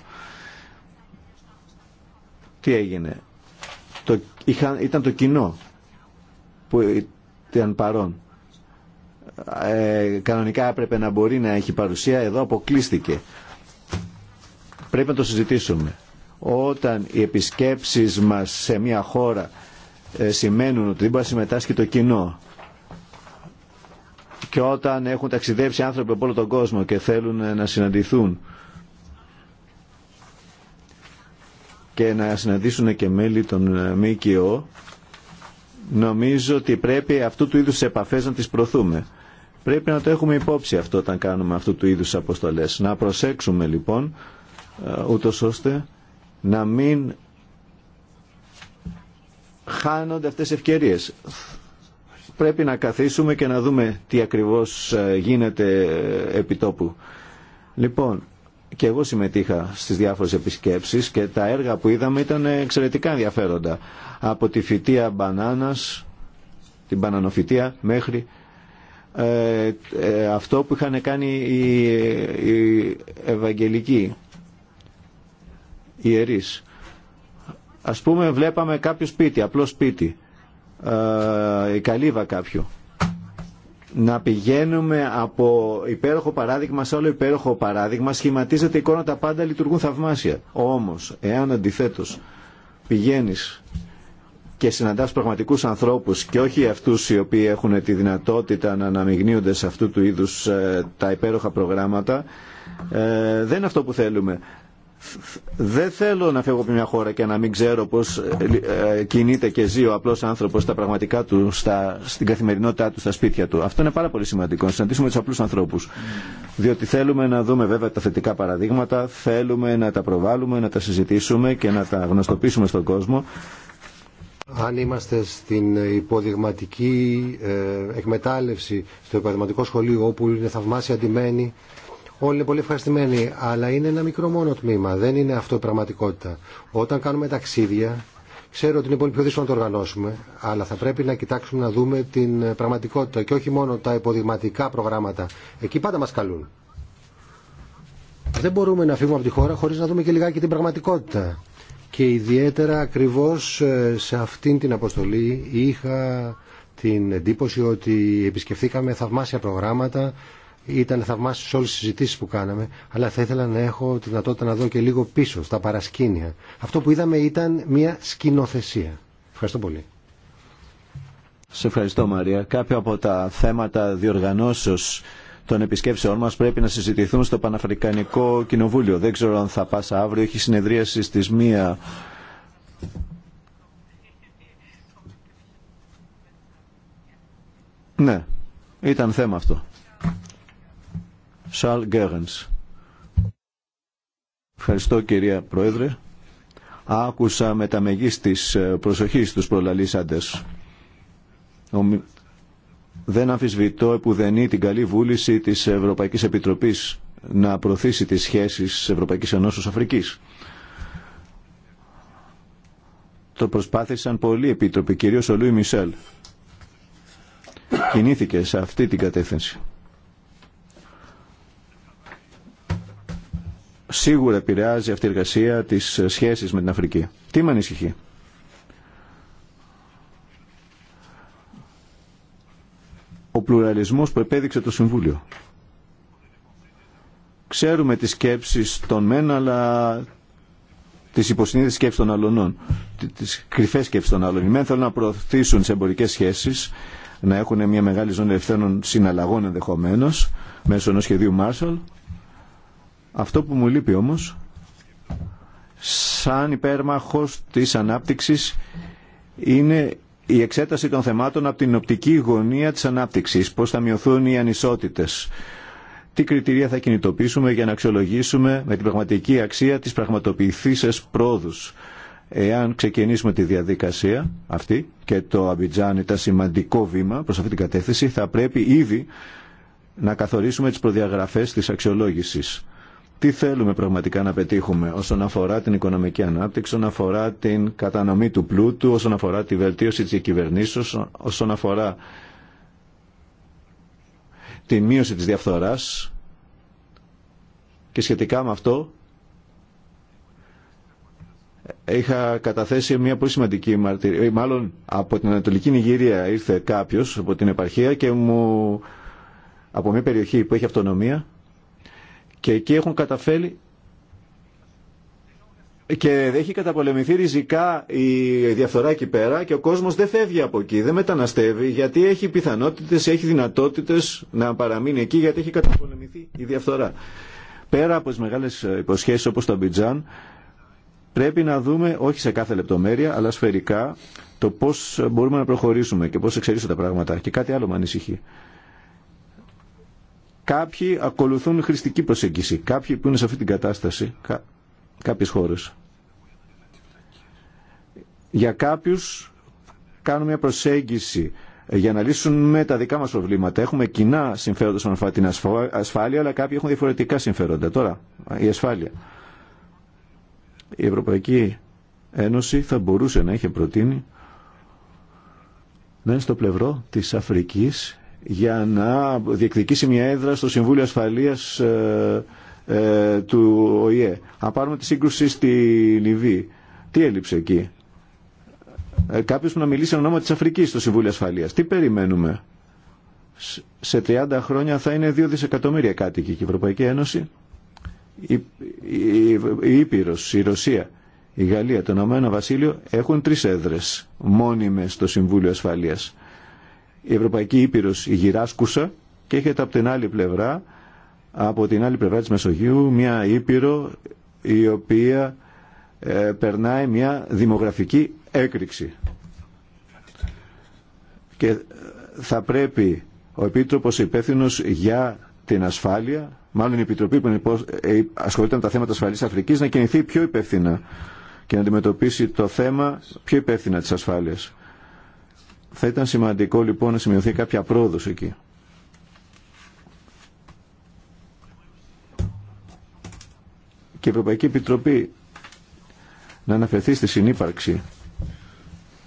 Τι έγινε. Το, είχα, ήταν το κοινό που αν παρών. Ε, κανονικά έπρεπε να μπορεί να έχει παρουσία, εδώ αποκλείστηκε. Πρέπει να το συζητήσουμε. Όταν οι επισκέψεις μας σε μια χώρα ε, σημαίνουν ότι δεν μπορεί να συμμετάσχει το κοινό και όταν έχουν ταξιδέψει άνθρωποι από όλο τον κόσμο και θέλουν ε, να συναντηθούν και να συναντήσουν και μέλη των ε, ΜΚΟ Νομίζω ότι πρέπει αυτού του είδους επαφές να τις προθούμε. Πρέπει να το έχουμε υπόψη αυτό όταν κάνουμε αυτού του είδους αποστολές. Να προσέξουμε λοιπόν ε, ούτως ώστε να μην χάνονται αυτές οι ευκαιρίες. Πρέπει να καθίσουμε και να δούμε τι ακριβώς ε, γίνεται ε, επί τόπου. Λοιπόν, και εγώ συμμετείχα στις διάφορες επισκέψεις και τα έργα που είδαμε ήταν εξαιρετικά ενδιαφέροντα από τη φυτεία μπανάνας, την μπανανοφυτεία μέχρι ε, ε, αυτό που είχαν κάνει οι, οι Ευαγγελικοί, οι ιερείς. Ας πούμε βλέπαμε κάποιο σπίτι, απλό σπίτι, ε, η καλύβα κάποιου. Να πηγαίνουμε από υπέροχο παράδειγμα σε άλλο υπέροχο παράδειγμα, σχηματίζεται η εικόνα, τα πάντα λειτουργούν θαυμάσια. Όμως, εάν αντιθέτως πηγαίνεις και συναντάς πραγματικούς ανθρώπους και όχι αυτούς οι οποίοι έχουν τη δυνατότητα να αναμειγνύονται σε αυτού του είδους ε, τα υπέροχα προγράμματα, ε, δεν είναι αυτό που θέλουμε. Δεν θέλω να φεύγω από μια χώρα και να μην ξέρω πώς ε, κινείται και ζει ο απλός άνθρωπος στα πραγματικά του, στα, στην καθημερινότητά του, στα σπίτια του. Αυτό είναι πάρα πολύ σημαντικό, να συναντήσουμε τους απλούς ανθρώπους. Διότι θέλουμε να δούμε βέβαια τα θετικά παραδείγματα, θέλουμε να τα προβάλλουμε, να τα συζητήσουμε και να τα γνωστοποιήσουμε στον κόσμο αν είμαστε στην υποδειγματική ε, εκμετάλλευση, στο υποδειγματικό σχολείο όπου είναι θαυμάσια αντιμένοι, όλοι είναι πολύ ευχαριστημένοι, αλλά είναι ένα μικρό μόνο τμήμα, δεν είναι αυτό η πραγματικότητα. Όταν κάνουμε ταξίδια, ξέρω ότι είναι πολύ πιο δύσκολο να το οργανώσουμε, αλλά θα πρέπει να κοιτάξουμε να δούμε την πραγματικότητα και όχι μόνο τα υποδειγματικά προγράμματα. Εκεί πάντα μας καλούν. Δεν μπορούμε να φύγουμε από τη χώρα χωρίς να δούμε και λιγάκι την πραγματικότητα και ιδιαίτερα ακριβώς ε, σε αυτήν την αποστολή είχα την εντύπωση ότι επισκεφθήκαμε θαυμάσια προγράμματα ήταν σε όλες τις συζητήσεις που κάναμε, αλλά θα ήθελα να έχω τη δυνατότητα να δω και λίγο πίσω, στα παρασκήνια. Αυτό που είδαμε ήταν μια σκηνοθεσία. Ευχαριστώ πολύ. Σε ευχαριστώ Μαρία. Κάποια από τα θέματα διοργανώσεως των επισκέψεών μα πρέπει να συζητηθούν στο Παναφρικανικό Κοινοβούλιο. Δεν ξέρω αν θα πάσα αύριο, έχει συνεδρίαση στις μία. Ναι, ήταν θέμα αυτό. Σαλ Γκέρενς. Ευχαριστώ κυρία Πρόεδρε. Άκουσα με τα μεγίστης ε, προσοχής τους προλαλήσαντες. Δεν αμφισβητώ επουδενή την καλή βούληση της Ευρωπαϊκής Επιτροπής να προωθήσει τις σχέσεις Ευρωπαϊκής Ενώσεως Αφρικής. Το προσπάθησαν πολλοί επίτροποι, κυρίως ο Λούι Μισελ. Κινήθηκε σε αυτή την κατεύθυνση. Σίγουρα επηρεάζει αυτή η εργασία τις σχέσεις με την Αφρική. Τι με ανησυχεί. ο πλουραλισμός που επέδειξε το Συμβούλιο. Ξέρουμε τις σκέψεις των μεν, αλλά τις υποσυνείδητες σκέψεις των αλλωνών, τις κρυφές σκέψεις των αλλωνών. Οι μεν θέλουν να προωθήσουν σε εμπορικές σχέσεις, να έχουν μια μεγάλη ζώνη ελευθέρων συναλλαγών ενδεχομένω μέσω ενός σχεδίου Marshall. Αυτό που μου λείπει όμως, σαν υπέρμαχος της ανάπτυξης, είναι η εξέταση των θεμάτων από την οπτική γωνία της ανάπτυξης, πώς θα μειωθούν οι ανισότητες, τι κριτηρία θα κινητοποιήσουμε για να αξιολογήσουμε με την πραγματική αξία της πραγματοποιηθήσεως πρόδους. Εάν ξεκινήσουμε τη διαδικασία αυτή και το Αμπιτζάν ήταν σημαντικό βήμα προς αυτή την κατεύθυνση, θα πρέπει ήδη να καθορίσουμε τις προδιαγραφές της αξιολόγησης τι θέλουμε πραγματικά να πετύχουμε όσον αφορά την οικονομική ανάπτυξη, όσον αφορά την κατανομή του πλούτου, όσον αφορά τη βελτίωση της κυβερνήσεως, όσον αφορά τη μείωση της διαφθοράς και σχετικά με αυτό είχα καταθέσει μια πολύ σημαντική μαρτυρία. Μάλλον από την Ανατολική Νιγηρία ήρθε κάποιος από την επαρχία και μου από μια περιοχή που έχει αυτονομία και εκεί έχουν καταφέρει και έχει καταπολεμηθεί ριζικά η διαφθορά εκεί πέρα και ο κόσμος δεν φεύγει από εκεί, δεν μεταναστεύει γιατί έχει πιθανότητες, έχει δυνατότητες να παραμείνει εκεί γιατί έχει καταπολεμηθεί η διαφθορά. Πέρα από τις μεγάλες υποσχέσεις όπως το Αμπιτζάν πρέπει να δούμε όχι σε κάθε λεπτομέρεια αλλά σφαιρικά το πώς μπορούμε να προχωρήσουμε και πώς εξελίσσονται τα πράγματα και κάτι άλλο με ανησυχεί. Κάποιοι ακολουθούν χρηστική προσέγγιση. Κάποιοι που είναι σε αυτή την κατάσταση, κά, κάποιες χώρες. Για κάποιους κάνουν μια προσέγγιση για να λύσουν με τα δικά μας προβλήματα. Έχουμε κοινά συμφέροντα στον αφορά την ασφάλεια, αλλά κάποιοι έχουν διαφορετικά συμφέροντα. Τώρα, η ασφάλεια. Η Ευρωπαϊκή Ένωση θα μπορούσε να είχε προτείνει να είναι στο πλευρό της Αφρικής για να διεκδικήσει μια έδρα στο Συμβούλιο Ασφαλείας ε, ε, του ΟΗΕ. Αν πάρουμε τη σύγκρουση στη Λιβύη, τι έλειψε εκεί. Ε, κάποιος που να μιλήσει εν ονόμα της Αφρικής στο Συμβούλιο Ασφαλείας. Τι περιμένουμε. Σε 30 χρόνια θα είναι 2 δισεκατομμύρια κάτοικοι και η Ευρωπαϊκή Ένωση, η, η, η Ήπειρος, η Ρωσία, η Γαλλία, το Ηνωμένο Βασίλειο έχουν τρεις έδρες μόνιμες στο Συμβούλιο Ασφαλείας η Ευρωπαϊκή Ήπειρος η γυράσκουσα και έχετε από την άλλη πλευρά από την άλλη πλευρά της Μεσογείου μια Ήπειρο η οποία ε, περνάει μια δημογραφική έκρηξη. Και θα πρέπει ο Επίτροπος υπεύθυνο για την ασφάλεια, μάλλον η Επιτροπή που ε, ασχολείται με τα θέματα ασφαλής Αφρικής, να κινηθεί πιο υπεύθυνα και να αντιμετωπίσει το θέμα πιο υπεύθυνα της ασφάλειας. Θα ήταν σημαντικό λοιπόν να σημειωθεί κάποια πρόοδος εκεί. Και η Ευρωπαϊκή Επιτροπή να αναφερθεί στη συνύπαρξη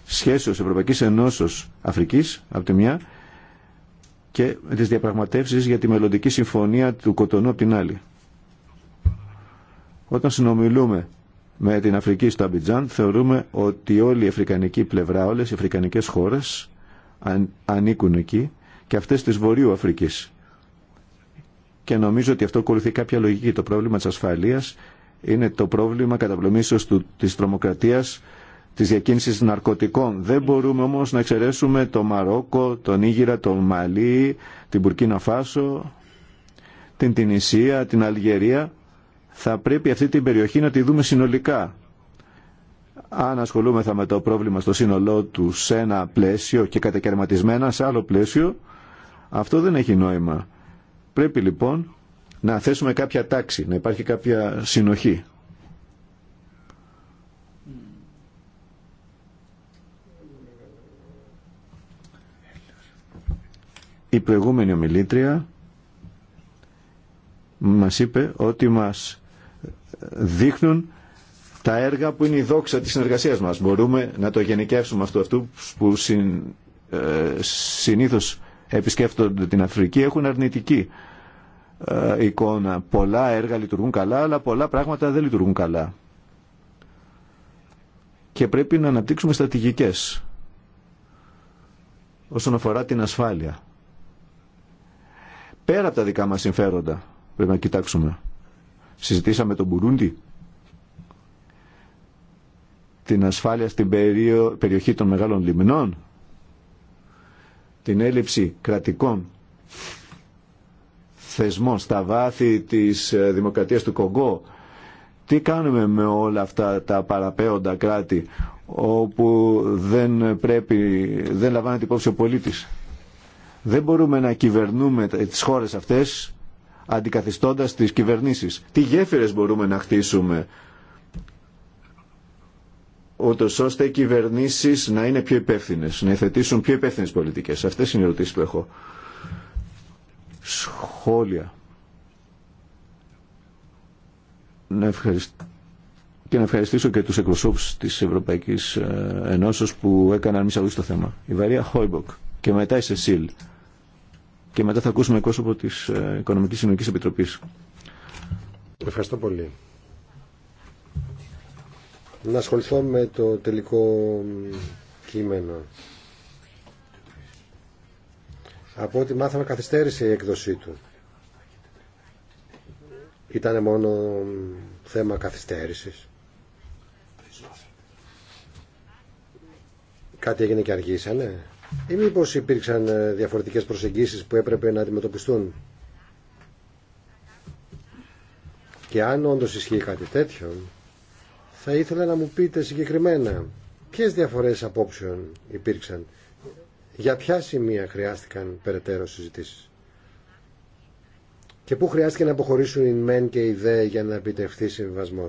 σχέσεως Ευρωπαϊκής Ενώσεως Αφρικής από τη μια και τις διαπραγματεύσεις για τη μελλοντική συμφωνία του Κοτονού από την άλλη. Όταν συνομιλούμε με την Αφρική στο Αμπιτζάν θεωρούμε ότι όλη η αφρικανική πλευρά, όλες οι αφρικανικές χώρες ανήκουν εκεί και αυτές της Βορείου Αφρικής. Και νομίζω ότι αυτό ακολουθεί κάποια λογική. Το πρόβλημα της ασφαλείας είναι το πρόβλημα κατά της τρομοκρατίας, της διακίνησης ναρκωτικών. Δεν μπορούμε όμως να εξαιρέσουμε το Μαρόκο, τον Ήγυρα, τον Μαλί, την Μπουρκίνα Φάσο, την Τινησία, την Αλγερία θα πρέπει αυτή την περιοχή να τη δούμε συνολικά. Αν ασχολούμεθα με το πρόβλημα στο σύνολό του σε ένα πλαίσιο και κατακαιρματισμένα σε άλλο πλαίσιο, αυτό δεν έχει νόημα. Πρέπει λοιπόν να θέσουμε κάποια τάξη, να υπάρχει κάποια συνοχή. Η προηγούμενη ομιλήτρια μας είπε ότι μας δείχνουν τα έργα που είναι η δόξα της συνεργασίας μας. Μπορούμε να το γενικεύσουμε αυτό. Αυτού που συν, ε, συνήθως επισκέφτονται την Αφρική έχουν αρνητική ε, εικόνα. Πολλά έργα λειτουργούν καλά, αλλά πολλά πράγματα δεν λειτουργούν καλά. Και πρέπει να αναπτύξουμε στρατηγικές όσον αφορά την ασφάλεια. Πέρα από τα δικά μας συμφέροντα πρέπει να κοιτάξουμε. Συζητήσαμε τον Μπουρούντι, την ασφάλεια στην περιοχή των μεγάλων λιμνών, την έλλειψη κρατικών θεσμών στα βάθη της ε, δημοκρατίας του Κογκό. Τι κάνουμε με όλα αυτά τα παραπέοντα κράτη όπου δεν πρέπει, δεν λαμβάνεται υπόψη ο πολίτης. Δεν μπορούμε να κυβερνούμε τις χώρες αυτές αντικαθιστώντας τις κυβερνήσεις. Τι γέφυρες μπορούμε να χτίσουμε ούτω ώστε οι κυβερνήσεις να είναι πιο υπεύθυνε, να εθετήσουν πιο υπεύθυνε πολιτικές. Αυτές είναι οι ερωτήσεις που έχω. Σχόλια. Να και να ευχαριστήσω και τους εκπροσώπους της Ευρωπαϊκής ε, Ενώσεως που έκαναν μισαγωγή στο θέμα. Η Βαρία Χόιμποκ και μετά η Σεσίλ και μετά θα ακούσουμε εκπρόσωπο τη ε, οικονομική συνολική Επιτροπής. Ευχαριστώ πολύ. Να ασχοληθώ με το τελικό κείμενο. Από ό,τι μάθαμε καθυστέρησε η έκδοσή του. Ήταν μόνο θέμα καθυστέρησης. Κάτι έγινε και αργήσανε ή μήπω υπήρξαν ε, διαφορετικές προσεγγίσεις που έπρεπε να αντιμετωπιστούν και αν όντω ισχύει κάτι τέτοιο θα ήθελα να μου πείτε συγκεκριμένα ποιε διαφορές απόψεων υπήρξαν για ποια σημεία χρειάστηκαν περαιτέρω συζητήσεις και πού χρειάστηκε να αποχωρήσουν οι μεν και οι δε για να επιτευχθεί συμβιβασμό.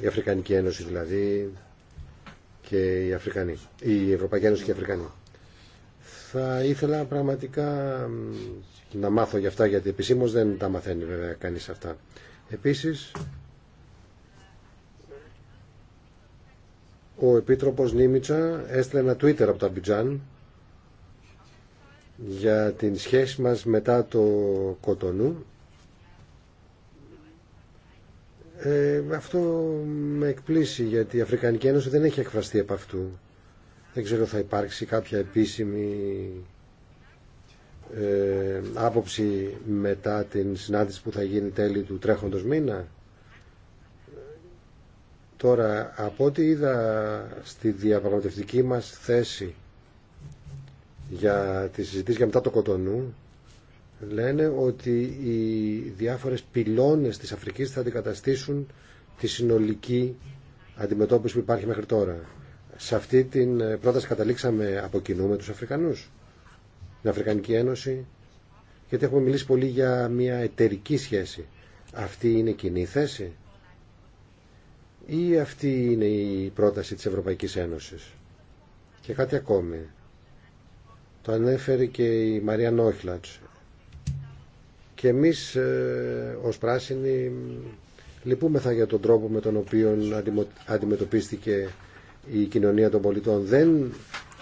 Η Αφρικανική Ένωση δηλαδή, και οι Αφρικανοί, η Ευρωπαϊκή Ένωση και οι Αφρικανοί. Θα ήθελα πραγματικά να μάθω για αυτά γιατί επισήμως δεν τα μαθαίνει βέβαια κανείς αυτά. Επίσης, ο Επίτροπος Νίμιτσα έστειλε ένα Twitter από τα Αμπιτζάν για την σχέση μας μετά το Κοτονού ε, αυτό με εκπλήσει γιατί η Αφρικανική Ένωση δεν έχει εκφραστεί από αυτού. Δεν ξέρω θα υπάρξει κάποια επίσημη ε, άποψη μετά την συνάντηση που θα γίνει τέλη του τρέχοντος μήνα. Τώρα, από ό,τι είδα στη διαπραγματευτική μας θέση για τη συζητήση για μετά το Κοτονού, λένε ότι οι διάφορες πυλώνες της Αφρικής θα αντικαταστήσουν τη συνολική αντιμετώπιση που υπάρχει μέχρι τώρα. Σε αυτή την ε, πρόταση καταλήξαμε από κοινού με τους Αφρικανούς, την Αφρικανική Ένωση, γιατί έχουμε μιλήσει πολύ για μια εταιρική σχέση. Αυτή είναι κοινή θέση ή αυτή είναι η πρόταση της Ευρωπαϊκής Ένωσης. Και κάτι ακόμη. Το ανέφερε και η Μαρία Νόχλατς. Και εμείς ε, ως πράσινοι λυπούμεθα για τον τρόπο με τον οποίο αντιμετωπίστηκε η κοινωνία των πολιτών. Δεν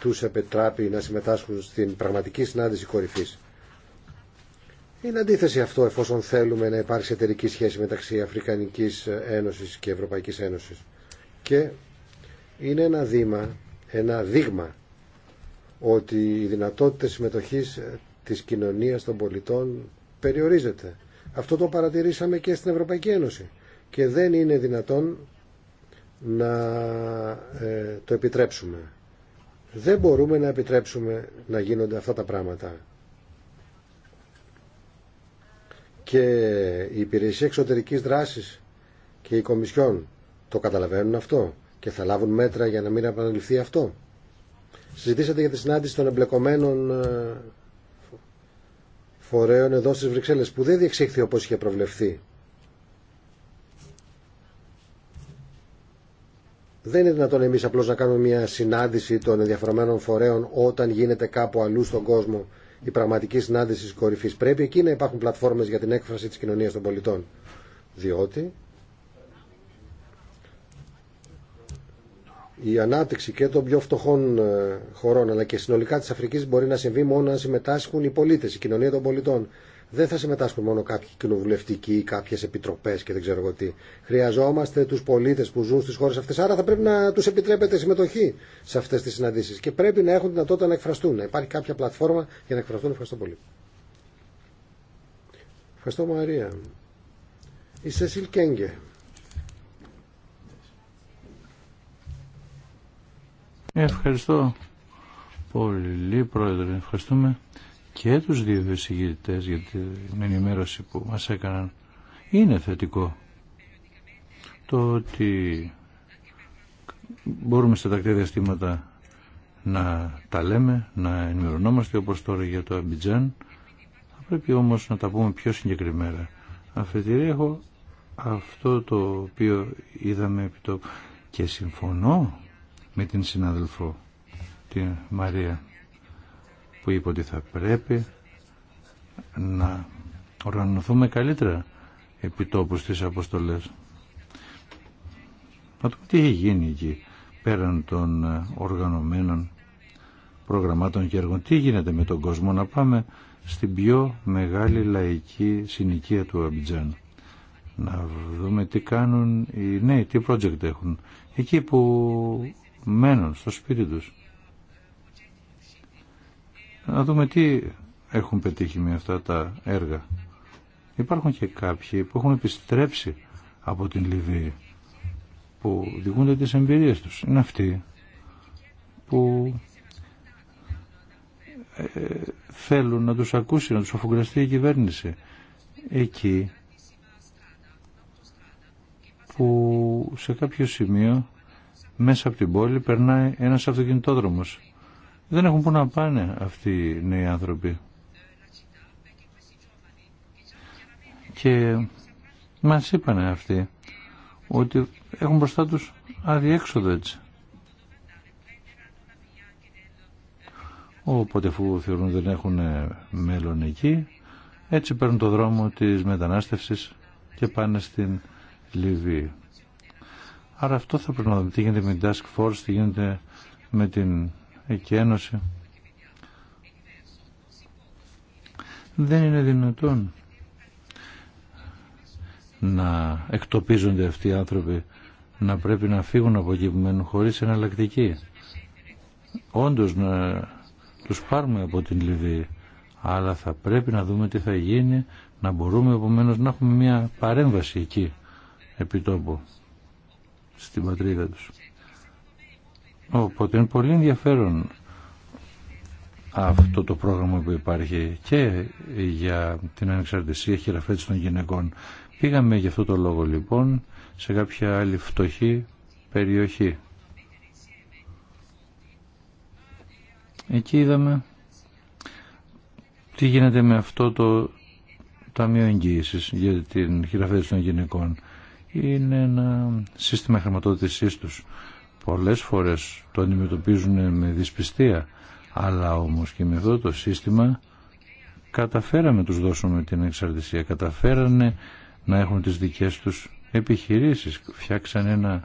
τους επιτράπει να συμμετάσχουν στην πραγματική συνάντηση κορυφής. Είναι αντίθεση αυτό εφόσον θέλουμε να υπάρξει εταιρική σχέση μεταξύ Αφρικανικής Ένωσης και Ευρωπαϊκής Ένωσης. Και είναι ένα ένα δείγμα ότι οι δυνατότητες συμμετοχής ε, της κοινωνίας των πολιτών περιορίζεται. Αυτό το παρατηρήσαμε και στην Ευρωπαϊκή Ένωση και δεν είναι δυνατόν να ε, το επιτρέψουμε. Δεν μπορούμε να επιτρέψουμε να γίνονται αυτά τα πράγματα. Και η υπηρεσία εξωτερικής δράσης και οι κομισιόν το καταλαβαίνουν αυτό και θα λάβουν μέτρα για να μην επαναληφθεί αυτό. Συζητήσατε για τη συνάντηση των εμπλεκομένων ε, φορέων εδώ στις Βρυξέλλες που δεν διεξήχθη όπως είχε προβλεφθεί. Δεν είναι δυνατόν εμείς απλώς να κάνουμε μια συνάντηση των ενδιαφερομένων φορέων όταν γίνεται κάπου αλλού στον κόσμο η πραγματική συνάντηση της κορυφής. Πρέπει εκεί να υπάρχουν πλατφόρμες για την έκφραση της κοινωνίας των πολιτών. Διότι η ανάπτυξη και των πιο φτωχών ε, χωρών αλλά και συνολικά της Αφρικής μπορεί να συμβεί μόνο αν συμμετάσχουν οι πολίτες, η κοινωνία των πολιτών. Δεν θα συμμετάσχουν μόνο κάποιοι κοινοβουλευτικοί ή κάποιε επιτροπέ και δεν ξέρω εγώ τι. Χρειαζόμαστε του πολίτε που ζουν στι χώρε αυτέ. Άρα θα πρέπει να του επιτρέπεται συμμετοχή σε αυτέ τι συναντήσει. Και πρέπει να έχουν δυνατότητα να εκφραστούν. Να υπάρχει κάποια πλατφόρμα για να εκφραστούν. Ευχαριστώ πολύ. Ευχαριστώ Μαρία. Η Σεσίλ Ευχαριστώ πολύ πρόεδρε. Ευχαριστούμε και τους δύο εισηγητές για την ενημέρωση που μας έκαναν. Είναι θετικό το ότι μπορούμε σε τακτήρια διαστήματα να τα λέμε, να ενημερωνόμαστε όπως τώρα για το Αμπιτζάν. Θα πρέπει όμως να τα πούμε πιο συγκεκριμένα. Αφετηρία έχω αυτό το οποίο είδαμε επί το... και συμφωνώ με την συνάδελφο τη Μαρία που είπε ότι θα πρέπει να οργανωθούμε καλύτερα επί τόπου στις αποστολές. Να δούμε τι έχει γίνει εκεί πέραν των ε, οργανωμένων προγραμμάτων και έργων. Τι γίνεται με τον κόσμο να πάμε στην πιο μεγάλη λαϊκή συνοικία του Αμπιτζάν. Να δούμε τι κάνουν οι νέοι, τι project έχουν. Εκεί που μένουν στο σπίτι τους. Να δούμε τι έχουν πετύχει με αυτά τα έργα. Υπάρχουν και κάποιοι που έχουν επιστρέψει από την Λιβύη που διηγούνται τις εμπειρίες τους. Είναι αυτοί που ε, θέλουν να τους ακούσει, να τους αφουγκραστεί η κυβέρνηση. Εκεί που σε κάποιο σημείο μέσα από την πόλη περνάει ένας αυτοκινητόδρομος. Δεν έχουν που να πάνε αυτοί οι νέοι άνθρωποι. Και μας είπανε αυτοί ότι έχουν μπροστά τους αδιέξοδο έτσι. Οπότε αφού θεωρούν δεν έχουν μέλλον εκεί, έτσι παίρνουν το δρόμο της μετανάστευσης και πάνε στην Λιβύη. Άρα αυτό θα πρέπει να δούμε. Τι γίνεται με την Task Force, τι γίνεται με την Εκένωση. Δεν είναι δυνατόν να εκτοπίζονται αυτοί οι άνθρωποι να πρέπει να φύγουν από εκεί που μένουν χωρίς εναλλακτική. Όντως να τους πάρουμε από την Λιβύη αλλά θα πρέπει να δούμε τι θα γίνει να μπορούμε επομένως να έχουμε μια παρέμβαση εκεί επί τόπου στην πατρίδα τους. Οπότε είναι πολύ ενδιαφέρον αυτό το πρόγραμμα που υπάρχει και για την ανεξαρτησία χειραφέτηση των γυναικών. Πήγαμε γι' αυτό το λόγο λοιπόν σε κάποια άλλη φτωχή περιοχή. Εκεί είδαμε τι γίνεται με αυτό το Ταμείο Εγγύησης για την χειραφέτηση των γυναικών είναι ένα σύστημα χρηματοδότησής τους. Πολλές φορές το αντιμετωπίζουν με δυσπιστία, αλλά όμως και με αυτό το σύστημα καταφέραμε τους δώσουμε την εξαρτησία, καταφέρανε να έχουν τις δικές τους επιχειρήσεις, φτιάξαν ένα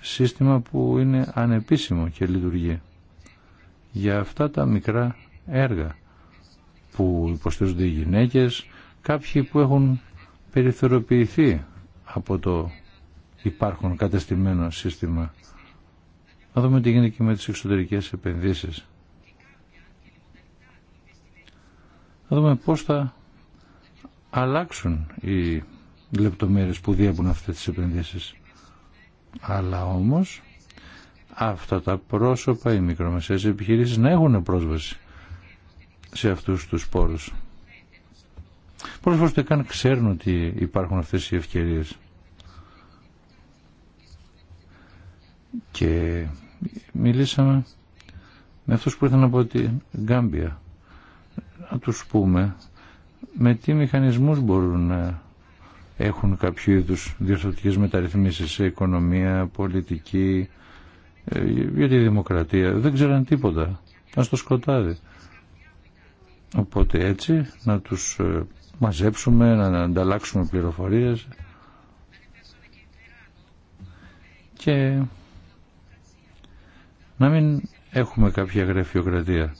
σύστημα που είναι ανεπίσημο και λειτουργεί. Για αυτά τα μικρά έργα που υποστηρίζονται οι γυναίκες, κάποιοι που έχουν περιθωριοποιηθεί από το υπάρχον κατεστημένο σύστημα. Να δούμε τι γίνεται και με τις εξωτερικές επενδύσεις. Να δούμε πώς θα αλλάξουν οι λεπτομέρειες που διέπουν αυτές τις επενδύσεις. Αλλά όμως αυτά τα πρόσωπα, οι μικρομεσαίες επιχειρήσεις να έχουν πρόσβαση σε αυτούς τους πόρους. Πολλές φορές δεν ξέρουν ότι υπάρχουν αυτές οι ευκαιρίες. Και μιλήσαμε με αυτούς που ήρθαν από τη Γκάμπια. Να τους πούμε με τι μηχανισμούς μπορούν να έχουν κάποιο είδου διορθωτικέ μεταρρυθμίσεις σε οικονομία, πολιτική, ε, για τη δημοκρατία. Δεν ξέραν τίποτα. Ήταν στο σκοτάδι. Οπότε έτσι να τους ε, μαζέψουμε, να ανταλλάξουμε πληροφορίες και να μην έχουμε κάποια γραφειοκρατία.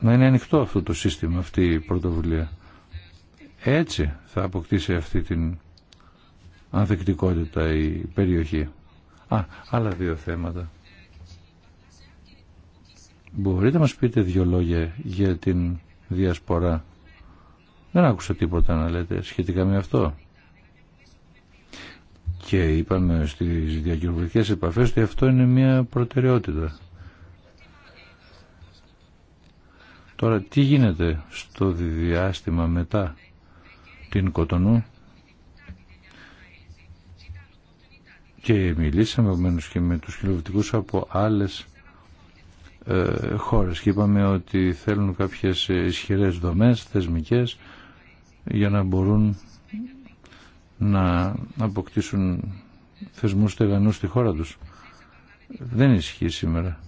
Να είναι ανοιχτό αυτό το σύστημα, αυτή η πρωτοβουλία. Έτσι θα αποκτήσει αυτή την ανθεκτικότητα η περιοχή. Α, άλλα δύο θέματα. Μπορείτε να μας πείτε δύο λόγια για την διασπορά δεν άκουσα τίποτα να λέτε σχετικά με αυτό. Και είπαμε στις διακοινωνικές επαφές ότι αυτό είναι μια προτεραιότητα. Τώρα τι γίνεται στο διάστημα μετά την Κοτονού και μιλήσαμε επομένως και με τους χειροβητικούς από άλλες ε, χώρες και είπαμε ότι θέλουν κάποιες ε, ισχυρές δομές θεσμικές για να μπορούν να αποκτήσουν θεσμούς στεγανούς στη χώρα τους. Δεν ισχύει σήμερα.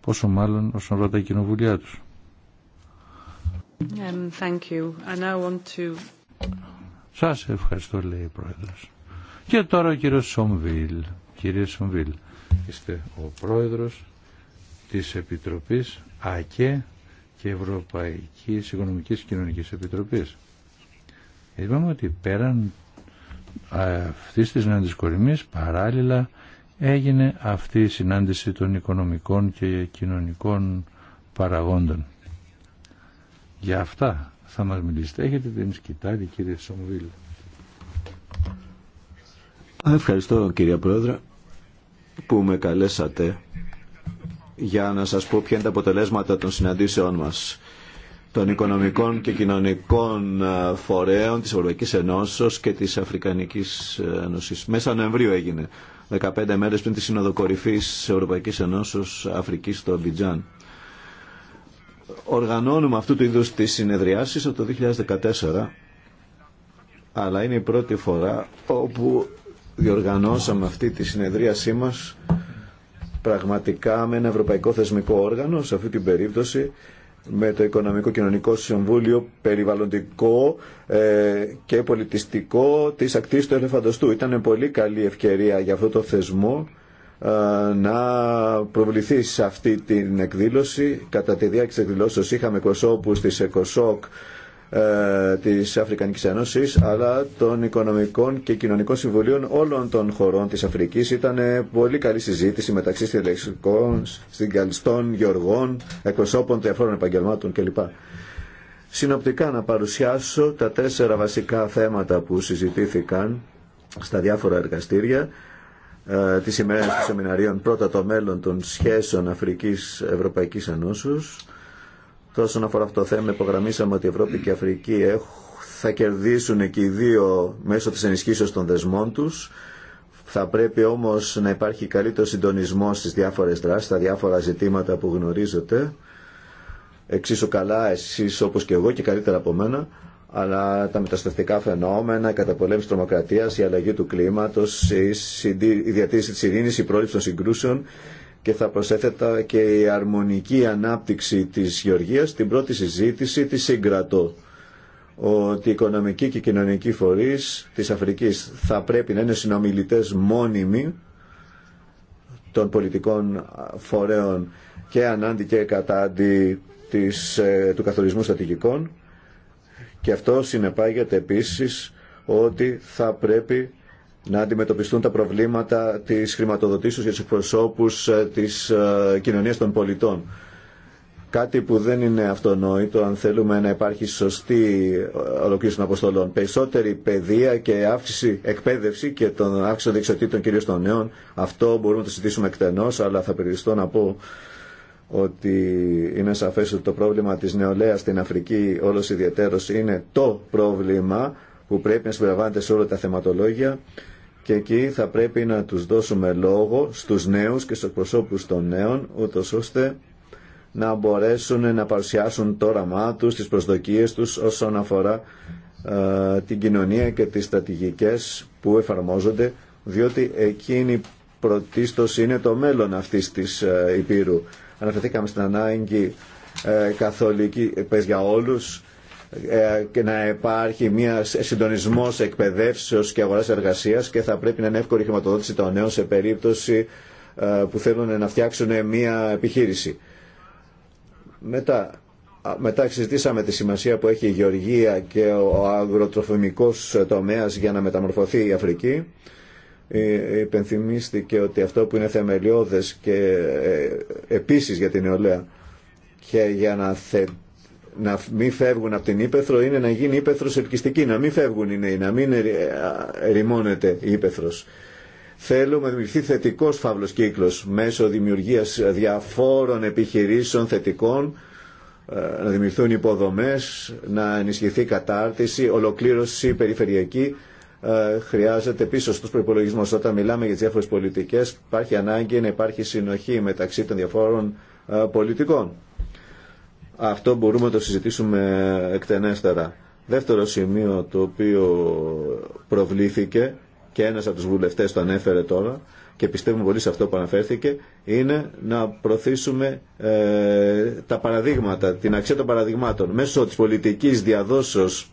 Πόσο μάλλον όσον αφορά τα κοινοβουλιά τους. Um, Σας ευχαριστώ λέει η Πρόεδρος. Και τώρα ο κύριος Σομβίλ. Κύριε Σομβίλ, είστε ο Πρόεδρος της Επιτροπής ΑΚΕ και Ευρωπαϊκής Οικονομικής Κοινωνικής Επιτροπής. Είπαμε ότι πέραν αυτή της συνάντησης κορυμή παράλληλα έγινε αυτή η συνάντηση των οικονομικών και κοινωνικών παραγόντων. Για αυτά θα μας μιλήσετε. Έχετε την σκητάλη κύριε Σομβίλ. Ευχαριστώ κύριε Πρόεδρε που με καλέσατε για να σας πω ποια είναι τα αποτελέσματα των συναντήσεών μας των οικονομικών και κοινωνικών φορέων της Ευρωπαϊκής Ενώσεως και της Αφρικανικής ε, Ένωσης. Μέσα Νοεμβρίου έγινε, 15 μέρες πριν τη Σύνοδο Ευρωπαϊκής Ενώσεως Αφρικής στο Αμπιτζάν. Οργανώνουμε αυτού του είδους τις συνεδριάσεις από το 2014, αλλά είναι η πρώτη φορά όπου διοργανώσαμε αυτή τη συνεδρίασή μας πραγματικά με ένα ευρωπαϊκό θεσμικό όργανο σε αυτή την περίπτωση με το Οικονομικό Κοινωνικό Συμβούλιο περιβαλλοντικό ε, και πολιτιστικό της ακτής του Ελεφαντοστού. Ήταν πολύ καλή ευκαιρία για αυτό το θεσμό ε, να προβληθεί σε αυτή την εκδήλωση. Κατά τη διάρκεια της εκδηλώσεως είχαμε κοσόπου της ΕΚΟΣΟΚ ε, της Αφρικανικής Ένωσης αλλά των οικονομικών και κοινωνικών συμβουλίων όλων των χωρών της Αφρικής ήταν πολύ καλή συζήτηση μεταξύ στελεξικών, συγκαλιστών, γεωργών, εκπροσώπων διαφόρων επαγγελμάτων κλπ. Συνοπτικά να παρουσιάσω τα τέσσερα βασικά θέματα που συζητήθηκαν στα διάφορα εργαστήρια ε, τις των σεμιναρίων πρώτα το μέλλον των σχέσεων Αφρικής Ευρωπαϊκής Ενώσεως Όσον αφορά αυτό το θέμα, υπογραμμίσαμε ότι η Ευρώπη και η Αφρική θα κερδίσουν εκεί οι δύο μέσω της ενισχύσεως των δεσμών τους. Θα πρέπει όμως να υπάρχει καλύτερο συντονισμό στις διάφορες δράσεις, στα διάφορα ζητήματα που γνωρίζετε. Εξίσου καλά εσείς όπως και εγώ και καλύτερα από μένα. Αλλά τα μεταστατικά φαινόμενα, η καταπολέμηση τρομοκρατίας, η αλλαγή του κλίματος, η διατήρηση της ειρήνης, η πρόληψη των συγκρούσεων και θα προσέθετα και η αρμονική ανάπτυξη της Γεωργίας την πρώτη συζήτηση της Συγκρατώ. ότι οι Οικονομική και Κοινωνική κοινωνικοί φορείς της Αφρικής θα πρέπει να είναι συνομιλητές μόνιμοι των πολιτικών φορέων και ανάντι και κατάντι ε, του καθορισμού στρατηγικών και αυτό συνεπάγεται επίσης ότι θα πρέπει να αντιμετωπιστούν τα προβλήματα της χρηματοδοτήσεως για τους προσώπους ε, της ε, κοινωνίας των πολιτών. Κάτι που δεν είναι αυτονόητο αν θέλουμε να υπάρχει σωστή ε, ολοκλήρωση των αποστολών. Περισσότερη παιδεία και αύξηση εκπαίδευση και τον αύξηση των δεξιοτήτων κυρίως των νέων. Αυτό μπορούμε να το συζητήσουμε εκτενώς, αλλά θα περιοριστώ να πω ότι είναι σαφές ότι το πρόβλημα της νεολαίας στην Αφρική όλος ιδιαίτερος είναι το πρόβλημα που πρέπει να συμπεριλαμβάνεται σε όλα τα θεματολόγια και εκεί θα πρέπει να τους δώσουμε λόγο στους νέους και στους προσώπους των νέων ούτως ώστε να μπορέσουν να παρουσιάσουν το όραμά τους, τις προσδοκίες τους όσον αφορά ε, την κοινωνία και τις στρατηγικές που εφαρμόζονται διότι εκείνη πρωτίστως είναι το μέλλον αυτής της ε, Υπήρου. Αναφερθήκαμε στην ανάγκη ε, καθολική για όλους ε, και να υπάρχει μια συντονισμό εκπαιδεύσεω και αγορά εργασία και θα πρέπει να είναι εύκολη χρηματοδότηση των νέων σε περίπτωση ε, που θέλουν να φτιάξουν μια επιχείρηση. Μετά, μετά συζητήσαμε τη σημασία που έχει η γεωργία και ο αγροτροφημικός τομέας για να μεταμορφωθεί η Αφρική. Ε, υπενθυμίστηκε ότι αυτό που είναι θεμελιώδες και επίσης για την νεολαία και για να θετήσει να μην φεύγουν από την ύπεθρο είναι να γίνει Ήπεθρος ελκυστική, να μην φεύγουν οι νέοι, να μην ε, ερημώνεται η Ήπεθρος. Θέλουμε να δημιουργηθεί θετικός φαύλος κύκλος μέσω δημιουργίας διαφόρων επιχειρήσεων θετικών, ε, να δημιουργηθούν υποδομές, να ενισχυθεί κατάρτιση, ολοκλήρωση περιφερειακή, ε, χρειάζεται πίσω στους προπολογισμού. Όταν μιλάμε για τις διάφορες πολιτικές, υπάρχει ανάγκη να υπάρχει συνοχή μεταξύ των διαφόρων πολιτικών. Αυτό μπορούμε να το συζητήσουμε εκτενέστερα. Δεύτερο σημείο το οποίο προβλήθηκε και ένας από τους βουλευτές το ανέφερε τώρα και πιστεύουμε πολύ σε αυτό που αναφέρθηκε είναι να προθίσουμε ε, τα παραδείγματα, την αξία των παραδειγμάτων μέσω της πολιτικής διαδόσεως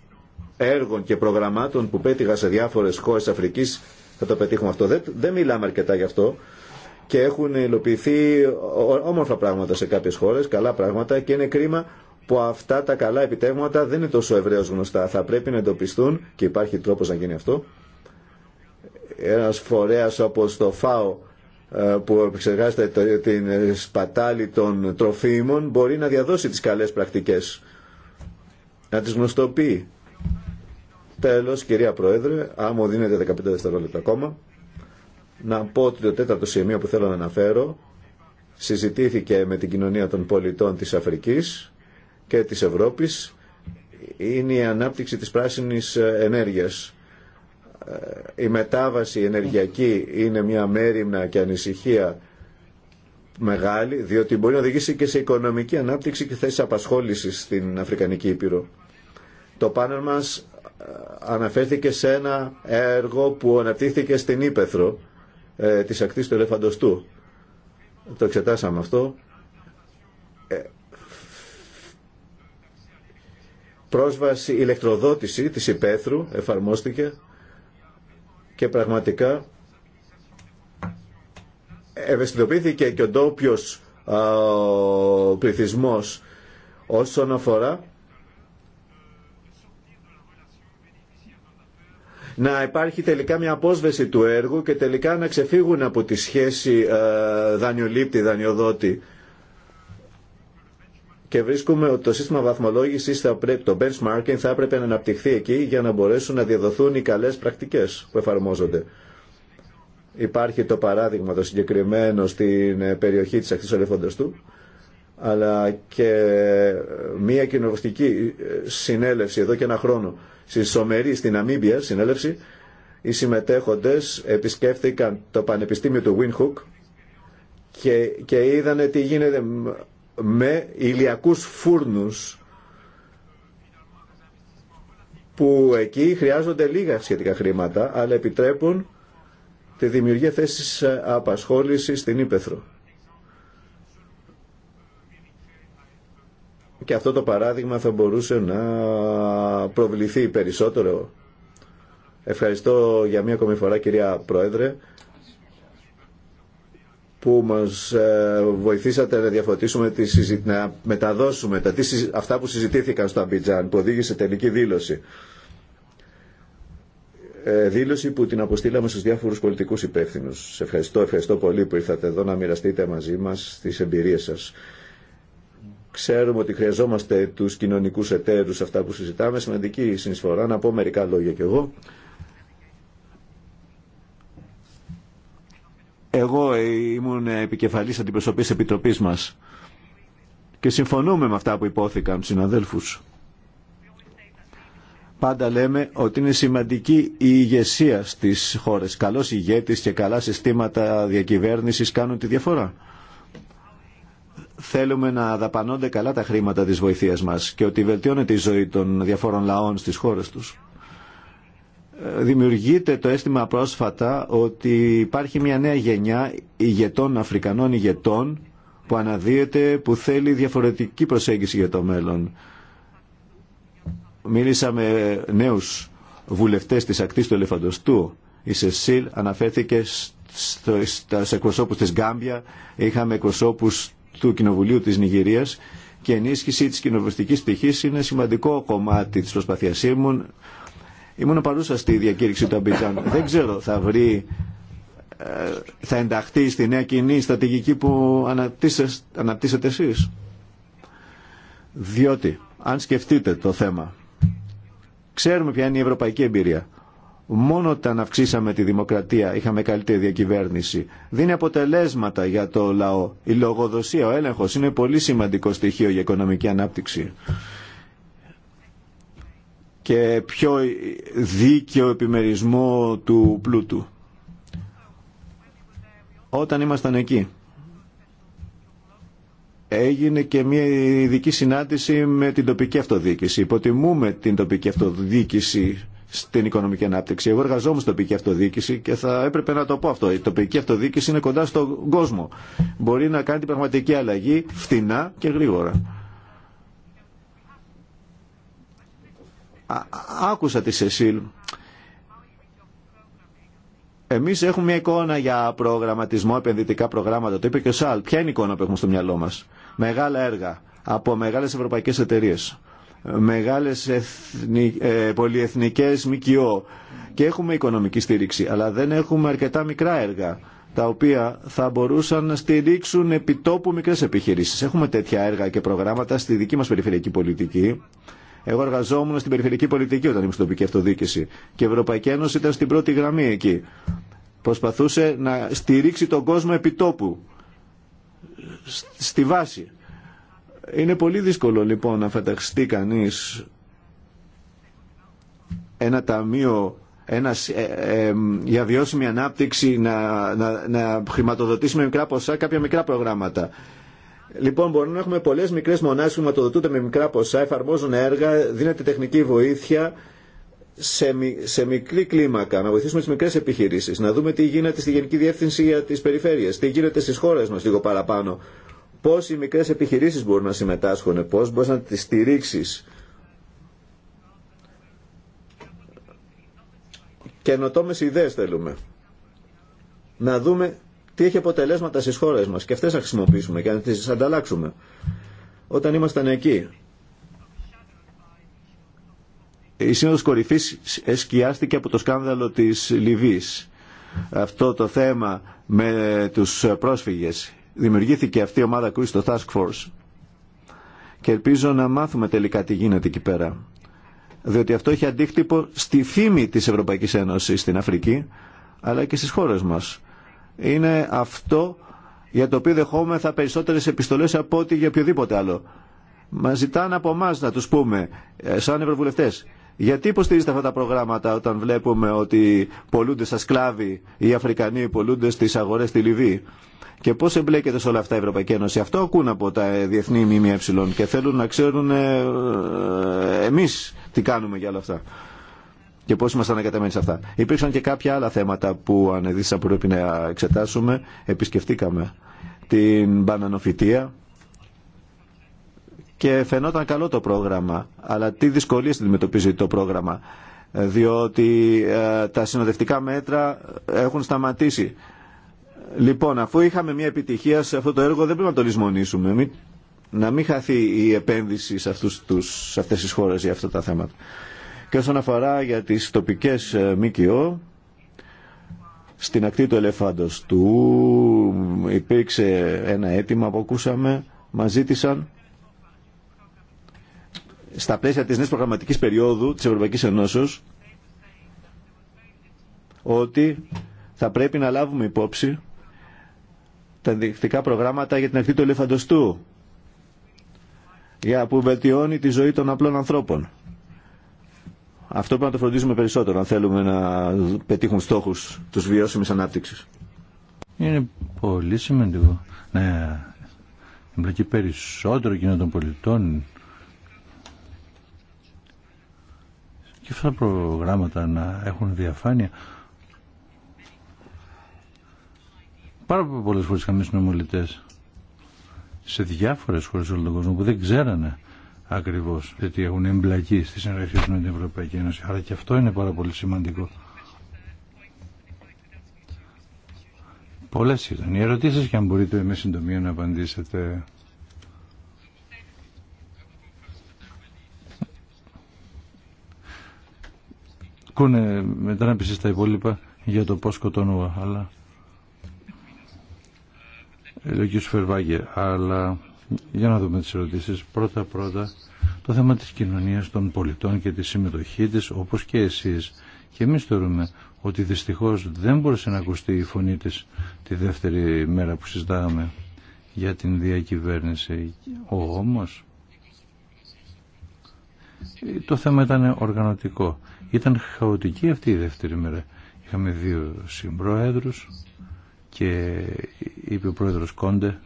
έργων και προγραμμάτων που πέτυχα σε διάφορες χώρες Αφρικής θα το πετύχουμε αυτό. Δεν, δεν μιλάμε αρκετά γι' αυτό και έχουν υλοποιηθεί όμορφα πράγματα σε κάποιες χώρες, καλά πράγματα και είναι κρίμα που αυτά τα καλά επιτεύγματα δεν είναι τόσο ευρέως γνωστά. Θα πρέπει να εντοπιστούν και υπάρχει τρόπος να γίνει αυτό. Ένας φορέας όπω το ΦΑΟ ε, που επεξεργάζεται την σπατάλη των τροφίμων μπορεί να διαδώσει τις καλές πρακτικές, να τις γνωστοποιεί. Τέλος, κυρία Πρόεδρε, άμα δίνετε 15 δευτερόλεπτα ακόμα να πω ότι το τέταρτο σημείο που θέλω να αναφέρω συζητήθηκε με την κοινωνία των πολιτών της Αφρικής και της Ευρώπης είναι η ανάπτυξη της πράσινης ε, ενέργειας. Ε, η μετάβαση ενεργειακή είναι μια μέρημνα και ανησυχία μεγάλη, διότι μπορεί να οδηγήσει και σε οικονομική ανάπτυξη και θέση απασχόλησης στην Αφρικανική Ήπειρο. Το πάνελ μας ε, αναφέρθηκε σε ένα έργο που αναπτύχθηκε στην Ήπεθρο ε, της ακτής του ελεφαντοστού. Το εξετάσαμε αυτό. Ε, πρόσβαση ηλεκτροδότηση της υπαίθρου εφαρμόστηκε και πραγματικά ευαισθητοποιήθηκε και ο ντόπιο πληθυσμό όσον αφορά να υπάρχει τελικά μια απόσβεση του έργου και τελικά να ξεφύγουν από τη σχέση ε, δανειολήπτη-δανειοδότη. Και βρίσκουμε ότι το σύστημα βαθμολόγηση, το benchmarking, θα έπρεπε να αναπτυχθεί εκεί για να μπορέσουν να διαδοθούν οι καλέ πρακτικέ που εφαρμόζονται. Υπάρχει το παράδειγμα το συγκεκριμένο στην ε, περιοχή τη Ακτή Ολεφόντα του, αλλά και ε, μία κοινοβουλευτική συνέλευση εδώ και ένα χρόνο Στη Σομερή, στην Ναμίμπια συνέλευση, οι συμμετέχοντες επισκέφθηκαν το Πανεπιστήμιο του Βινχουκ και, και είδανε τι γίνεται με ηλιακούς φούρνους που εκεί χρειάζονται λίγα σχετικά χρήματα αλλά επιτρέπουν τη δημιουργία θέσης απασχόλησης στην Ήπεθρο. και αυτό το παράδειγμα θα μπορούσε να προβληθεί περισσότερο. Ευχαριστώ για μία ακόμη φορά κυρία Πρόεδρε που μας ε, βοηθήσατε να διαφωτίσουμε, να μεταδώσουμε τα, αυτά που συζητήθηκαν στο Αμπιτζάν που οδήγησε τελική δήλωση. Ε, δήλωση που την αποστήλαμε στους διάφορους πολιτικούς υπεύθυνους. Σε ευχαριστώ, ευχαριστώ πολύ που ήρθατε εδώ να μοιραστείτε μαζί μας τις εμπειρίες σας. Ξέρουμε ότι χρειαζόμαστε τους κοινωνικούς εταίρους αυτά που συζητάμε. Σημαντική συνεισφορά. Να πω μερικά λόγια κι εγώ. Εγώ ήμουν επικεφαλής αντιπροσωπής επιτροπής μας και συμφωνούμε με αυτά που υπόθηκαν συναδέλφους. Πάντα λέμε ότι είναι σημαντική η ηγεσία στις χώρες. Καλός ηγέτης και καλά συστήματα διακυβέρνησης κάνουν τη διαφορά θέλουμε να δαπανώνται καλά τα χρήματα της βοηθείας μας και ότι βελτιώνεται η ζωή των διαφόρων λαών στις χώρες τους. Ε, δημιουργείται το αίσθημα πρόσφατα ότι υπάρχει μια νέα γενιά ηγετών, Αφρικανών ηγετών που αναδύεται, που θέλει διαφορετική προσέγγιση για το μέλλον. Μίλησα με νέους βουλευτές της ακτής του Ελεφαντοστού. Η Σεσίλ αναφέρθηκε σε εκπροσώπους της Γκάμπια, είχαμε εκπροσώπους του Κοινοβουλίου της Νιγηρίας και η ενίσχυση της κοινοβουλευτικής πτυχής είναι σημαντικό κομμάτι της προσπαθίας. Ήμουν, ήμουν παρούσα στη διακήρυξη του Αμπιτζάν. Δεν ξέρω, θα βρει ε, θα ενταχθεί στη νέα κοινή στρατηγική που αναπτύσσετε εσείς. Διότι, αν σκεφτείτε το θέμα, ξέρουμε ποια είναι η ευρωπαϊκή εμπειρία. Μόνο όταν αυξήσαμε τη δημοκρατία είχαμε καλύτερη διακυβέρνηση. Δίνει αποτελέσματα για το λαό. Η λογοδοσία, ο έλεγχος είναι πολύ σημαντικό στοιχείο για οικονομική ανάπτυξη. Και πιο δίκαιο επιμερισμό του πλούτου. Όταν ήμασταν εκεί, έγινε και μια ειδική συνάντηση με την τοπική αυτοδιοίκηση. Υποτιμούμε την τοπική αυτοδιοίκηση στην οικονομική ανάπτυξη. Εγώ εργαζόμουν στην τοπική αυτοδιοίκηση και θα έπρεπε να το πω αυτό. Η τοπική αυτοδιοίκηση είναι κοντά στον κόσμο. Μπορεί να κάνει την πραγματική αλλαγή φθηνά και γρήγορα. άκουσα τη Σεσίλ. Εμείς έχουμε μια εικόνα για προγραμματισμό, επενδυτικά προγράμματα. Το είπε και ο Σαλ. Ποια είναι η εικόνα που έχουμε στο μυαλό μας. Μεγάλα έργα από μεγάλες ευρωπαϊκές εταιρείες μεγάλες εθνι... Ε, πολυεθνικές ΜΚΟ και έχουμε οικονομική στήριξη, αλλά δεν έχουμε αρκετά μικρά έργα τα οποία θα μπορούσαν να στηρίξουν επιτόπου μικρές επιχειρήσεις. Έχουμε τέτοια έργα και προγράμματα στη δική μας περιφερειακή πολιτική. Εγώ εργαζόμουν στην περιφερειακή πολιτική όταν ήμουν στην τοπική αυτοδιοίκηση και η Ευρωπαϊκή Ένωση ήταν στην πρώτη γραμμή εκεί. Προσπαθούσε να στηρίξει τον κόσμο επιτόπου, στη βάση. Είναι πολύ δύσκολο λοιπόν να φανταστεί κανείς ένα ταμείο ε, ε, για βιώσιμη ανάπτυξη να, να, να χρηματοδοτήσουμε μικρά ποσά κάποια μικρά προγράμματα. Λοιπόν, μπορούμε να έχουμε πολλές μικρές μονάδες που χρηματοδοτούνται με μικρά ποσά, εφαρμόζουν έργα, δίνεται τεχνική βοήθεια σε, σε μικρή κλίμακα, να βοηθήσουμε τις μικρές επιχειρήσεις, να δούμε τι γίνεται στη Γενική Διεύθυνση για τις Περιφέρειες, τι γίνεται στις χώρες μας λίγο παραπάνω, πώς οι μικρές επιχειρήσεις μπορούν να συμμετάσχουν, πώς μπορεί να τις στηρίξεις. Καινοτόμες ιδέες θέλουμε. Να δούμε τι έχει αποτελέσματα στις χώρες μας και αυτές να χρησιμοποιήσουμε και να τις ανταλλάξουμε. Όταν ήμασταν εκεί, η Σύνοδος Κορυφής εσκιάστηκε από το σκάνδαλο της Λιβύης. Αυτό το θέμα με τους πρόσφυγες δημιουργήθηκε αυτή η ομάδα κρούση στο Task Force και ελπίζω να μάθουμε τελικά τι γίνεται εκεί πέρα. Διότι αυτό έχει αντίκτυπο στη φήμη της Ευρωπαϊκής Ένωσης στην Αφρική, αλλά και στις χώρες μας. Είναι αυτό για το οποίο δεχόμεθα περισσότερες επιστολές από ό,τι για οποιοδήποτε άλλο. Μα ζητάνε από εμά να τους πούμε, ε, σαν ευρωβουλευτές, γιατί υποστηρίζετε αυτά τα προγράμματα όταν βλέπουμε ότι πολλούνται σαν σκλάβοι οι Αφρικανοί πολλούνται στις αγορέ στη Λιβύη. Και πώ εμπλέκεται σε όλα αυτά η Ευρωπαϊκή Ένωση. Αυτό ακούν από τα διεθνή ΜΜΕ και θέλουν να ξέρουν ε, ε, εμεί τι κάνουμε για όλα αυτά. Και πώ είμαστε ανακατεμένοι σε αυτά. Υπήρξαν και κάποια άλλα θέματα που ανεδίσαμε που πρέπει να εξετάσουμε. Επισκεφτήκαμε την μπανανοφυτεία και φαινόταν καλό το πρόγραμμα. Αλλά τι δυσκολίες αντιμετωπίζει το πρόγραμμα. Διότι ε, τα συνοδευτικά μέτρα έχουν σταματήσει. Λοιπόν, αφού είχαμε μια επιτυχία σε αυτό το έργο, δεν πρέπει να το λησμονήσουμε. να μην χαθεί η επένδυση σε, αυτούς, τους, σε αυτές τις χώρες για αυτά τα θέματα. Και όσον αφορά για τις τοπικές ε, ΜΚΟ, στην ακτή του ελεφάντος του ε, υπήρξε ένα αίτημα που ακούσαμε, μας ζήτησαν στα πλαίσια της νέας προγραμματικής περίοδου της Ευρωπαϊκής Ενώσεως ότι θα πρέπει να λάβουμε υπόψη τα ενδεικτικά προγράμματα για την αρχή του ελεφαντοστού για που βελτιώνει τη ζωή των απλών ανθρώπων. Αυτό πρέπει να το φροντίζουμε περισσότερο αν θέλουμε να πετύχουν στόχους τους βιώσιμης ανάπτυξης. Είναι πολύ σημαντικό να εμπλακεί περισσότερο κοινό των πολιτών και αυτά τα προγράμματα να έχουν διαφάνεια. Πάρα πολλέ φορέ είχαμε συνομιλητέ σε διάφορε χώρε όλων των κόσμων που δεν ξέρανε ακριβώ γιατί έχουν εμπλακεί στη συνεργασία με την Ευρωπαϊκή Ένωση. Άρα και αυτό είναι πάρα πολύ σημαντικό. Πολλέ ήταν οι ερωτήσει και αν μπορείτε με συντομία να απαντήσετε. να πεισείς στα υπόλοιπα για το πώς σκοτώνουμε, αλλά ε, Φερβάγε, αλλά για να δούμε τις ερωτήσεις. Πρώτα πρώτα το θέμα της κοινωνίας των πολιτών και τη συμμετοχή της όπως και εσείς. Και εμείς θεωρούμε ότι δυστυχώς δεν μπορούσε να ακουστεί η φωνή της τη δεύτερη μέρα που συζητάμε για την διακυβέρνηση. Ο, όμως ε, το θέμα ήταν οργανωτικό. Ήταν χαοτική αυτή η δεύτερη μέρα. Είχαμε δύο συμπρόεδρους και είπε ο πρόεδρος Κόντε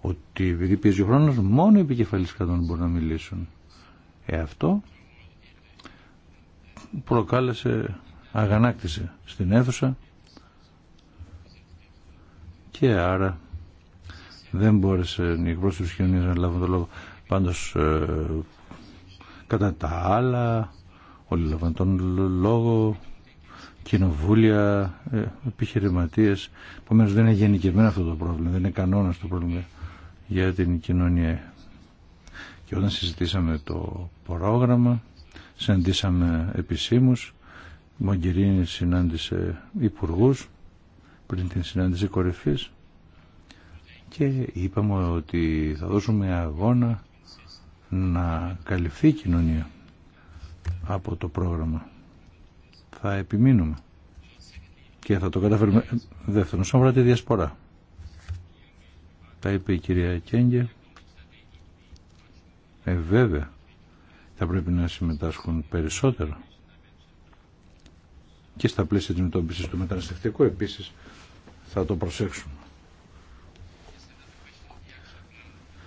ότι επειδή πιέζει ο χρόνος μόνο οι επικεφαλής κρατών μπορούν να μιλήσουν. Ε, αυτό προκάλεσε αγανάκτηση στην αίθουσα και άρα δεν μπόρεσε οι εκπρόσωποι της να λάβουν το λόγο. Πάντως ε, κατά τα άλλα Όλοι τον λόγο, κοινοβούλια, ε, επιχειρηματίε. Επομένω δεν είναι γενικευμένο αυτό το πρόβλημα, δεν είναι κανόνα το πρόβλημα για την κοινωνία. Και όταν συζητήσαμε το πρόγραμμα, συναντήσαμε επισήμους, η Μογκυρίνη συνάντησε υπουργού πριν την συνάντηση κορυφής και είπαμε ότι θα δώσουμε αγώνα να καλυφθεί η κοινωνία από το πρόγραμμα. Θα επιμείνουμε και θα το καταφέρουμε δεύτερον. Σαν τη διασπορά. Τα είπε η κυρία Κέγγε. Ε, βέβαια, θα πρέπει να συμμετάσχουν περισσότερο και στα πλαίσια της μετώπισης του μεταναστευτικού επίσης θα το προσέξουμε.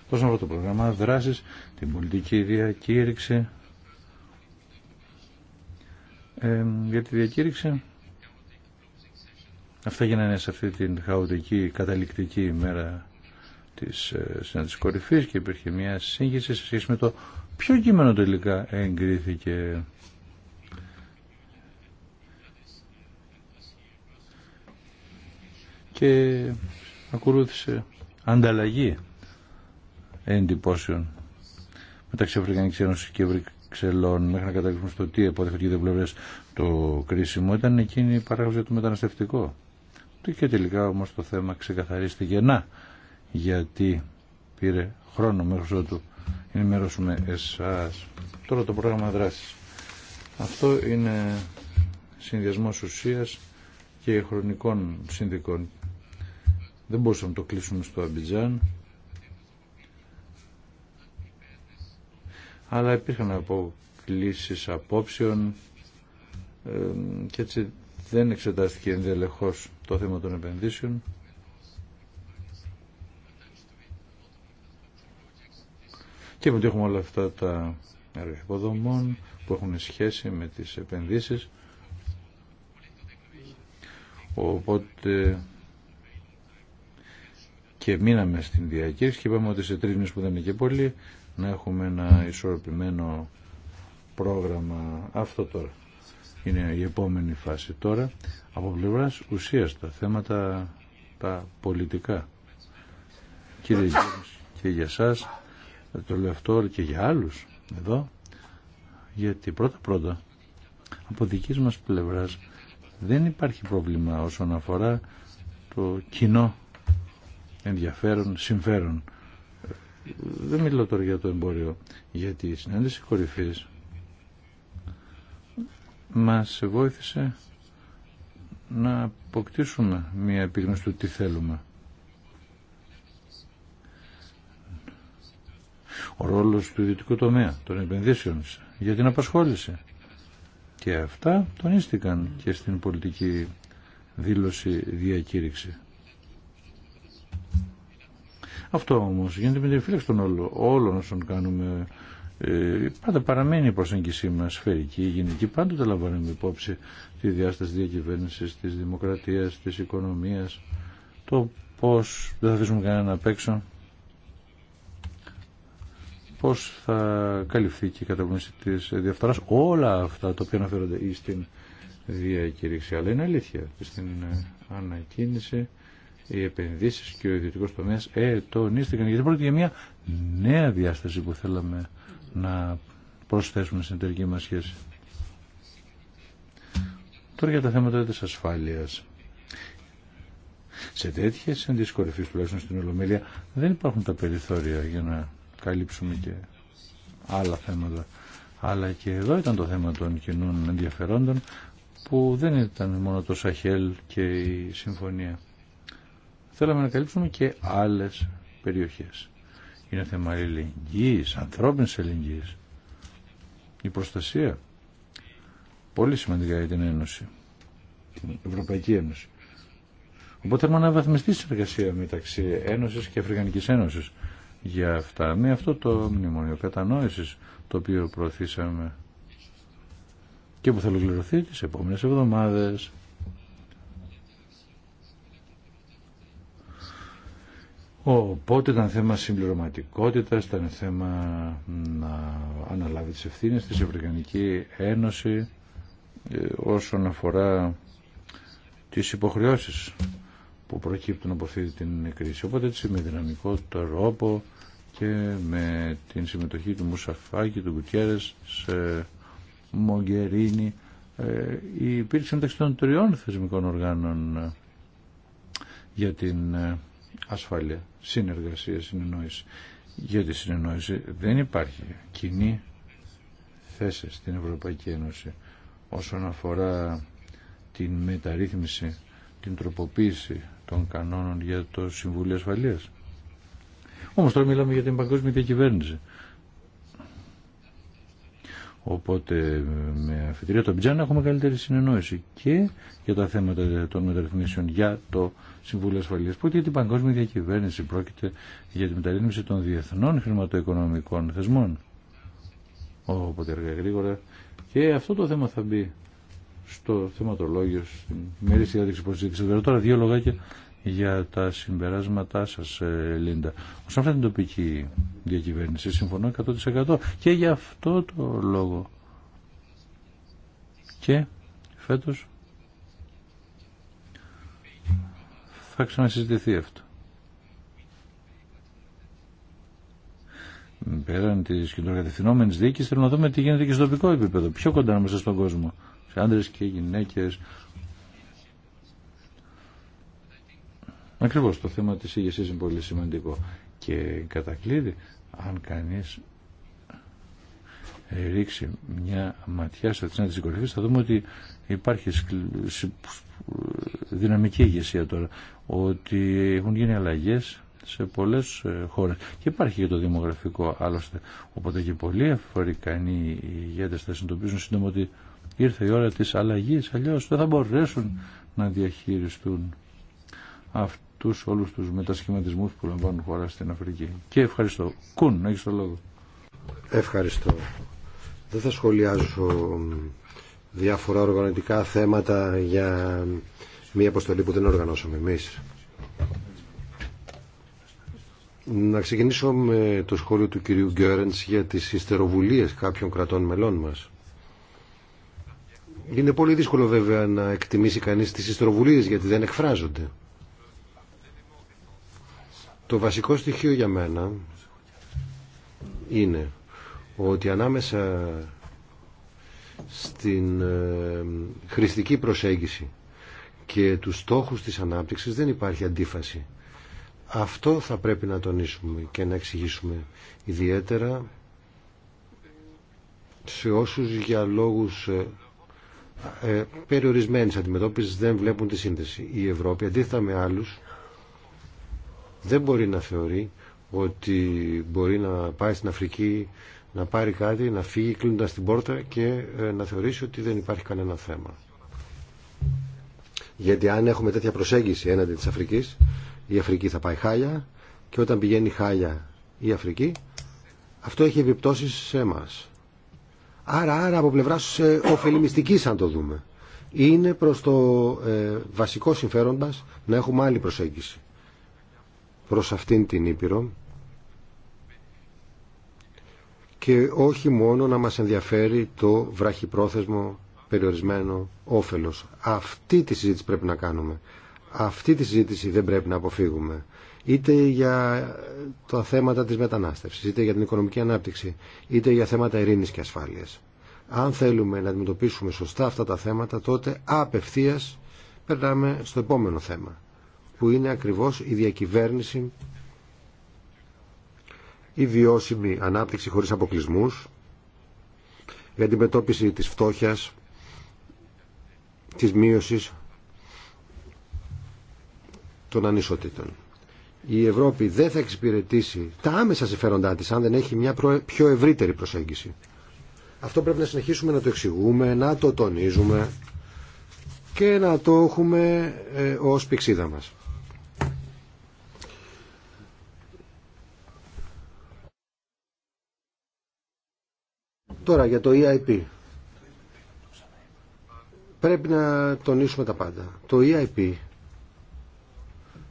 Τόσο αυτό το πρόγραμμα δράσης, την πολιτική διακήρυξη, ε, για τη διακήρυξη. Αυτά γίνανε σε αυτή την χαοτική καταληκτική ημέρα της ε, συνάντησης κορυφής και υπήρχε μια σύγχυση σε σχέση με το ποιο κείμενο τελικά εγκρίθηκε. Και ακολούθησε ανταλλαγή εντυπώσεων μεταξύ Αφρικανικής Ένωσης και Ξελών μέχρι να καταλήξουμε στο τι αποδέχονται οι δύο πλευρέ. Το κρίσιμο ήταν εκείνη η παράγωση για το μεταναστευτικό. Και τελικά όμω το θέμα ξεκαθαρίστηκε. Να, γιατί πήρε χρόνο μέχρι ότου ενημερώσουμε εσά. Τώρα το πρόγραμμα δράση. Αυτό είναι συνδυασμό ουσία και χρονικών συνδικών. Δεν μπορούσαμε να το κλείσουμε στο Αμπιτζάν αλλά υπήρχαν αποκλήσεις απόψεων και έτσι δεν εξετάστηκε ενδελεχώς το θέμα των επενδύσεων. Και επειδή έχουμε όλα αυτά τα έργα που έχουν σχέση με τις επενδύσεις, οπότε και μείναμε στην διακήρυξη και είπαμε ότι σε τρεις που δεν είναι και πολύ να έχουμε ένα ισορροπημένο πρόγραμμα. Αυτό τώρα είναι η επόμενη φάση. Τώρα από πλευράς ουσίας τα θέματα τα πολιτικά. Κύριε Γιώργος και για σας το λέω αυτό και για άλλους εδώ γιατί πρώτα πρώτα από δικής μας πλευράς δεν υπάρχει πρόβλημα όσον αφορά το κοινό ενδιαφέρον, συμφέρον δεν μιλώ τώρα για το εμπόριο, γιατί η συνάντηση κορυφής μας βοήθησε να αποκτήσουμε μια επίγνωση του τι θέλουμε. Ο ρόλος του ιδιωτικού τομέα, των επενδύσεων για την απασχόληση. Και αυτά τονίστηκαν και στην πολιτική δήλωση διακήρυξη. Αυτό όμως γίνεται με τη φύλαξη των όλων, όλων όσων κάνουμε. Ε, πάντα παραμένει η προσέγγιση μα σφαιρική, γενική, πάντοτε λαμβάνουμε υπόψη τη διάσταση διακυβέρνηση, της δημοκρατίας, της οικονομίας, το πώς δεν θα αφήσουμε κανέναν απ' έξω, πώς θα καλυφθεί και η καταπονήση της διαφθοράς, όλα αυτά τα οποία αναφέρονται ή στην διακήρυξη, αλλά είναι αλήθεια, στην ε, ανακοίνηση οι επενδύσει και ο ιδιωτικό τομέα ετονίστηκαν γιατί πρόκειται για μια νέα διάσταση που θέλαμε να προσθέσουμε στην εταιρική μα σχέση. Τώρα για τα θέματα τη ασφάλεια. Σε τέτοιε συνδύσεις κορυφή τουλάχιστον στην Ολομέλεια δεν υπάρχουν τα περιθώρια για να καλύψουμε και άλλα θέματα. Αλλά και εδώ ήταν το θέμα των κοινών ενδιαφερόντων που δεν ήταν μόνο το Σαχέλ και η συμφωνία θέλαμε να καλύψουμε και άλλες περιοχές. Είναι θέμα ελληνικής, ανθρώπινης ελληνικής. Η προστασία. Πολύ σημαντικά για την Ένωση. Την Ευρωπαϊκή Ένωση. Οπότε θέλουμε να βαθμιστεί συνεργασία μεταξύ Ένωσης και Αφρικανικής Ένωσης για αυτά. Με αυτό το μνημονίο κατανόησης το οποίο προωθήσαμε και που θα ολοκληρωθεί τις επόμενες εβδομάδες. Οπότε ήταν θέμα συμπληρωματικότητα, ήταν θέμα να αναλάβει τις ευθύνες της Ευρωπαϊκή Ένωση ε, όσον αφορά τις υποχρεώσεις που προκύπτουν από αυτή την κρίση. Οπότε έτσι με δυναμικό τρόπο και με την συμμετοχή του Μουσαφάκη, του Κουτιέρες, σε Μογκερίνη, ε, υπήρξε μεταξύ των τριών θεσμικών οργάνων για την ε, ασφάλεια, συνεργασία, συνεννόηση. Γιατί τη συνεννόηση δεν υπάρχει κοινή θέση στην Ευρωπαϊκή Ένωση όσον αφορά την μεταρρύθμιση, την τροποποίηση των κανόνων για το Συμβούλιο Ασφαλείας. Όμως τώρα μιλάμε για την παγκόσμια διακυβέρνηση Οπότε με αφιτηρία των Πιτζάν έχουμε καλύτερη συνεννόηση και για τα θέματα των μεταρρυθμίσεων για το Συμβούλιο Ασφαλείας. Που για την παγκόσμια διακυβέρνηση πρόκειται για τη μεταρρύθμιση των διεθνών χρηματοοικονομικών θεσμών. Οπότε αργά γρήγορα και αυτό το θέμα θα μπει στο θεματολόγιο, στην μέρη διάδειξη συζήτησε. Τώρα δύο λογάκια για τα συμπεράσματά σα, ε, Λίντα. Όσον αφορά την τοπική διακυβέρνηση, συμφωνώ 100% και για αυτό το λόγο. Και φέτο θα ξανασυζητηθεί αυτό. Πέραν τη κεντροκατευθυνόμενη διοίκηση, θέλω να δούμε τι γίνεται και στο τοπικό επίπεδο, πιο κοντά μέσα στον κόσμο. Σε άντρε και γυναίκε, Ακριβώς το θέμα της ηγεσία είναι πολύ σημαντικό και κατακλείδη αν κανείς ρίξει μια ματιά στα τσινά της θα δούμε ότι υπάρχει δυναμική ηγεσία τώρα ότι έχουν γίνει αλλαγές σε πολλές ε, χώρες και υπάρχει και το δημογραφικό άλλωστε οπότε και πολλοί αφορικανοί ηγέτες θα συνειδητοποιήσουν σύντομα ότι ήρθε η ώρα της αλλαγής αλλιώς δεν θα μπορέσουν να διαχειριστούν αυτό τους όλους τους μετασχηματισμούς που λαμβάνουν χώρα στην Αφρική. Και ευχαριστώ. Κουν, έχεις το λόγο. Ευχαριστώ. Δεν θα σχολιάζω διάφορα οργανωτικά θέματα για μια αποστολή που δεν οργανώσαμε εμείς. Να ξεκινήσω με το σχόλιο του κυρίου Γκέρενς για τις ιστεροβουλίες κάποιων κρατών μελών μας. Είναι πολύ δύσκολο βέβαια να εκτιμήσει κανείς τις ιστεροβουλίες γιατί δεν εκφράζονται. Το βασικό στοιχείο για μένα είναι ότι ανάμεσα στην ε, χρηστική προσέγγιση και τους στόχους της ανάπτυξης δεν υπάρχει αντίφαση. Αυτό θα πρέπει να τονίσουμε και να εξηγήσουμε ιδιαίτερα σε όσους για λόγους ε, ε περιορισμένης αντιμετώπισης δεν βλέπουν τη σύνδεση. Η Ευρώπη αντίθετα με άλλους δεν μπορεί να θεωρεί ότι μπορεί να πάει στην Αφρική να πάρει κάτι, να φύγει κλείνοντα την πόρτα και ε, να θεωρήσει ότι δεν υπάρχει κανένα θέμα. Γιατί αν έχουμε τέτοια προσέγγιση έναντι της Αφρικής, η Αφρική θα πάει χάλια και όταν πηγαίνει χάλια η Αφρική, αυτό έχει επιπτώσεις σε εμάς. Άρα, άρα από πλευράς ε, αν το δούμε. Είναι προς το ε, βασικό συμφέρον να έχουμε άλλη προσέγγιση προς αυτήν την Ήπειρο και όχι μόνο να μας ενδιαφέρει το βραχυπρόθεσμο περιορισμένο όφελος. Αυτή τη συζήτηση πρέπει να κάνουμε. Αυτή τη συζήτηση δεν πρέπει να αποφύγουμε. Είτε για τα θέματα της μετανάστευσης, είτε για την οικονομική ανάπτυξη, είτε για θέματα ειρήνης και ασφάλειας. Αν θέλουμε να αντιμετωπίσουμε σωστά αυτά τα θέματα, τότε απευθείας περνάμε στο επόμενο θέμα που είναι ακριβώς η διακυβέρνηση, η βιώσιμη ανάπτυξη χωρίς αποκλεισμούς, η αντιμετώπιση της φτώχειας, της μείωσης των ανισοτήτων. Η Ευρώπη δεν θα εξυπηρετήσει τα άμεσα συμφέροντά της αν δεν έχει μια πιο ευρύτερη προσέγγιση. Αυτό πρέπει να συνεχίσουμε να το εξηγούμε, να το τονίζουμε και να το έχουμε ε, ως πηξίδα μας. Τώρα για το EIP. Πρέπει να τονίσουμε τα πάντα. Το EIP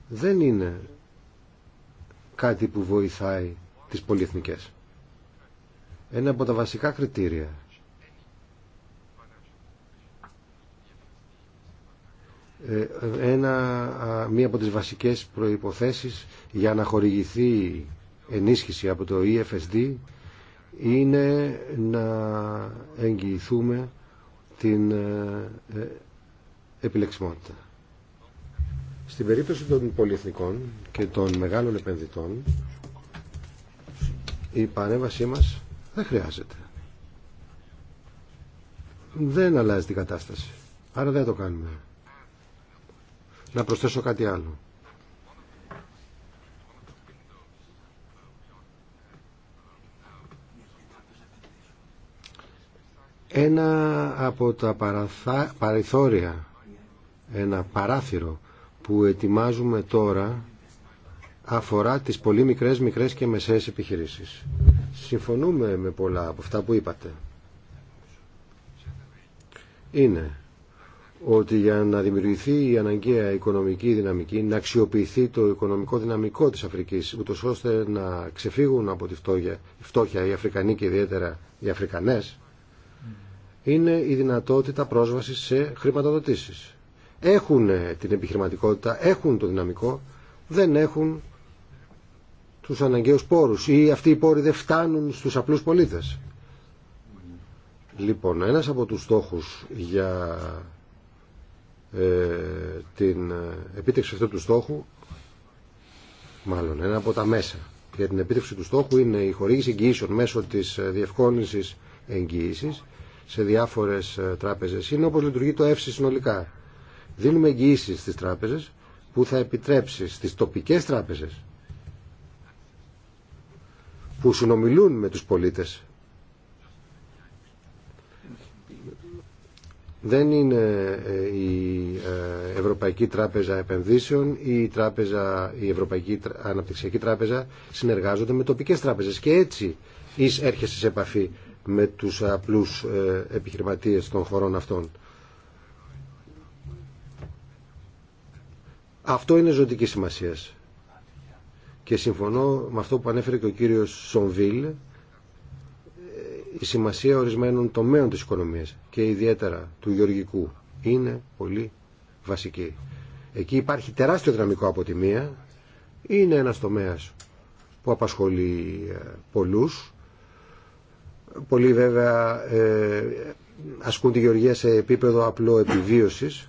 δεν είναι κάτι που βοηθάει τις πολυεθνικές. Ένα από τα βασικά κριτήρια ε, ένα, μία από τις βασικές προϋποθέσεις για να χορηγηθεί ενίσχυση από το EFSD είναι να εγγυηθούμε την ε, ε, επιλεξιμότητα. Στην περίπτωση των πολυεθνικών και των μεγάλων επενδυτών η παρέμβασή μας δεν χρειάζεται. Δεν αλλάζει την κατάσταση. Άρα δεν το κάνουμε. Να προσθέσω κάτι άλλο. Ένα από τα παραθά, ένα παράθυρο που ετοιμάζουμε τώρα αφορά τις πολύ μικρές, μικρές και μεσαίες επιχειρήσεις. Συμφωνούμε με πολλά από αυτά που είπατε. Είναι ότι για να δημιουργηθεί η αναγκαία οικονομική δυναμική, να αξιοποιηθεί το οικονομικό δυναμικό της Αφρικής, ούτως ώστε να ξεφύγουν από τη φτώχεια, φτώχεια οι Αφρικανοί και ιδιαίτερα οι Αφρικανές, είναι η δυνατότητα πρόσβασης σε χρηματοδοτήσει. Έχουν την επιχειρηματικότητα, έχουν το δυναμικό, δεν έχουν τους αναγκαίους πόρους ή αυτοί οι πόροι δεν φτάνουν στους απλούς πολίτες. Λοιπόν, ένας από τους στόχους για ε, την επίτευξη αυτού του στόχου, μάλλον ένα από τα μέσα για την επίτευξη του στόχου είναι η χορήγηση εγγυήσεων μέσω της διευκόλυνσης εγγυήσεις σε διάφορες ε, τράπεζες είναι όπως λειτουργεί το ΕΦΣΙ συνολικά. Δίνουμε εγγυήσει στις τράπεζες που θα επιτρέψει στις τοπικές τράπεζες που συνομιλούν με τους πολίτες δεν είναι ε, η ε, Ευρωπαϊκή Τράπεζα Επενδύσεων ή η, τράπεζα, η Ευρωπαϊκή Αναπτυξιακή Τράπεζα συνεργάζονται με τοπικές τράπεζες και έτσι έρχεσαι σε επαφή με τους απλούς ε, επιχειρηματίες των χωρών αυτών. Αυτό είναι ζωτική σημασία. Και συμφωνώ με αυτό που ανέφερε και ο κύριος Σονβίλ. Ε, η σημασία ορισμένων τομέων της οικονομίας και ιδιαίτερα του γεωργικού είναι πολύ βασική. Εκεί υπάρχει τεράστιο δυναμικό από μία, είναι ένας τομέας που απασχολεί ε, πολλούς Πολλοί βέβαια ε, ασκούν τη γεωργία σε επίπεδο απλό επιβίωσης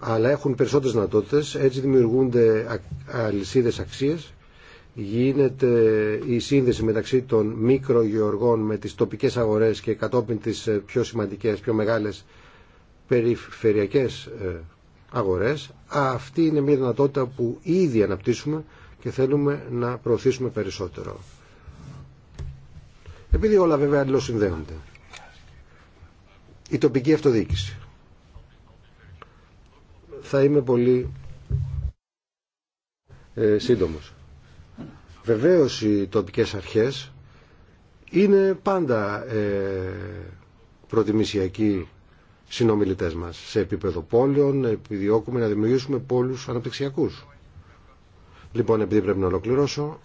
αλλά έχουν περισσότερες δυνατότητε, έτσι δημιουργούνται αλυσίδες αξίες γίνεται η σύνδεση μεταξύ των μικρογεωργών με τις τοπικές αγορές και κατόπιν τις ε, πιο σημαντικές, πιο μεγάλες περιφερειακές ε, αγορές. Αυτή είναι μια δυνατότητα που ήδη αναπτύσσουμε και θέλουμε να προωθήσουμε περισσότερο επειδή όλα βέβαια αλληλοσυνδέονται. Η τοπική αυτοδιοίκηση. Θα είμαι πολύ ε, σύντομος. Βεβαίως οι τοπικές αρχές είναι πάντα ε, προτιμησιακοί συνομιλητές μας. Σε επίπεδο πόλεων επιδιώκουμε να δημιουργήσουμε πόλους αναπτυξιακούς. Λοιπόν, επειδή πρέπει να ολοκληρώσω,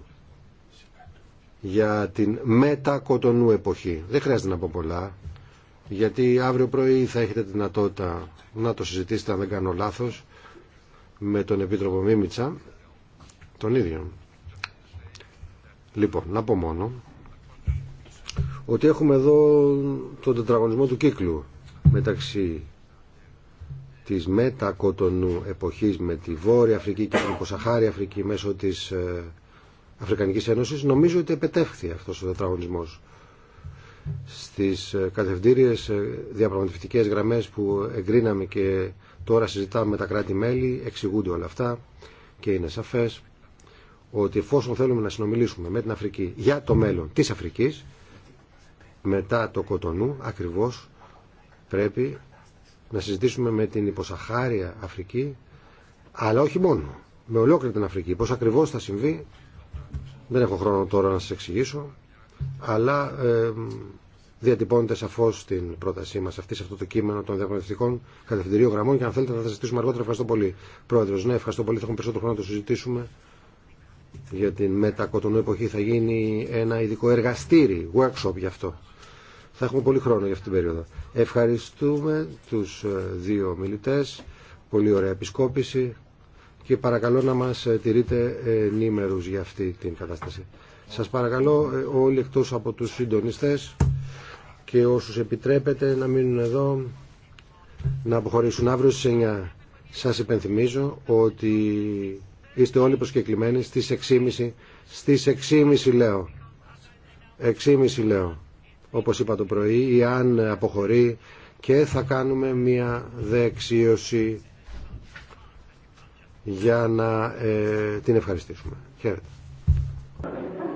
για την μετακοτονού εποχή. Δεν χρειάζεται να πω πολλά, γιατί αύριο πρωί θα έχετε τη δυνατότητα να το συζητήσετε, αν δεν κάνω λάθος, με τον Επίτροπο Μίμητσα, τον ίδιο. Λοιπόν, να πω μόνο ότι έχουμε εδώ τον τετραγωνισμό του κύκλου μεταξύ της μετακοτονού εποχής με τη Βόρεια Αφρική και την Ποσαχάρη Αφρική μέσω της ε, Αφρικανικής Ένωσης, νομίζω ότι επετεύχθη αυτός ο τετραγωνισμός. Στις ε, κατευθύντριες ε, διαπραγματευτικές γραμμές που εγκρίναμε και τώρα συζητάμε με τα κράτη-μέλη, εξηγούνται όλα αυτά και είναι σαφές ότι εφόσον θέλουμε να συνομιλήσουμε με την Αφρική για το μέλλον της Αφρικής, μετά το Κοτονού ακριβώς πρέπει να συζητήσουμε με την υποσαχάρια Αφρική αλλά όχι μόνο, με ολόκληρη την Αφρική πώς ακριβώς θα συμβεί δεν έχω χρόνο τώρα να σας εξηγήσω, αλλά ε, διατυπώνεται σαφώ την πρότασή μα αυτή σε αυτό το κείμενο των διαπραγματευτικών κατευθυντηρίων γραμμών και αν θέλετε θα τα συζητήσουμε αργότερα. Ευχαριστώ πολύ, Πρόεδρο. Ναι, ευχαριστώ πολύ. Θα έχουμε περισσότερο χρόνο να το συζητήσουμε για την μετακοτονού εποχή. Θα γίνει ένα ειδικό εργαστήρι, workshop γι' αυτό. Θα έχουμε πολύ χρόνο για αυτή την περίοδο. Ευχαριστούμε του ε, δύο μιλητέ. Πολύ ωραία επισκόπηση και παρακαλώ να μας ε, τηρείτε ε, νήμερους για αυτή την κατάσταση. Σας παρακαλώ ε, όλοι εκτός από τους συντονιστές και όσους επιτρέπετε να μείνουν εδώ να αποχωρήσουν αύριο στις 9. Σας υπενθυμίζω ότι είστε όλοι προσκεκλημένοι στις 6.30. Στις 6.30 λέω. 6.30 λέω. Όπως είπα το πρωί ή αν αποχωρεί και θα κάνουμε μια δεξίωση για να ε, την ευχαριστήσουμε. Χαίρετε.